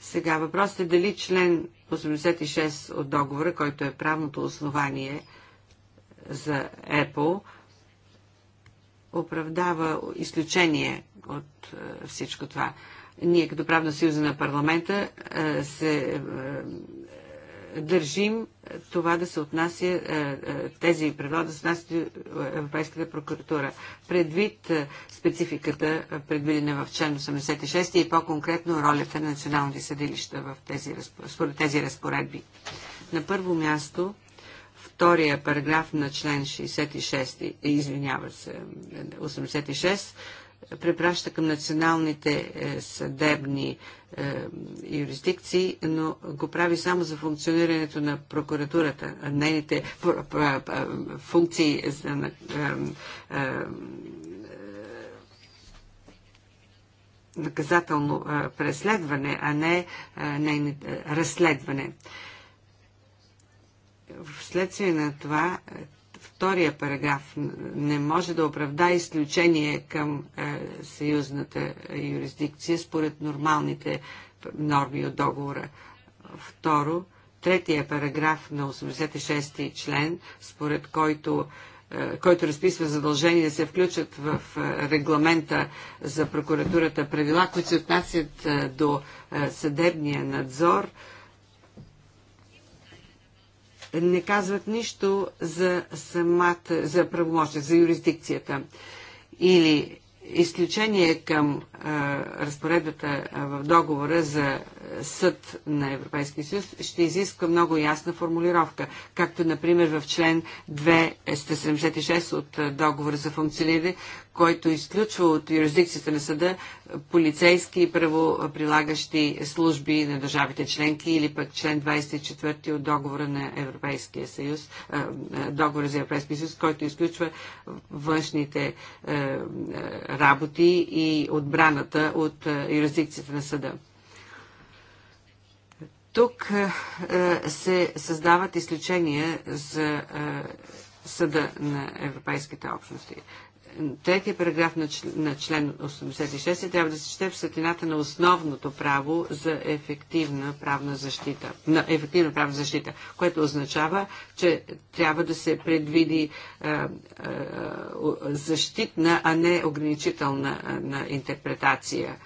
Сега въпросът е дали член 86 от договора, който е правното основание за Apple, оправдава изключение от всичко това. Ние като правна съюза на парламента се държим това да се отнася, е, е, тези правила да се отнасят Европейската прокуратура. Предвид е, спецификата, предвидена в член 86 и по-конкретно ролята на националните съдилища в тези, според тези разпоредби. На първо място, втория параграф на член 66, извинява се, 86, препраща към националните е, съдебни е, юрисдикции, но го прави само за функционирането на прокуратурата, нейните функции за наказателно е, преследване, а не нейните разследване. Вследствие на това втория параграф не може да оправда изключение към е, съюзната е, юрисдикция според нормалните норми от договора. Второ, третия параграф на 86 член, според който е, който разписва задължение да се включат в регламента за прокуратурата правила, които се отнасят до съдебния надзор, не казват нищо за самата, за правомощие, за юрисдикцията. Или изключение към а, разпоредбата в договора за съд на Европейския съюз ще изисква много ясна формулировка, както например в член 276 е, от договора за функциониране, който изключва от юрисдикцията на съда полицейски и правоприлагащи служби на държавите членки или пък член 24 от договора на Европейския съюз, договора за Европейския съюз, който изключва външните работи и отбраната от е, юрисдикцията на съда. Тук е, е, се създават изключения за съда на европейските общности третия параграф на, член, на член 86 трябва да се чете в светлината на основното право за ефективна правна защита, на ефективна правна защита, което означава, че трябва да се предвиди а, е, а, е, защитна, а не ограничителна е, на интерпретация.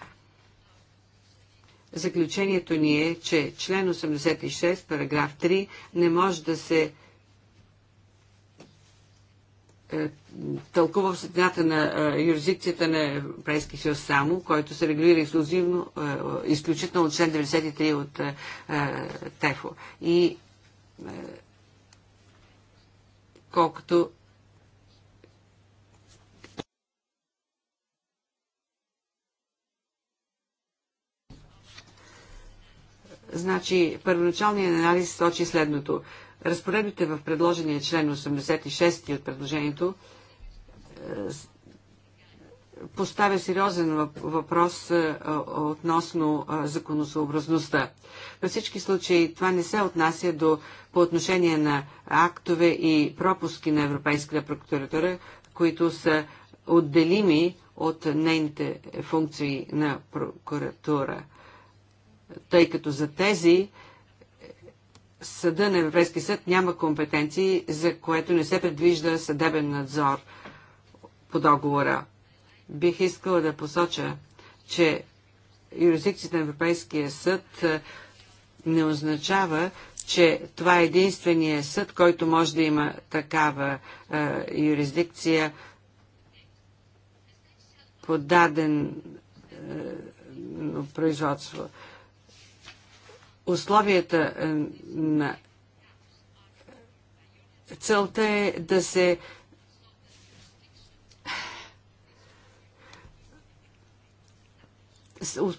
Заключението ни е, че член 86, параграф 3 не може да се е, тълкува в светлината на е, юрисдикцията на Европейския съюз само, който се регулира ексклюзивно, е, изключително от член 93 от ТЕФО. И колкото Значи, първоначалният анализ сочи следното. Разпоредбите в предложения член 86 от предложението е, поставя сериозен въпрос е, относно е, законосъобразността. Във всички случаи това не се отнася до по отношение на актове и пропуски на Европейската прокуратура, които са отделими от нейните функции на прокуратура. Тъй като за тези Съда на Европейския съд няма компетенции, за което не се предвижда съдебен надзор по договора. Бих искала да посоча, че юрисдикцията на Европейския съд не означава, че това е единствения съд, който може да има такава е, юрисдикция по даден е, производство условията е, на целта е да се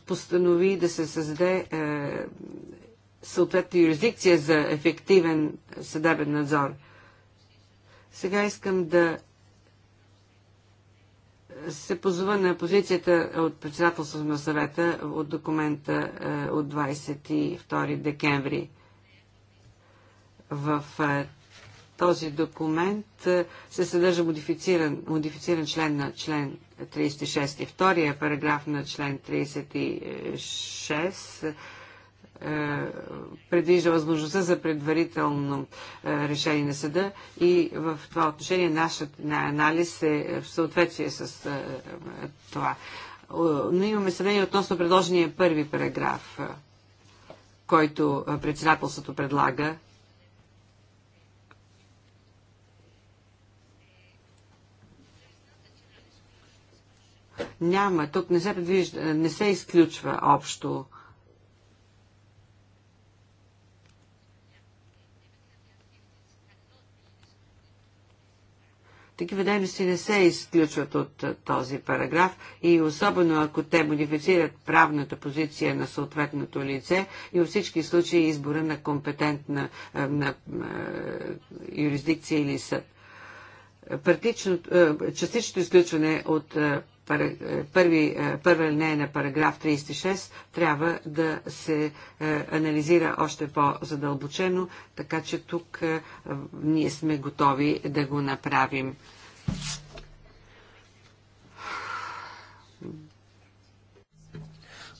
постанови да се създаде е, съответна юрисдикция за ефективен съдебен надзор. Сега искам да се позова на позицията от председателството на съвета от документа е, от 22 декември. В е, този документ е, се съдържа модифициран, модифициран член на член 36, втория параграф на член 36 е, предвижда възможността за предварително е, решение на съда и в това отношение нашият анализ е в съответствие с е, това. Но имаме съмнение относно предложения първи параграф, който председателството предлага Няма, тук не се предвижда, не се изключва общо Такива дейности не се изключват от този параграф и особено ако те модифицират правната позиция на съответното лице и във всички случаи избора на компетентна на, на, юрисдикция или съд. Частичното изключване от е, първи, е, първа линия на параграф 36 трябва да се е, анализира още по-задълбочено, така че тук ние сме готови да го направим.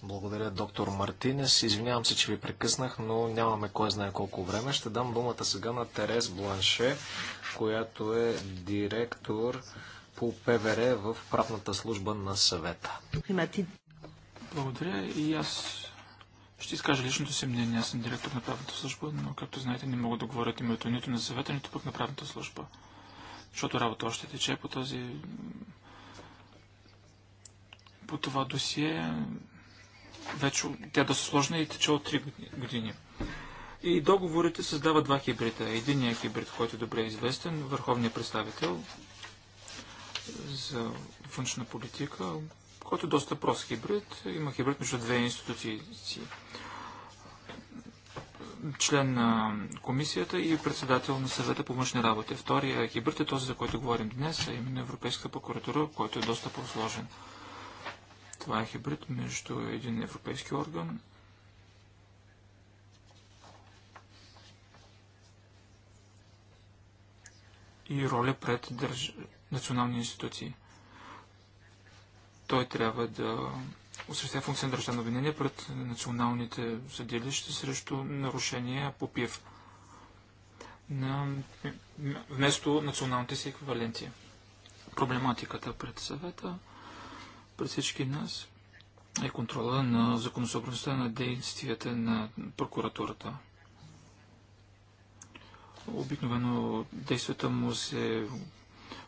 Благодаря, доктор Мартинес. Извинявам се, че ви прекъснах, но нямаме кой знае колко време. Ще дам думата сега на Терес Бланше, която е директор по ПВР в правната служба на съвета. Благодаря и аз ще изкажа личното си мнение. Аз съм директор на правната служба, но както знаете не мога да говоря от името нито на съвета, нито пък на правната служба. Защото работа още тече по този по това досие. Вече тя е да се сложна и тече от 3 години. И договорите създават два хибрита. Единият хибрид, който е добре известен, върховният представител, за външна политика, който е доста прост хибрид. Има хибрид между две институции. Член на комисията и председател на съвета по външни работи. Втория хибрид е този, за който говорим днес, а именно Европейската прокуратура, който е доста по-сложен. Това е хибрид между един европейски орган и роля пред държ национални институции. Той трябва да осъществява функция на държавно обвинение пред националните съдилища срещу нарушения по ПИВ на, вместо националните си еквиваленти. Проблематиката пред съвета, пред всички нас, е контрола на законосъобразността на действията на прокуратурата. Обикновено действията му се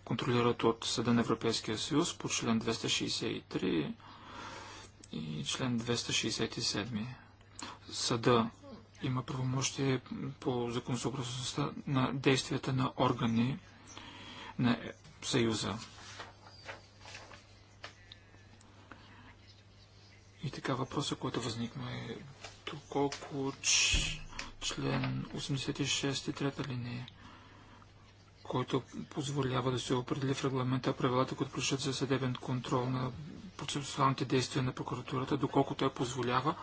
контролират от Съда на Европейския съюз по член 263 и член 267. Съда има правомощие по законосъобразността на действията на органи на Съюза. И така въпросът, който възникна е доколко член 86 и трета линия който позволява да се определи в регламента правилата, които включват за съдебен контрол на процесуалните действия на прокуратурата, доколко той позволява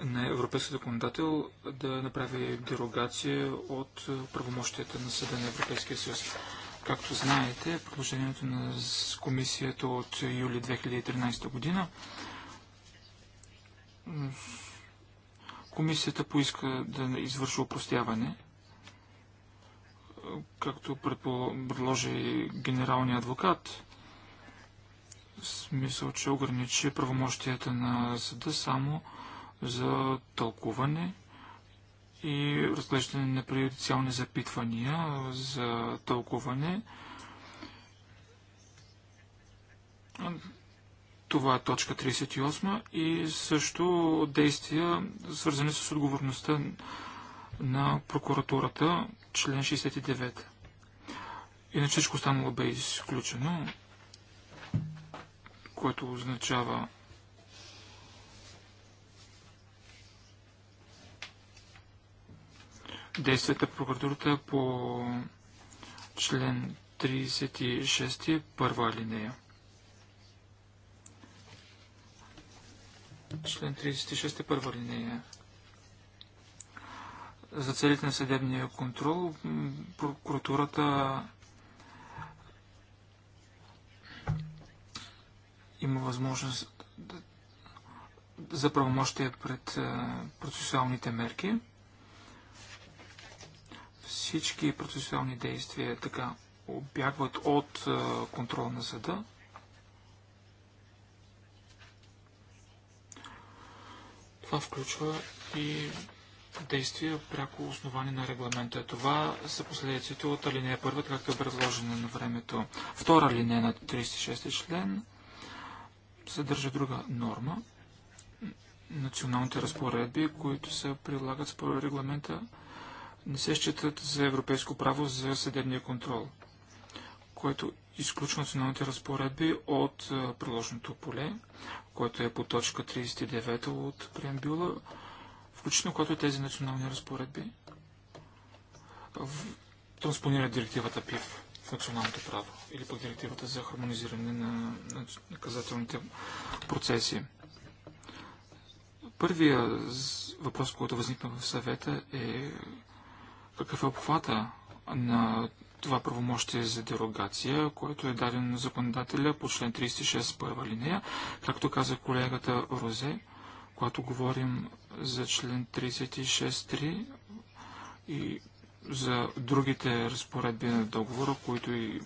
на европейския законодател да направи дерогация от правомощията на Съда на Европейския съюз. Както знаете, предложението на комисията от юли 2013 година комисията поиска да извърши опростяване както предложи генералния адвокат, в смисъл, че ограничи правомощията на съда само за тълкуване и разглеждане на приоритетни запитвания за тълкуване. Това е точка 38 и също действия, свързани с отговорността на прокуратурата член 69. Иначе всичко останало бе изключено, което означава действията прокуратурата по член 36, първа линия. Член 36, първа линия за целите на съдебния контрол, прокуратурата има възможност за правомощие пред процесуалните мерки. Всички процесуални действия така обягват от контрол на съда. Това включва и действия, пряко основани на регламента. Това са последиците от алинея първа, както е предложена на времето. Втора алинея на 36 член съдържа друга норма. Националните разпоредби, които се прилагат според регламента, не се считат за европейско право за съдебния контрол, което изключва националните разпоредби от приложното поле, което е по точка 39 от преамбюла, включително когато тези национални разпоредби транспонират директивата ПИВ в националното право или пък директивата за хармонизиране на наказателните процеси. Първия въпрос, който възникна в съвета е какъв е обхвата на това правомощие за дерогация, което е дадено на законодателя по член 36 първа линия. Както каза колегата Розе, когато говорим за член 36.3 и за другите разпоредби на договора, които и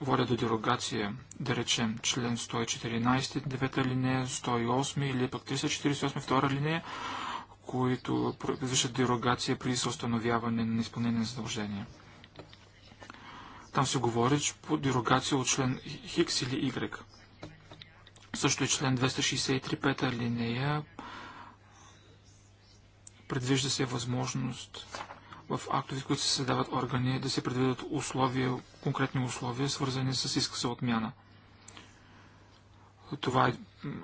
водят до дерогация, да речем член 114, 9 линия, 108 или пък 348, 2 линия, които вършат дерогация при съустановяване на изпълнение на задължения. Там се говори че по дерогация от член Хикс или Y. Също и член 263, 5 линия, Предвижда се възможност в актове, които се създават органи, да се предвидят условия, конкретни условия, свързани с иска за отмяна. Това е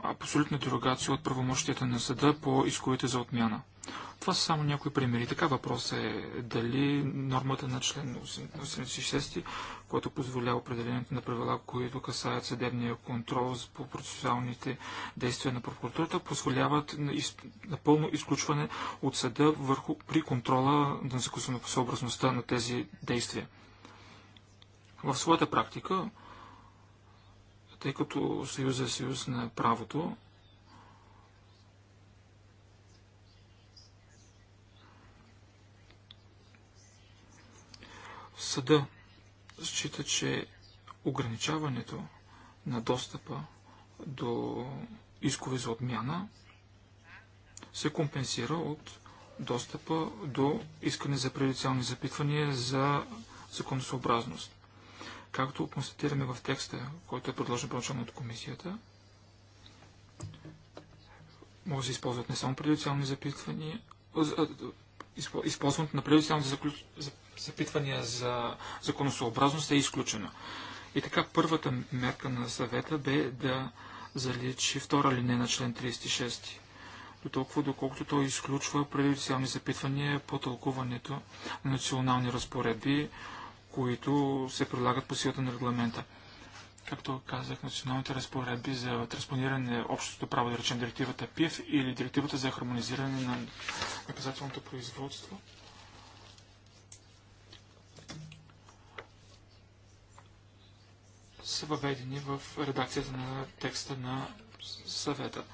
абсолютна дерогация от правомощията на съда по исковете за отмяна. Това са само някои примери. Така въпрос е дали нормата на член 86, което позволява определението на правила, които касаят съдебния контрол по процесуалните действия на прокуратурата, позволяват напълно изключване от съда върху, при контрола на законосъобразността на тези действия. В своята практика тъй като Съюза е съюз на правото. Съда счита, че ограничаването на достъпа до искове за отмяна се компенсира от достъпа до искане за прелициални запитвания за законосъобразност. Както констатираме в текста, който е предложен първоначално от комисията, може да се използват не само предоциални запитвания, използването на предоциални запитвания за законосообразност, е изключено. И така първата мерка на съвета бе да заличи втора линия на член 36 до толкова, доколкото той изключва предоциални запитвания по тълкуването на национални разпоредби които се прилагат по силата на регламента. Както казах, националните разпоредби за транспониране общото право, да речем директивата ПИФ или директивата за хармонизиране на наказателното производство, са въведени в редакцията на текста на съвета.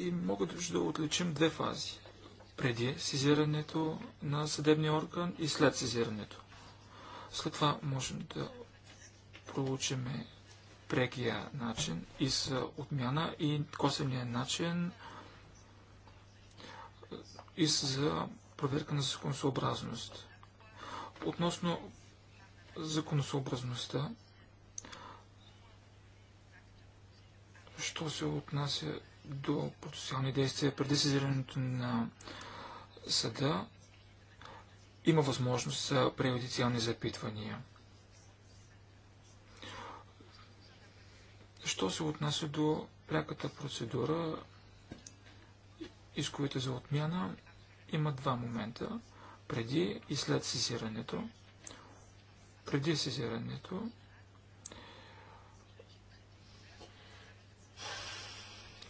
и мога да отличим две фази. Преди сезирането на съдебния орган и след сезирането. След това можем да проучим прекия начин и за отмяна и косвения начин и за проверка на законосъобразност. Относно законосъобразността, що се отнася до процесуални действия преди сезирането на съда, има възможност за преюдициални запитвания. Що се отнася до пряката процедура, исковете за отмяна има два момента. Преди и след сезирането. Преди сезирането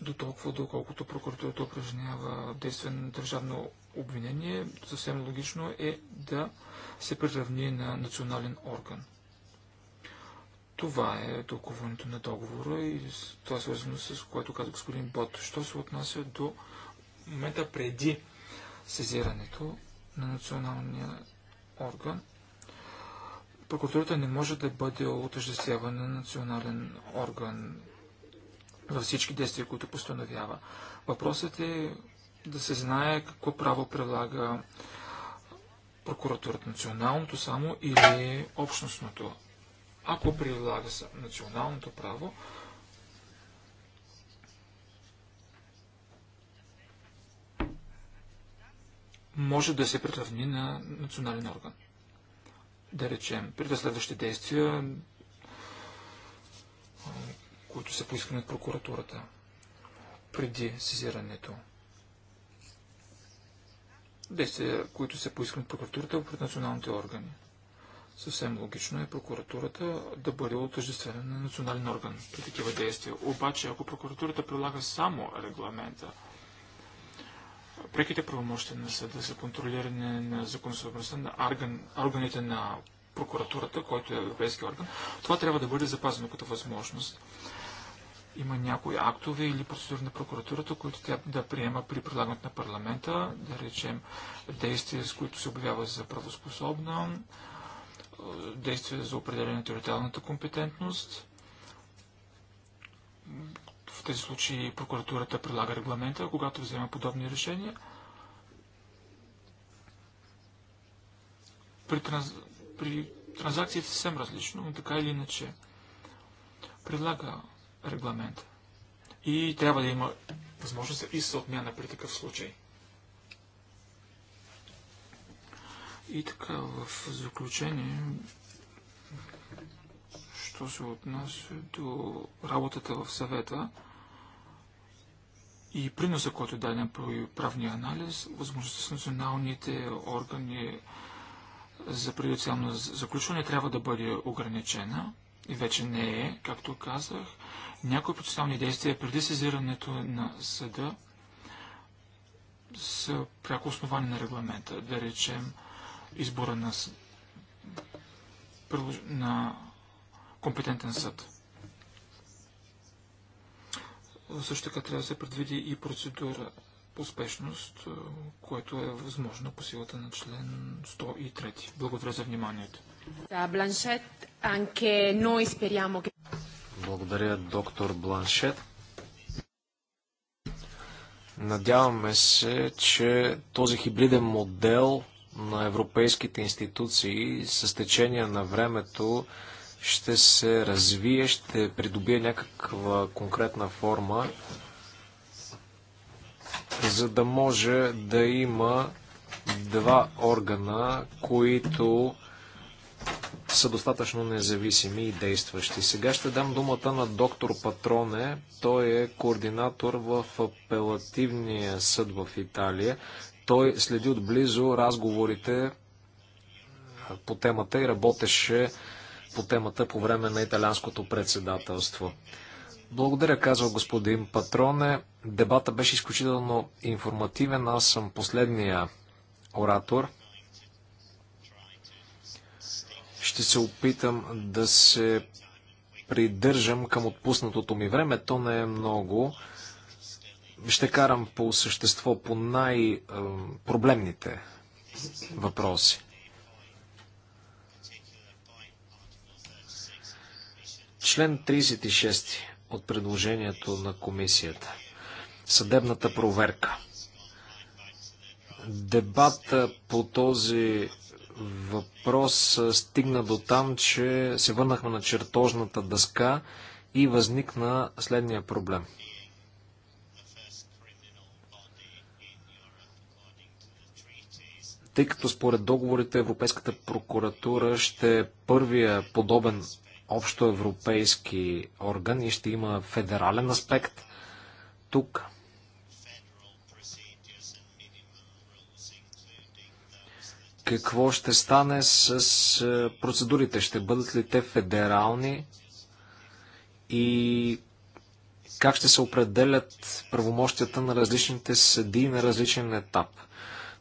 до толкова, доколкото прокуратурата упражнява действен държавно обвинение, съвсем логично е да се приравни на национален орган. Това е толковането на договора и това е свързано с което каза господин Бот. Що се отнася до момента преди сезирането на националния орган, прокуратурата не може да бъде отъждествявана на национален орган във всички действия, които постановява. Въпросът е да се знае какво право прилага прокуратурата, националното само или общностното. Ако прилага националното право, може да се приравни на национален орган. Да речем, при следващите действия които са поискани от прокуратурата преди сезирането. Действия, които са поискани от прокуратурата пред националните органи. Съвсем логично е прокуратурата да бъде отъждествена на национален орган при такива действия. Обаче, ако прокуратурата прилага само регламента, преките правомощия на съда за контролиране на законосъобразността на орган, органите на прокуратурата, който е европейски орган, това трябва да бъде запазено като възможност има някои актове или процедури на прокуратурата, които тя да приема при предлагането на парламента, да речем действия, с които се обявява за правоспособна, действия за определение на териториалната компетентност. В тези случаи прокуратурата прилага регламента, когато взема подобни решения. При, транз... при транзакциите съвсем различно, но така или иначе предлага регламент. И трябва да има възможност и за отмяна при такъв случай. И така, в заключение, що се отнася до работата в съвета и приноса, който е даден при правния анализ, възможността с националните органи за предоциално заключване трябва да бъде ограничена и вече не е, както казах. Някои процесуални действия преди сезирането на съда са пряко основани на регламента. Да речем, избора на, на компетентен съд. Също така трябва да се предвиди и процедура по спешност, е, което е възможно по силата на член 103. Благодаря за вниманието. Благодаря, доктор Бланшет. Надяваме се, че този хибриден модел на европейските институции с течение на времето ще се развие, ще придобие някаква конкретна форма, за да може да има два органа, които са достатъчно независими и действащи. Сега ще дам думата на доктор Патроне. Той е координатор в апелативния съд в Италия. Той следи отблизо разговорите по темата и работеше по темата по време на италянското председателство. Благодаря, казва господин Патроне. Дебата беше изключително информативен. Аз съм последния оратор – Ще се опитам да се придържам към отпуснатото ми време. То не е много. Ще карам по същество по най-проблемните въпроси. Член 36 от предложението на комисията. Съдебната проверка. Дебата по този въпрос стигна до там, че се върнахме на чертожната дъска и възникна следния проблем. Тъй като според договорите Европейската прокуратура ще е първия подобен общоевропейски орган и ще има федерален аспект, тук Какво ще стане с е, процедурите? Ще бъдат ли те федерални? И как ще се определят правомощията на различните съди на различен етап?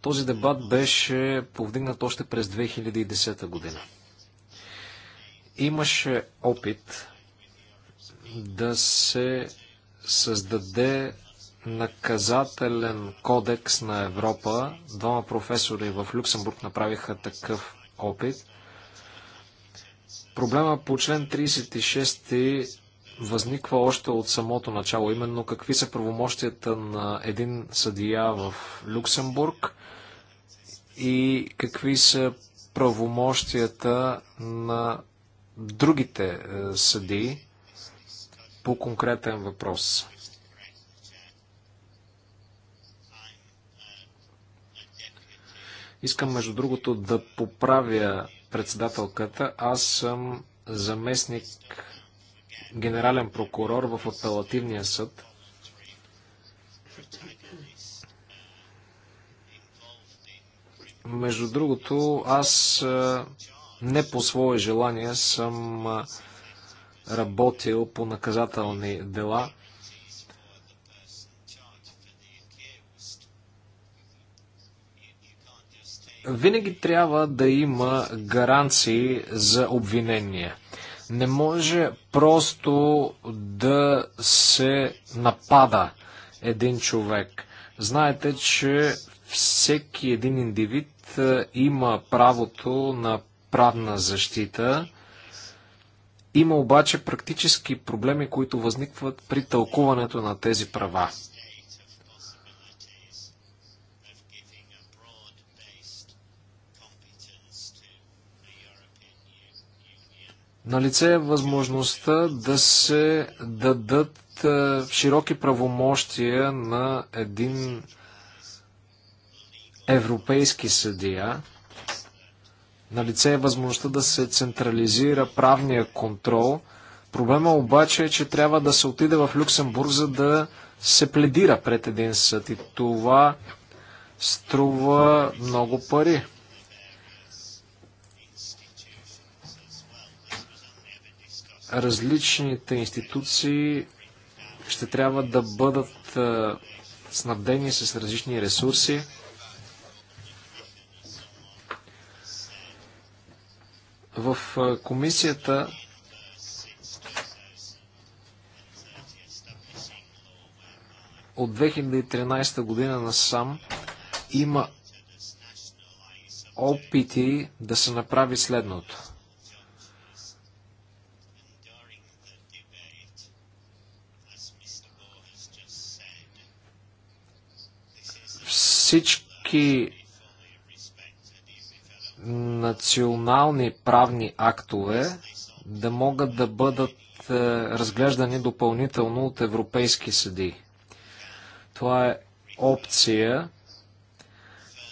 Този дебат беше повдигнат още през 2010 година. Имаше опит да се създаде наказателен кодекс на Европа. Двама професори в Люксембург направиха такъв опит. Проблема по член 36 възниква още от самото начало, именно какви са правомощията на един съдия в Люксембург и какви са правомощията на другите е, съдии по конкретен въпрос. Искам, между другото, да поправя председателката. Аз съм заместник генерален прокурор в апелативния съд. Между другото, аз не по свое желание съм работил по наказателни дела. винаги трябва да има гаранции за обвинение. Не може просто да се напада един човек. Знаете, че всеки един индивид е, има правото на правна защита. Има обаче практически проблеми, които възникват при тълкуването на тези права. Налице е възможността да се дадат е, широки правомощия на един европейски съдия. Налице е възможността да се централизира правния контрол. Проблема обаче е, че трябва да се отиде в Люксембург, за да се пледира пред един съд. И това струва много пари. различните институции ще трябва да бъдат снабдени с различни ресурси. В комисията от 2013 година насам има опити да се направи следното. Всички национални правни актове да могат да бъдат е, разглеждани допълнително от европейски съди. Това е опция,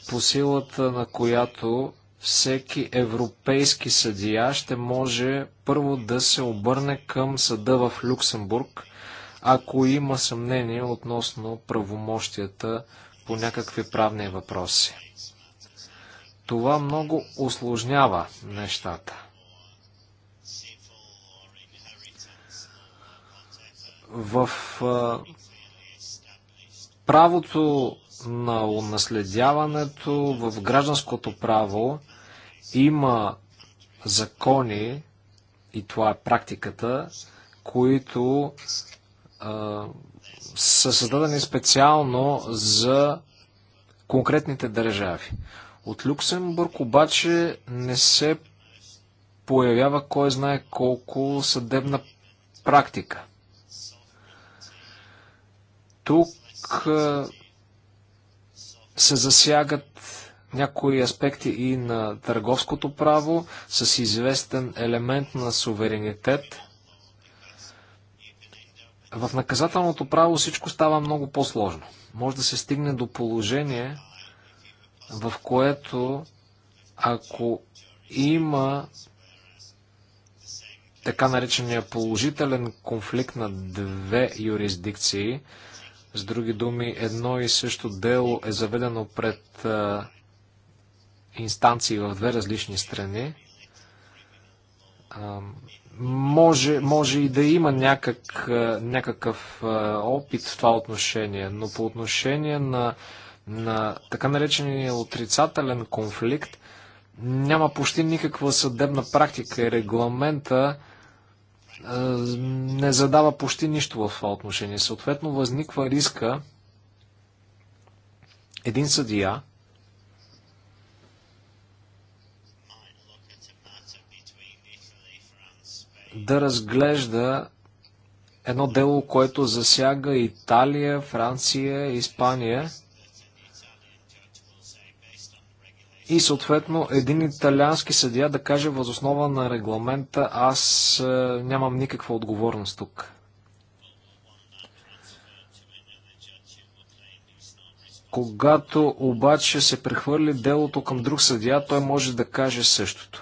по силата на която всеки европейски съдия ще може първо да се обърне към съда в Люксембург, ако има съмнение относно правомощията по някакви правни въпроси. Това много осложнява нещата. В правото на унаследяването, в гражданското право има закони, и това е практиката, които а, са създадени специално за конкретните държави. От Люксембург обаче не се появява кой знае колко съдебна практика. Тук се засягат някои аспекти и на търговското право с известен елемент на суверенитет. В наказателното право всичко става много по-сложно. Може да се стигне до положение, в което ако има така наречения положителен конфликт на две юрисдикции, с други думи, едно и също дело е заведено пред а, инстанции в две различни страни, а, може, може и да има някак, някакъв опит в това отношение, но по отношение на, на така наречения отрицателен конфликт няма почти никаква съдебна практика и регламента е, не задава почти нищо в това отношение. Съответно възниква риска един съдия да разглежда едно дело, което засяга Италия, Франция, Испания и съответно един италиански съдия да каже възоснова на регламента аз е, нямам никаква отговорност тук. Когато обаче се прехвърли делото към друг съдия, той може да каже същото.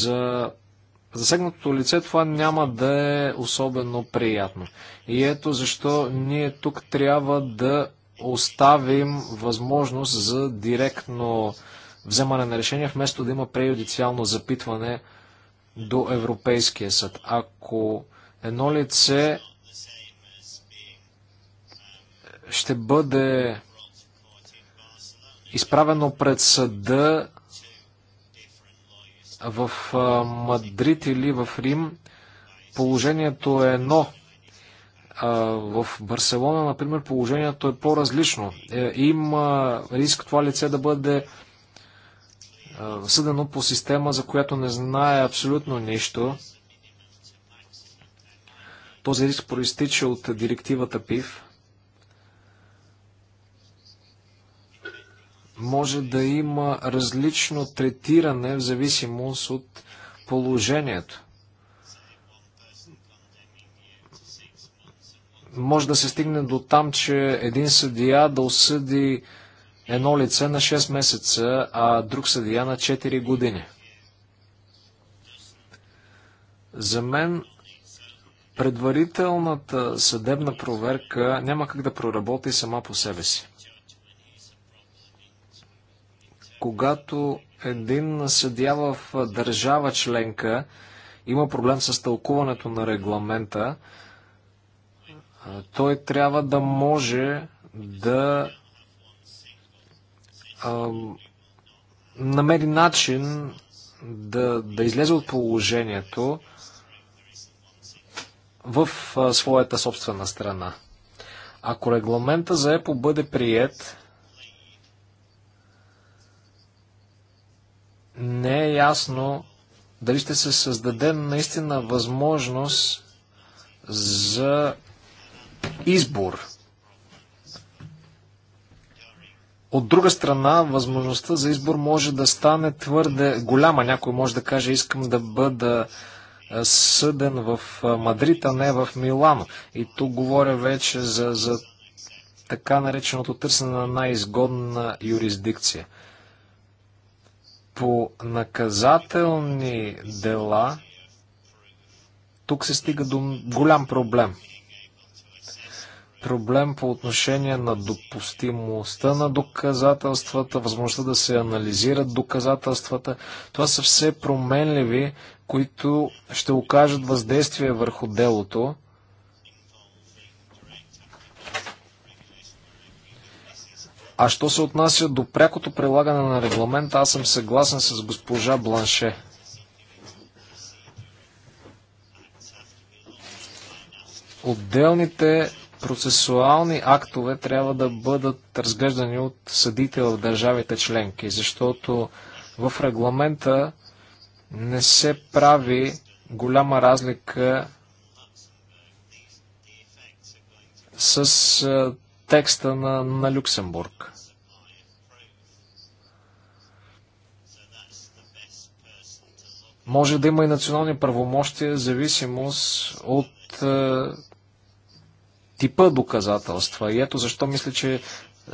за засегнатото лице това няма да е особено приятно. И ето защо ние тук трябва да оставим възможност за директно вземане на решение, вместо да има преюдициално запитване до Европейския съд. Ако едно лице ще бъде изправено пред съда в Мадрид или в Рим положението е едно. В Барселона, например, положението е по-различно. Е, има риск това лице да бъде съдено по система, за която не знае абсолютно нищо. Този риск проистича от директивата ПИВ. може да има различно третиране в зависимост от положението. Може да се стигне до там, че един съдия да осъди едно лице на 6 месеца, а друг съдия на 4 години. За мен предварителната съдебна проверка няма как да проработи сама по себе си когато един съдя в държава членка има проблем с тълкуването на регламента, той трябва да може да а, намери начин да, да излезе от положението в а, своята собствена страна. Ако регламента за ЕПО бъде прият, не е ясно дали ще се създаде наистина възможност за избор. От друга страна, възможността за избор може да стане твърде голяма. Някой може да каже, искам да бъда съден в Мадрид, а не в Милан. И тук говоря вече за, за така нареченото търсене на най-изгодна юрисдикция – по наказателни дела тук се стига до голям проблем. Проблем по отношение на допустимостта на доказателствата, възможността да се анализират доказателствата. Това са все променливи, които ще окажат въздействие върху делото. А що се отнася до прякото прилагане на регламента, аз съм съгласен с госпожа Бланше. Отделните процесуални актове трябва да бъдат разглеждани от съдите в държавите членки, защото в регламента не се прави голяма разлика с текста на, на Люксембург. Може да има и национални правомощия, зависимост от е, типа доказателства. И ето защо мисля, че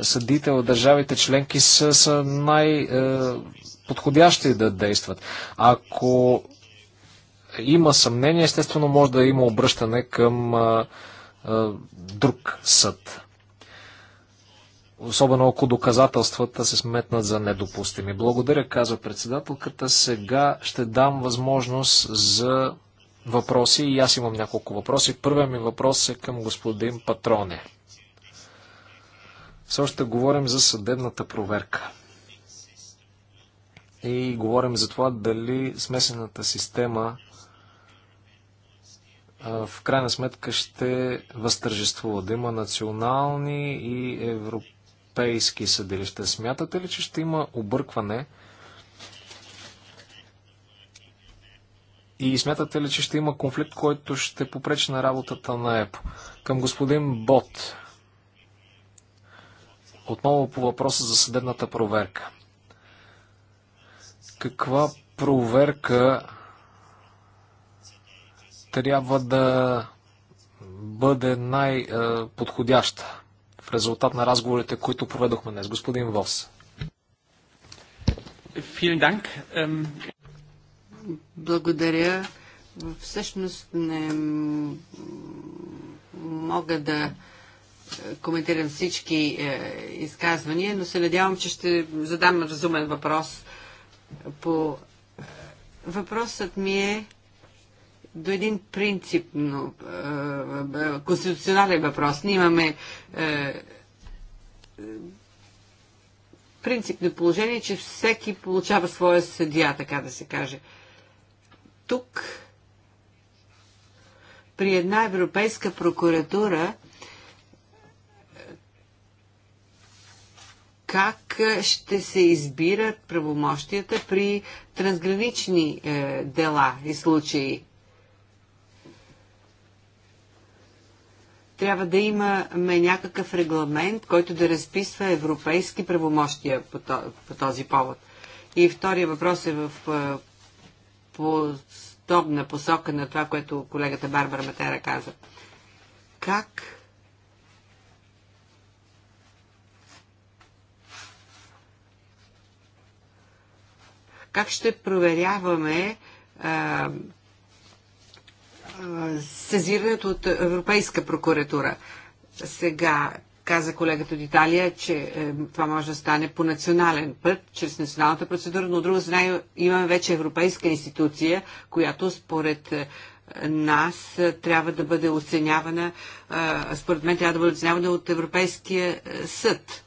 съдите от държавите членки са, са най-подходящи е, да действат. Ако има съмнение, естествено може да има обръщане към е, е друг съд особено ако доказателствата се сметнат за недопустими. Благодаря, казва председателката. Сега ще дам възможност за въпроси и аз имам няколко въпроси. Първият ми въпрос е към господин Патроне. Все още говорим за съдебната проверка. И говорим за това дали смесената система в крайна сметка ще възтържествува, да има национални и европейски европейски съдилища. Смятате ли, че ще има объркване? И смятате ли, че ще има конфликт, който ще попречи на работата на ЕПО? Към господин Бот. Отново по въпроса за съдебната проверка. Каква проверка трябва да бъде най-подходяща? Е, в резултат на разговорите, които проведохме днес. Господин Вос. Благодаря. Всъщност не мога да коментирам всички е, изказвания, но се надявам, че ще задам разумен въпрос по е, Въпросът ми е до един принципно е, е, конституционален въпрос. Ние имаме е, е, принципно положение, че всеки получава своя съдия, така да се каже. Тук при една европейска прокуратура как ще се избират правомощията при трансгранични дела и случаи. трябва да имаме някакъв регламент, който да разписва европейски правомощия по този повод. И втория въпрос е в подобна посока на това, което колегата Барбара Матера каза. Как как ще проверяваме а, Сезирането от Европейска прокуратура. Сега каза колегата от Италия, че е, това може да стане по национален път, чрез националната процедура, но от друга страна имаме вече европейска институция, която според е, нас е, трябва да бъде оценявана, е, според мен трябва да бъде оценявана от Европейския е, съд.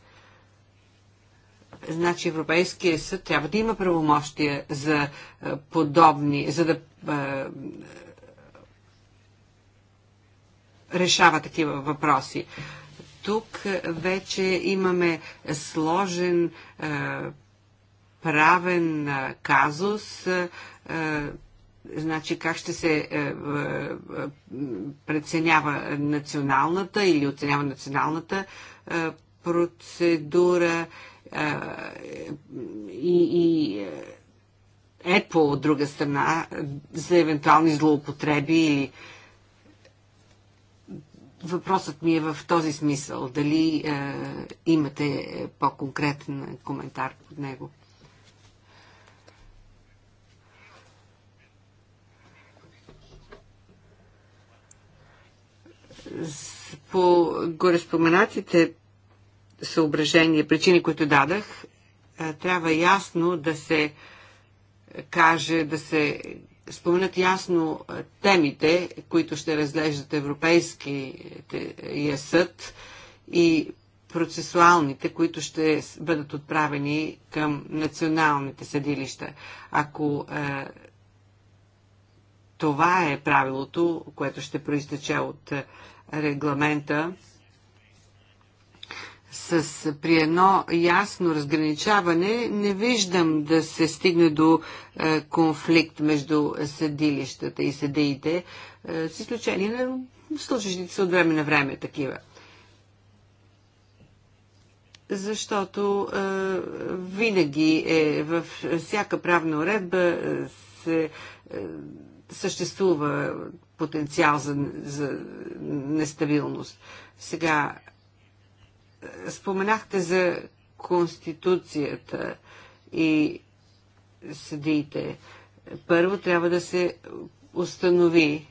Значи Европейския съд трябва да има правомощия за подобни, за да решава такива въпроси. Тук вече имаме сложен е, правен е, казус. Е, е, значи как ще се е, е, преценява националната или оценява националната е, процедура е, и, и ЕПО от друга страна за евентуални злоупотреби или Въпросът ми е в този смисъл. Дали е, имате по-конкретен коментар под него? По гореспоменатите съображения, причини, които дадах, е, трябва ясно да се каже, да се споменат ясно е, темите, които ще разглеждат Европейския е, е, съд и процесуалните, които ще бъдат отправени към националните съдилища. Ако е, това е правилото, което ще проистече от регламента, с, при едно ясно разграничаване не виждам да се стигне до е, конфликт между съдилищата и съдиите, е, с изключение на случващите се от време на време такива. Защото е, винаги е, във всяка правна уредба е, се, е, съществува потенциал за, за нестабилност. Сега Споменахте за Конституцията и съдиите. Първо трябва да се установи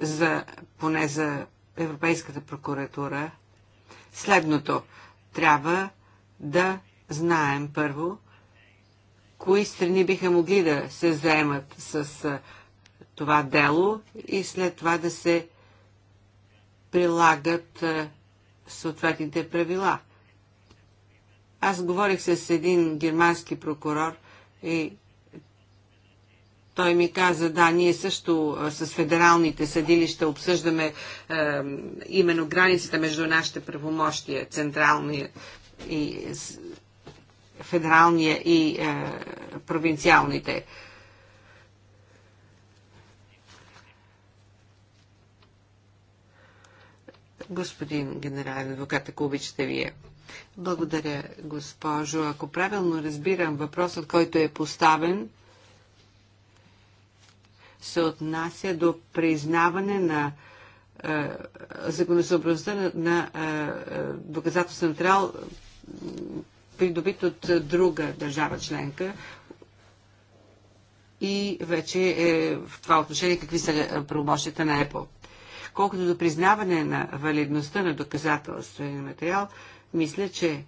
за, поне за Европейската прокуратура следното. Трябва да знаем първо, кои страни биха могли да се заемат с това дело и след това да се прилагат съответните правила. Аз говорих с един германски прокурор и той ми каза, да, ние също с федералните съдилища обсъждаме е, именно границата между нашите правомощия, централния и федералния и е, провинциалните. Господин генерален адвокат, ако обичате вие. Благодаря, госпожо. Ако правилно разбирам въпросът, който е поставен, се отнася до признаване на е, законосъобразността на, на е, е доказателствен материал, придобит от е, друга държава членка, и вече е в това отношение какви са е, правомощите на Apple. Колкото до признаване на валидността на доказателствен материал, мисля, че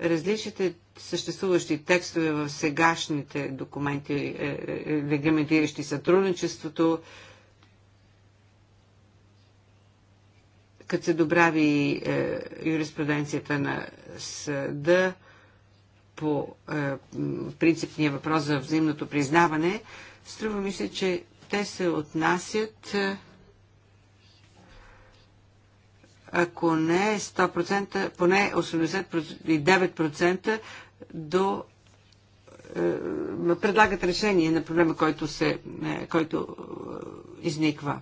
различните съществуващи текстове в сегашните документи, е, е, е, регламентиращи сътрудничеството, като се добрави юриспруденцията на съда по принципния въпрос за взаимното признаване, струва ми се, че те се отнасят ако не 100%, е поне 89% до е, предлагат решение на проблема, който, се, е, който изниква.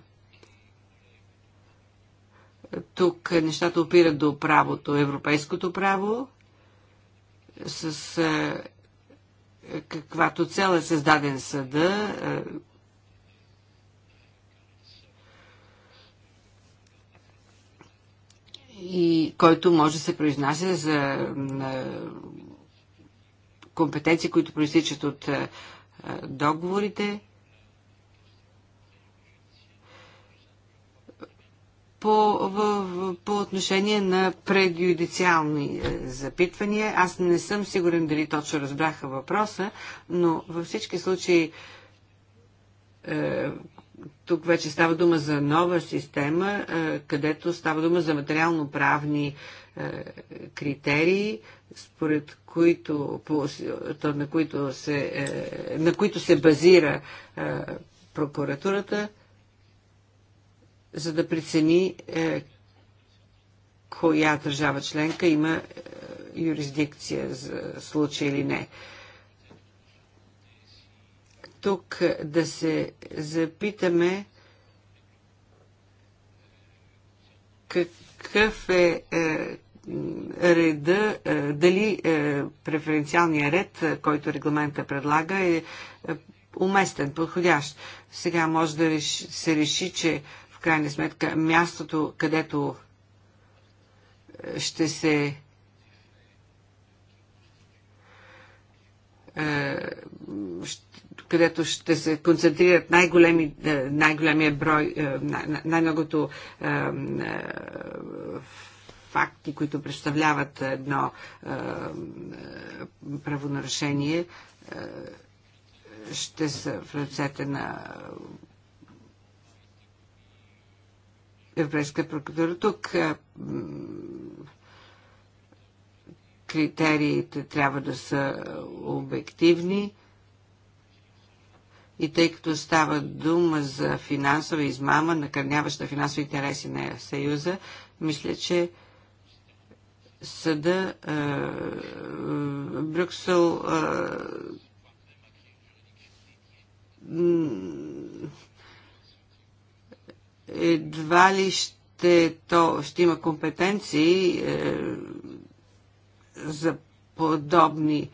Тук нещата опират до правото, европейското право, с каквато цел е създаден съда, и който може да се произнася за компетенции, които проистичат от договорите. По, в, по отношение на предюдициални запитвания, аз не съм сигурен дали точно разбраха въпроса, но във всички случаи тук вече става дума за нова система, е, където става дума за материално-правни е, критерии, според които, на, които се, е, на които се базира прокуратурата, за да прецени коя държава членка има юрисдикция за случай или не тук да се запитаме какъв е, е реда, е, дали е, преференциалният ред, който регламента предлага, е, е уместен, подходящ. Сега може да реши, се реши, че в крайна сметка мястото, където е, ще се Е, където ще се концентрират най-големи, е, най-големия брой, е, най-многото факти, които представляват едно правонарушение, ще са в ръцете на Европейска прокуратура. Тук критериите трябва да са обективни. И тъй като става дума за финансова измама, накърняваща финансови интереси на Съюза, мисля, че съда е, Брюксел е, едва ли ще, то, ще има компетенции е, за подобни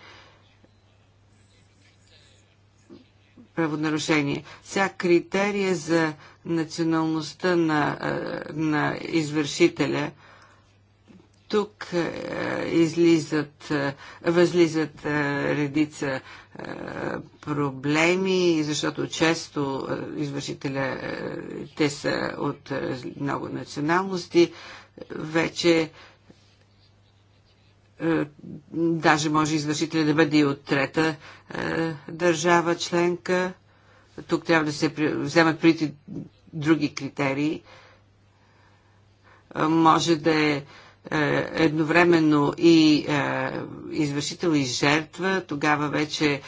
правонарушения. Сега критерия за националността на, на извършителя тук излизат, възлизат редица проблеми, защото често извършителя, те са от много националности. Вече е, даже може извършителя да бъде и от трета е, държава членка. Тук трябва да се вземат прити други критерии. Е, може да е едновременно и извършител и жертва. Тогава вече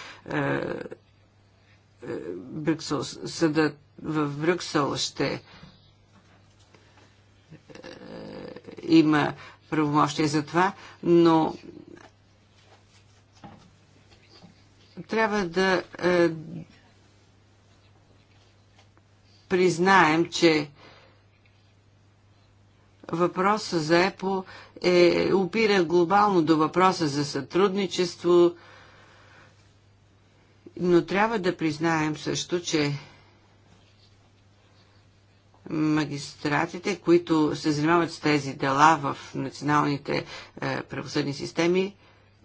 Брюксел, съдът в Брюксел ще има правомощия за това, но трябва да е, признаем, че въпроса за ЕПО е, опира глобално до въпроса за сътрудничество, но трябва да признаем също, че магистратите, които се занимават с тези дела в националните е, правосъдни системи,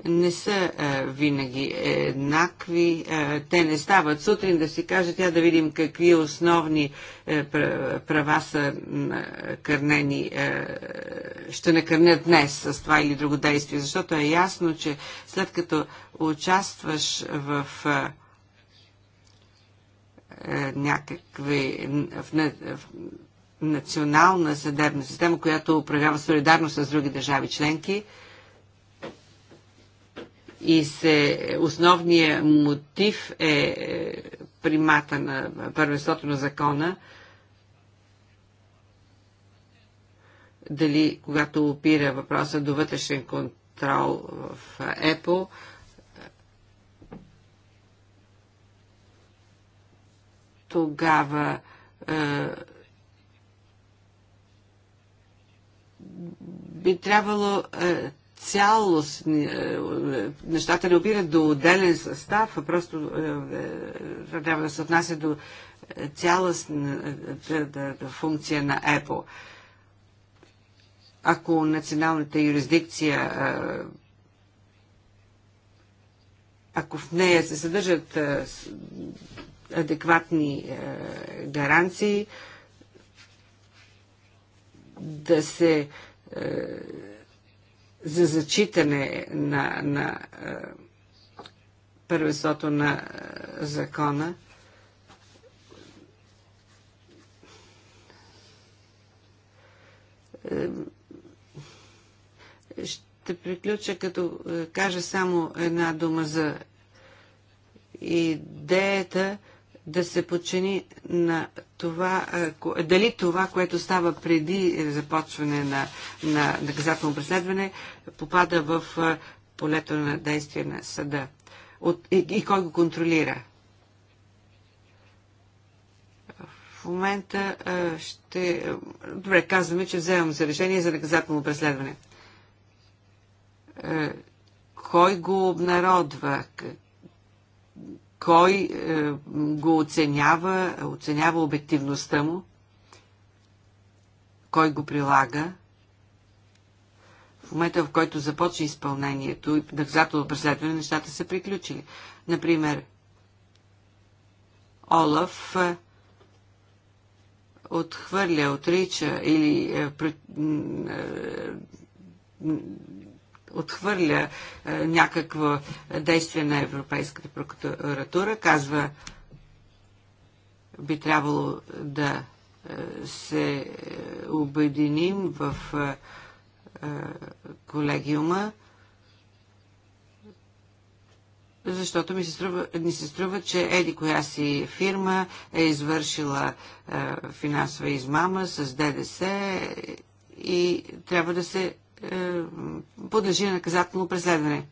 не са е, винаги еднакви. Е, те не стават сутрин да си кажат, тя да видим какви основни е, права са е, кърнени, е, ще накърнят днес с това или друго действие. Защото е ясно, че след като участваш в. Е, е, някакви в, в национална съдебна система, която управлява солидарност с други държави членки и се, основният мотив е, е примата на първенството на закона, дали когато опира въпроса до вътрешен контрол в ЕПО, тогава е, би трябвало е, цялост, е, нещата не опират до отделен състав, а просто е, е трябва да се отнася до е, цялостна е, функция на ЕПО. Ако националната юрисдикция ако в нея се съдържат адекватни е, гаранции, да се е, за зачитане на, на е, първенството на закона. Ще приключа като кажа само една дума за идеята да се подчини на това, дали това, което става преди започване на, на наказателно преследване, попада в полето на действие на съда. От, и, и кой го контролира? В момента ще... Добре, казваме, че вземам за решение за наказателно преследване. Кой го обнародва? кой е, го оценява, оценява обективността му, кой го прилага. В момента, в който започне изпълнението и наказателно преследване, нещата са приключили. Например, Олаф е, отхвърля, отрича или е, отхвърля е, някакво действие на Европейската прокуратура, казва би трябвало да е, се е, обединим в е, колегиума, защото ми се струва, ни се струва, че еди коя си фирма е извършила финансова измама с ДДС и трябва да се е, подлежи на наказателно преследване.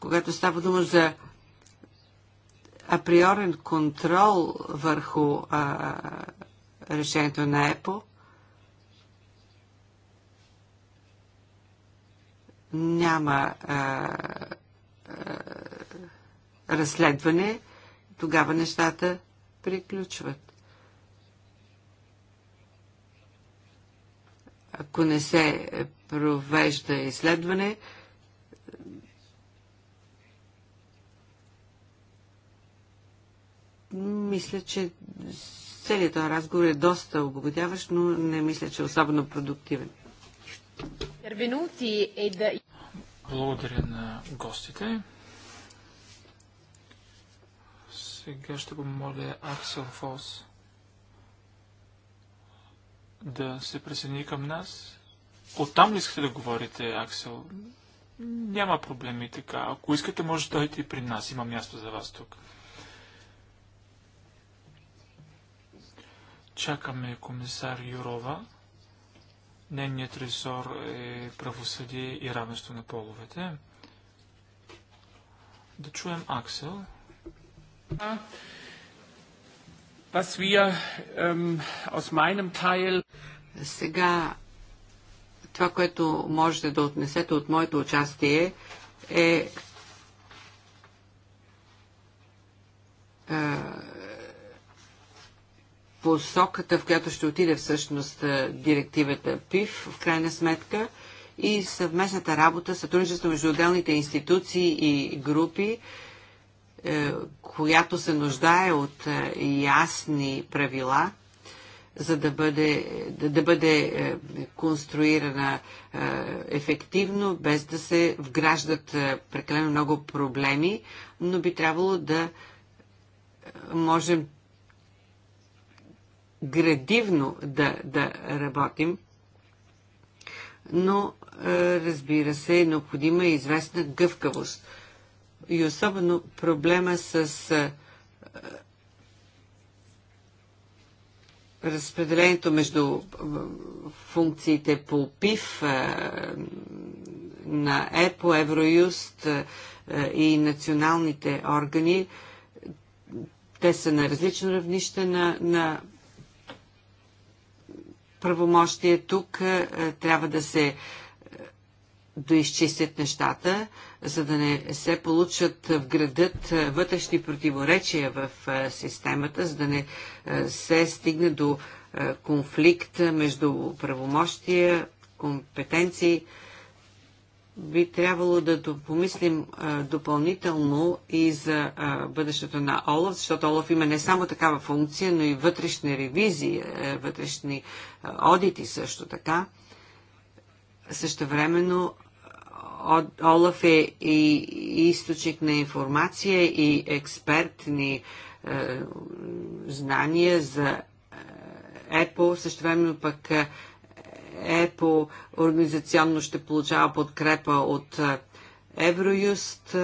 Когато става дума за априорен контрол върху а, решението на ЕПО, няма а, а, разследване, тогава нещата приключват. Ако не се провежда изследване, мисля, че целият този разговор е доста обогатяващ, но не мисля, че е особено продуктивен. Е Благодаря на гостите. Сега ще помоля Аксел Фос да се присъедини към нас. Оттам ли искате да говорите, Аксел? Няма проблеми така. Ако искате, може да дойдете и при нас. Има място за вас тук. Чакаме комисар Юрова. Нейният ресор е правосъдие и равенство на половете. Да чуем Аксел. Ähm, Сега това, което можете да отнесете от моето участие е, е посоката, в която ще отиде всъщност е, директивата ПИФ, в крайна сметка, и съвместната работа, сътрудничество между отделните институции и групи, е, която се нуждае от е, ясни правила, за да бъде, да, да бъде е, конструирана ефективно, без да се вграждат прекалено много проблеми, но би трябвало да можем градивно да, да работим, но разбира се е необходима известна гъвкавост – и особено проблема с разпределението между функциите по ПИФ на ЕПО, Евроюст и националните органи, те са на различно равнище на, на правомощие. Тук трябва да се доизчистят нещата за да не се получат в градът вътрешни противоречия в системата, за да не се стигне до конфликт между правомощия, компетенции би трябвало да помислим допълнително и за бъдещето на Олаф, защото Олаф има не само такава функция, но и вътрешни ревизии, е, вътрешни одити също така. също времено. Олаф е и източник на информация и експертни е, знания за ЕПО, време пък ЕПО организационно ще получава подкрепа от е, Евроюст.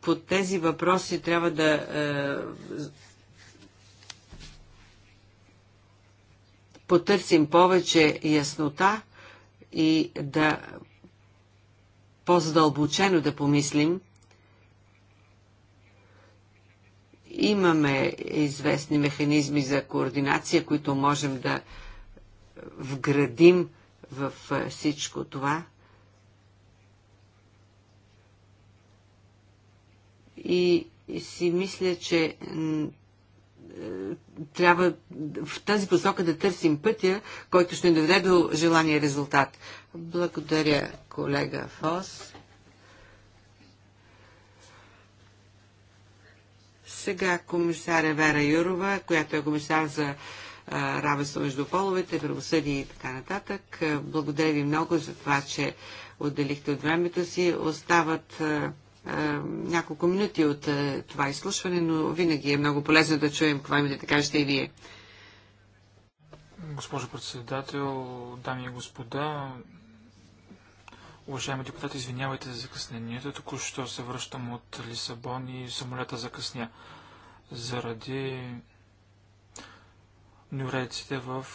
По тези въпроси трябва да е, потърсим повече яснота и да по-задълбочено да помислим. Имаме известни механизми за координация, които можем да вградим в е, всичко това. И си мисля, че трябва в тази посока да търсим пътя, който ще доведе до желания резултат. Благодаря, колега Фос. Сега комисаря Вера Юрова, която е комисар за равенство между половете, правосъдие и така нататък. Благодаря ви много за това, че отделихте от времето си. Остават няколко минути от това изслушване, но винаги е много полезно да чуем какво имате да кажете и вие. Госпожо председател, дами и господа, уважаеми депутати, извинявайте за закъснението. Току-що се връщам от Лисабон и самолета закъсня заради неуредиците в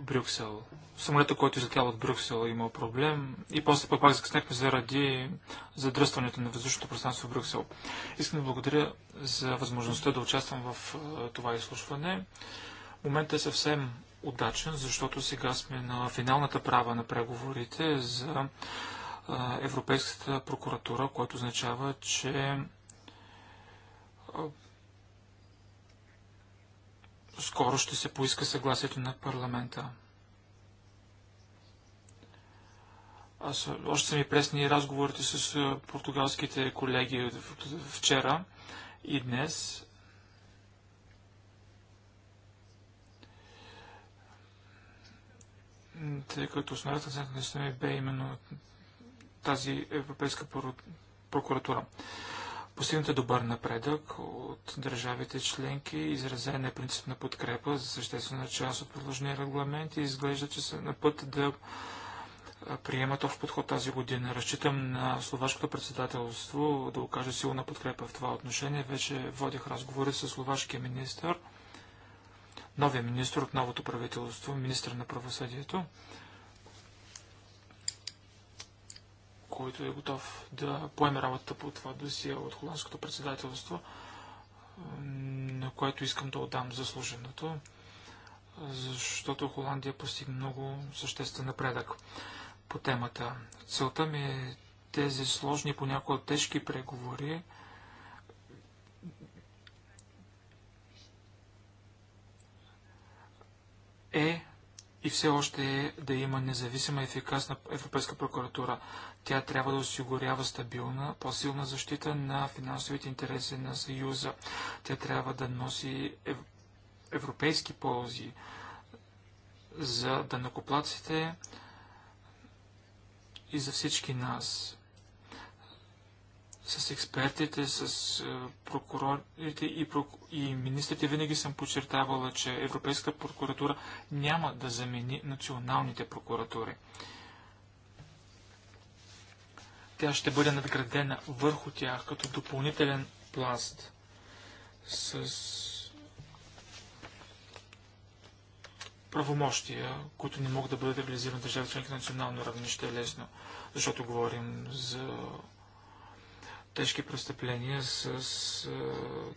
Брюксел. Самолета, който излетял от Брюксел, има проблем и после пък пак закъснехме заради задръстването на въздушното пространство в Брюксел. Искам да благодаря за възможността да участвам в това изслушване. Моментът е съвсем удачен, защото сега сме на финалната права на преговорите за Европейската прокуратура, което означава, че скоро ще се поиска съгласието на парламента. Аз още са ми пресни разговорите с португалските колеги вчера и днес. Тъй като основната акцент на бе именно тази Европейска прокуратура. Постигнат е добър напредък от държавите членки, изразена е принципна подкрепа за съществена част от предложения регламент и изглежда, че са на път да приемат общ подход тази година. Разчитам на словашкото председателство да окаже силна подкрепа в това отношение. Вече водих разговори с словашкия министр, новия министр от новото правителство, министр на правосъдието. който е готов да поеме работата по това досие от холандското председателство, е, на което искам да отдам заслуженото, е, защото Холандия постигна много съществен напредък по темата. Целта ми е тези сложни, понякога тежки преговори е и все още е да има независима ефикасна Европейска прокуратура. Тя трябва да осигурява стабилна, по-силна защита на финансовите интереси на Съюза. Тя трябва да носи ев... европейски ползи за данакоплаците и за всички нас. С експертите, с е, прокурорите и, прок... и министрите винаги съм подчертавала, че Европейска прокуратура няма да замени националните прокуратури. Тя ще бъде надградена върху тях като допълнителен пласт с правомощия, които не могат да бъдат реализирани държави членки на национално равнище е лесно, защото говорим за тежки престъпления с е,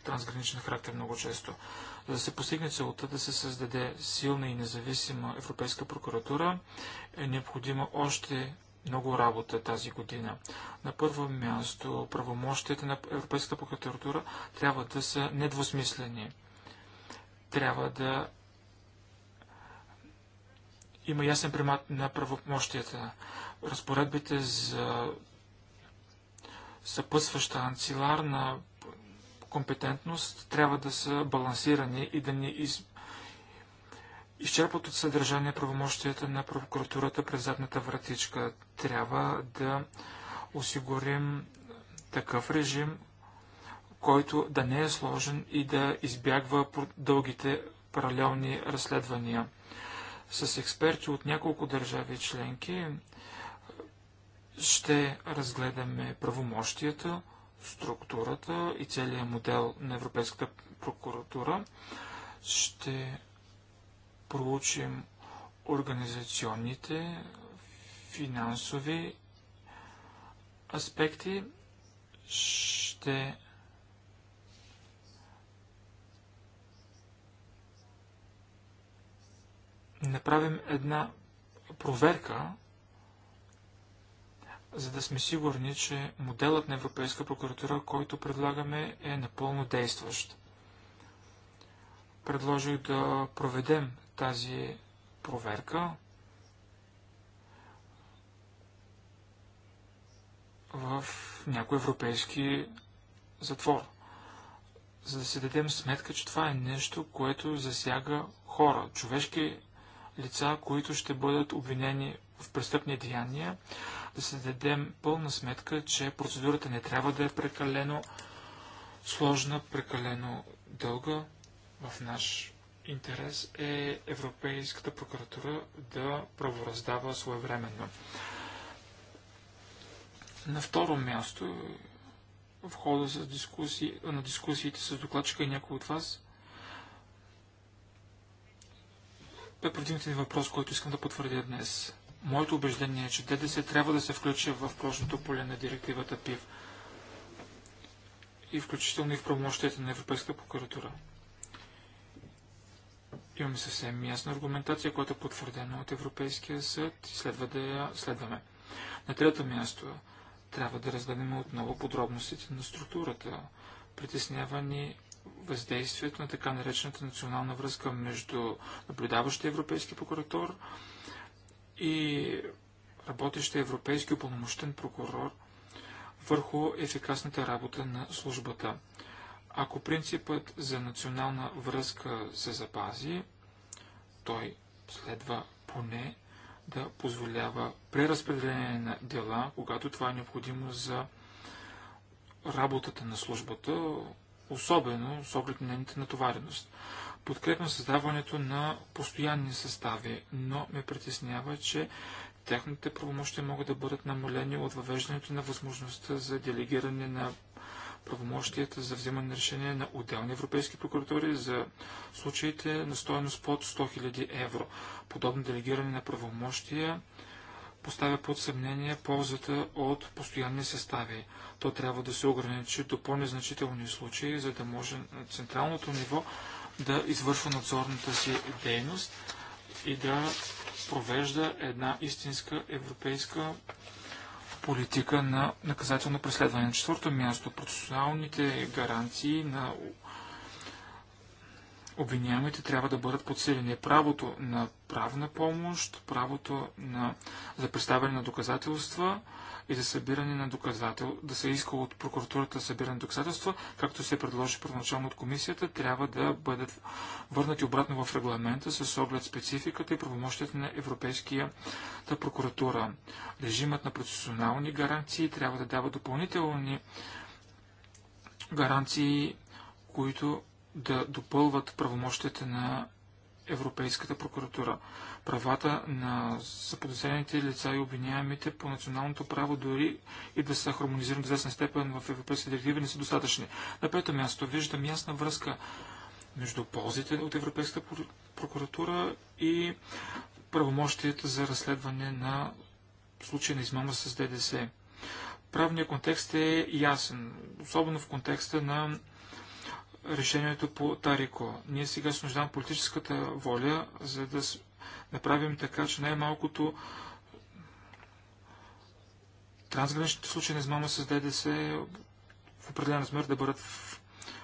трансграничен характер много често. За да се постигне целта да се създаде силна и независима Европейска прокуратура, е необходима още много работа тази година. На първо място, правомощите на Европейската прокуратура трябва да са недвусмислени. Трябва да има ясен примат на правомощията. Разпоредбите за съпъсваща анциларна компетентност трябва да са балансирани и да не изпълняват изчерпват от съдържание правомощията на прокуратурата през задната вратичка. Трябва да осигурим такъв режим, който да не е сложен и да избягва дългите паралелни разследвания. С експерти от няколко държави членки ще разгледаме правомощията, структурата и целият модел на Европейската прокуратура. Ще проучим организационните, финансови аспекти. Ще направим една проверка, за да сме сигурни, че моделът на Европейска прокуратура, който предлагаме, е напълно действащ. Предложих да проведем тази проверка в някой европейски затвор. За да си дадем сметка, че това е нещо, което засяга хора, човешки лица, които ще бъдат обвинени в престъпни деяния, да се дадем пълна сметка, че процедурата не трябва да е прекалено сложна, прекалено дълга в наш интерес е Европейската прокуратура да правораздава своевременно. На второ място, в хода с дискуси... на дискусиите с докладчика и някой от вас, бе предимтен въпрос, който искам да потвърдя днес. Моето убеждение е, че ДДС трябва да се включи в прошното поле на директивата ПИВ и включително и в промощите на Европейската прокуратура. Имаме съвсем ясна аргументация, която е потвърдена от Европейския съд и следва да я следваме. На трето място трябва да разгледаме отново подробностите на структурата. притеснявани въздействието на така наречената национална връзка между наблюдаващия европейски прокуратор и работещия европейски упълномощен прокурор върху ефикасната работа на службата. Ако принципът за национална връзка се запази, той следва поне да позволява преразпределение на дела, когато това е необходимо за работата на службата, особено с оглед на нейната натовареност. Подкрепям създаването на постоянни състави, но ме притеснява, че техните правомощи могат да бъдат намалени от въвеждането на възможността за делегиране на правомощията за вземане на решение на отделни европейски прокуратури за случаите на стоеност под 100 000 евро. Подобно делегиране на правомощия поставя под съмнение ползата от постоянни състави. То трябва да се ограничи до по-незначителни случаи, за да може на централното ниво да извършва надзорната си дейност и да провежда една истинска европейска политика на наказателно преследване. На четвърто място, процесуалните гаранции на обвиняемите трябва да бъдат подсилени. Правото на правна помощ, правото на, за представяне на доказателства и за събиране на доказател, да се иска от прокуратурата събиране на доказателства, както се предложи първоначално от комисията, трябва да бъдат върнати обратно в регламента с оглед спецификата и правомощията на Европейската прокуратура. Режимът на процесуални гаранции трябва да дава допълнителни гаранции, които да допълват правомощите на Европейската прокуратура. Правата на заподозрените лица и обвиняемите по националното право, дори и да са хармонизирани до известна степен в Европейската директива, не са достатъчни. На пето място виждам ясна връзка между ползите от Европейската прокуратура и правомощията за разследване на случай на измама с ДДС. Правният контекст е ясен, особено в контекста на решението по Тарико. Ние сега снуждам политическата воля, за да направим така, че най-малкото трансграничните случаи на измама с ДДС в определен размер да бъдат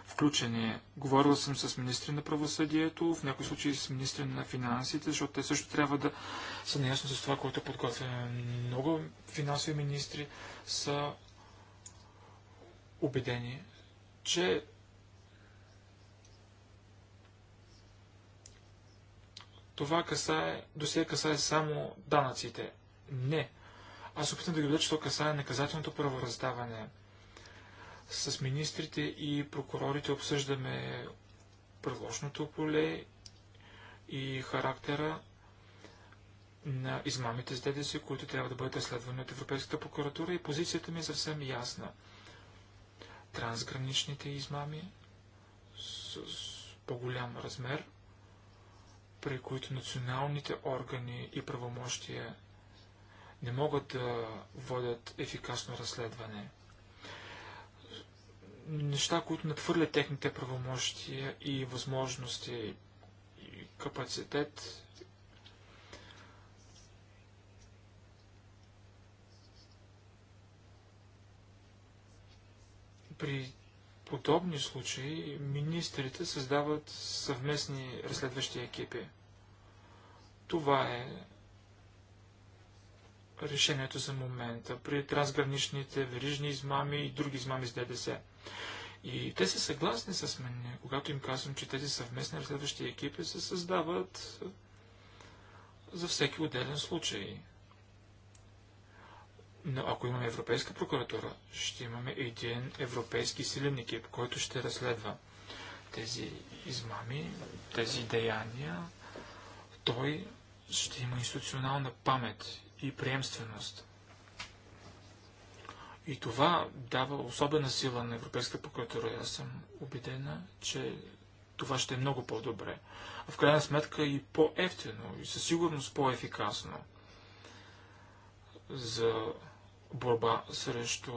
включени. Говорил съм с министри на правосъдието, в някои случаи с министри на финансите, защото те също трябва да са наясно с това, което подготвяме. Много финансови министри са убедени, че това касае, до сега касае само данъците. Не. Аз опитам да ги видя, че това касае наказателното правораздаване. С министрите и прокурорите обсъждаме предложното поле и характера на измамите с ДДС, които трябва да бъдат разследвани от Европейската прокуратура и позицията ми е съвсем ясна. Трансграничните измами с по-голям размер – при които националните органи и правомощия не могат да водят ефикасно разследване. Неща, които надхвърлят техните правомощия и възможности и капацитет. При подобни случаи министрите създават съвместни разследващи екипи. Това е решението за момента при трансграничните верижни измами и други измами с ДДС. И те са съгласни с мен, когато им казвам, че тези съвместни разследващи екипи се създават за всеки отделен случай. Но ако имаме Европейска прокуратура, ще имаме един европейски силен екип, който ще разследва тези измами, тези деяния. Той ще има институционална памет и приемственост. И това дава особена сила на Европейска прокуратура. Аз съм убедена, че това ще е много по-добре. А в крайна сметка и по-ефтино, и със сигурност по-ефикасно за борба срещу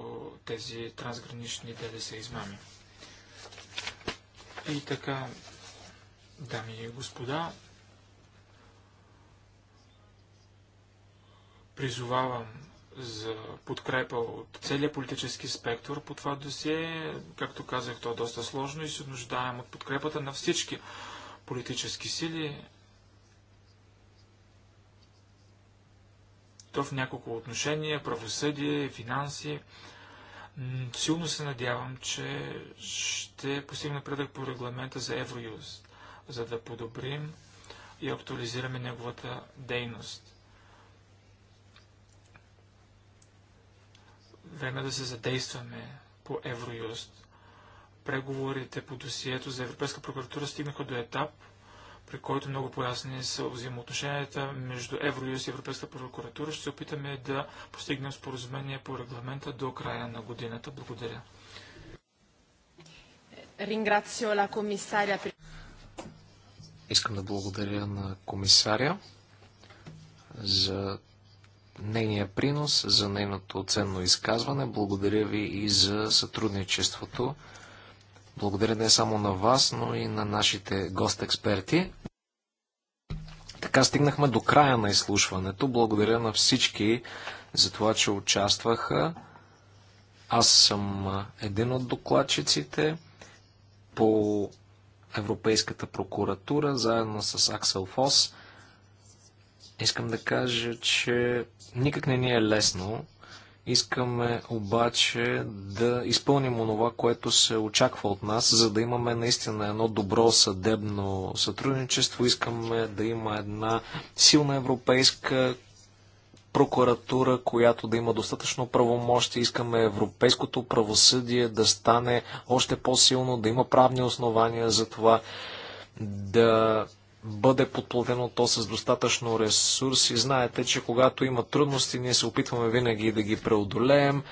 тези трансгранични ДДС измами. И така, дами и господа, призовавам за подкрепа от целия политически спектър по това досие. Както казах, то е доста сложно и се нуждаем от подкрепата на всички политически сили. То в няколко отношения, правосъдие, финанси. Силно се надявам, че ще постигне предък по регламента за Евроюз, за да подобрим и актуализираме неговата дейност. Време да се задействаме по Евроюст. Преговорите по досието за Европейска прокуратура стигнаха до етап – при който много поясни са взаимоотношенията между Евроюз и Европейската прокуратура. Ще се опитаме да постигнем споразумение по регламента до края на годината. Благодаря. Искам да благодаря на комисаря за нейния принос, за нейното ценно изказване. Благодаря ви и за сътрудничеството. Благодаря не само на вас, но и на нашите гост-експерти. Така стигнахме до края на изслушването. Благодаря на всички за това, че участваха. Аз съм един от докладчиците по Европейската прокуратура, заедно с Аксел Фос. Искам да кажа, че никак не ни е лесно Искаме обаче да изпълним онова, което се очаква от нас, за да имаме наистина едно добро съдебно сътрудничество. Искаме да има една силна европейска прокуратура, която да има достатъчно правомощи. Искаме европейското правосъдие да стане още по-силно, да има правни основания за това, да бъде подплатено то с достатъчно ресурси. Знаете, че когато има трудности, ние се опитваме винаги да ги преодолеем.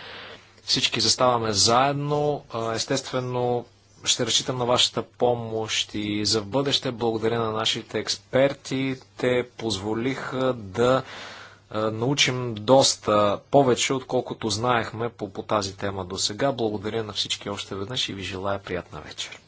Всички заставаме заедно. Естествено, ще разчитам на вашата помощ и за бъдеще. Благодаря на нашите експерти. Те позволиха да научим доста повече, отколкото знаехме по, по тази тема до сега. Благодаря на всички още веднъж и ви желая приятна вечер.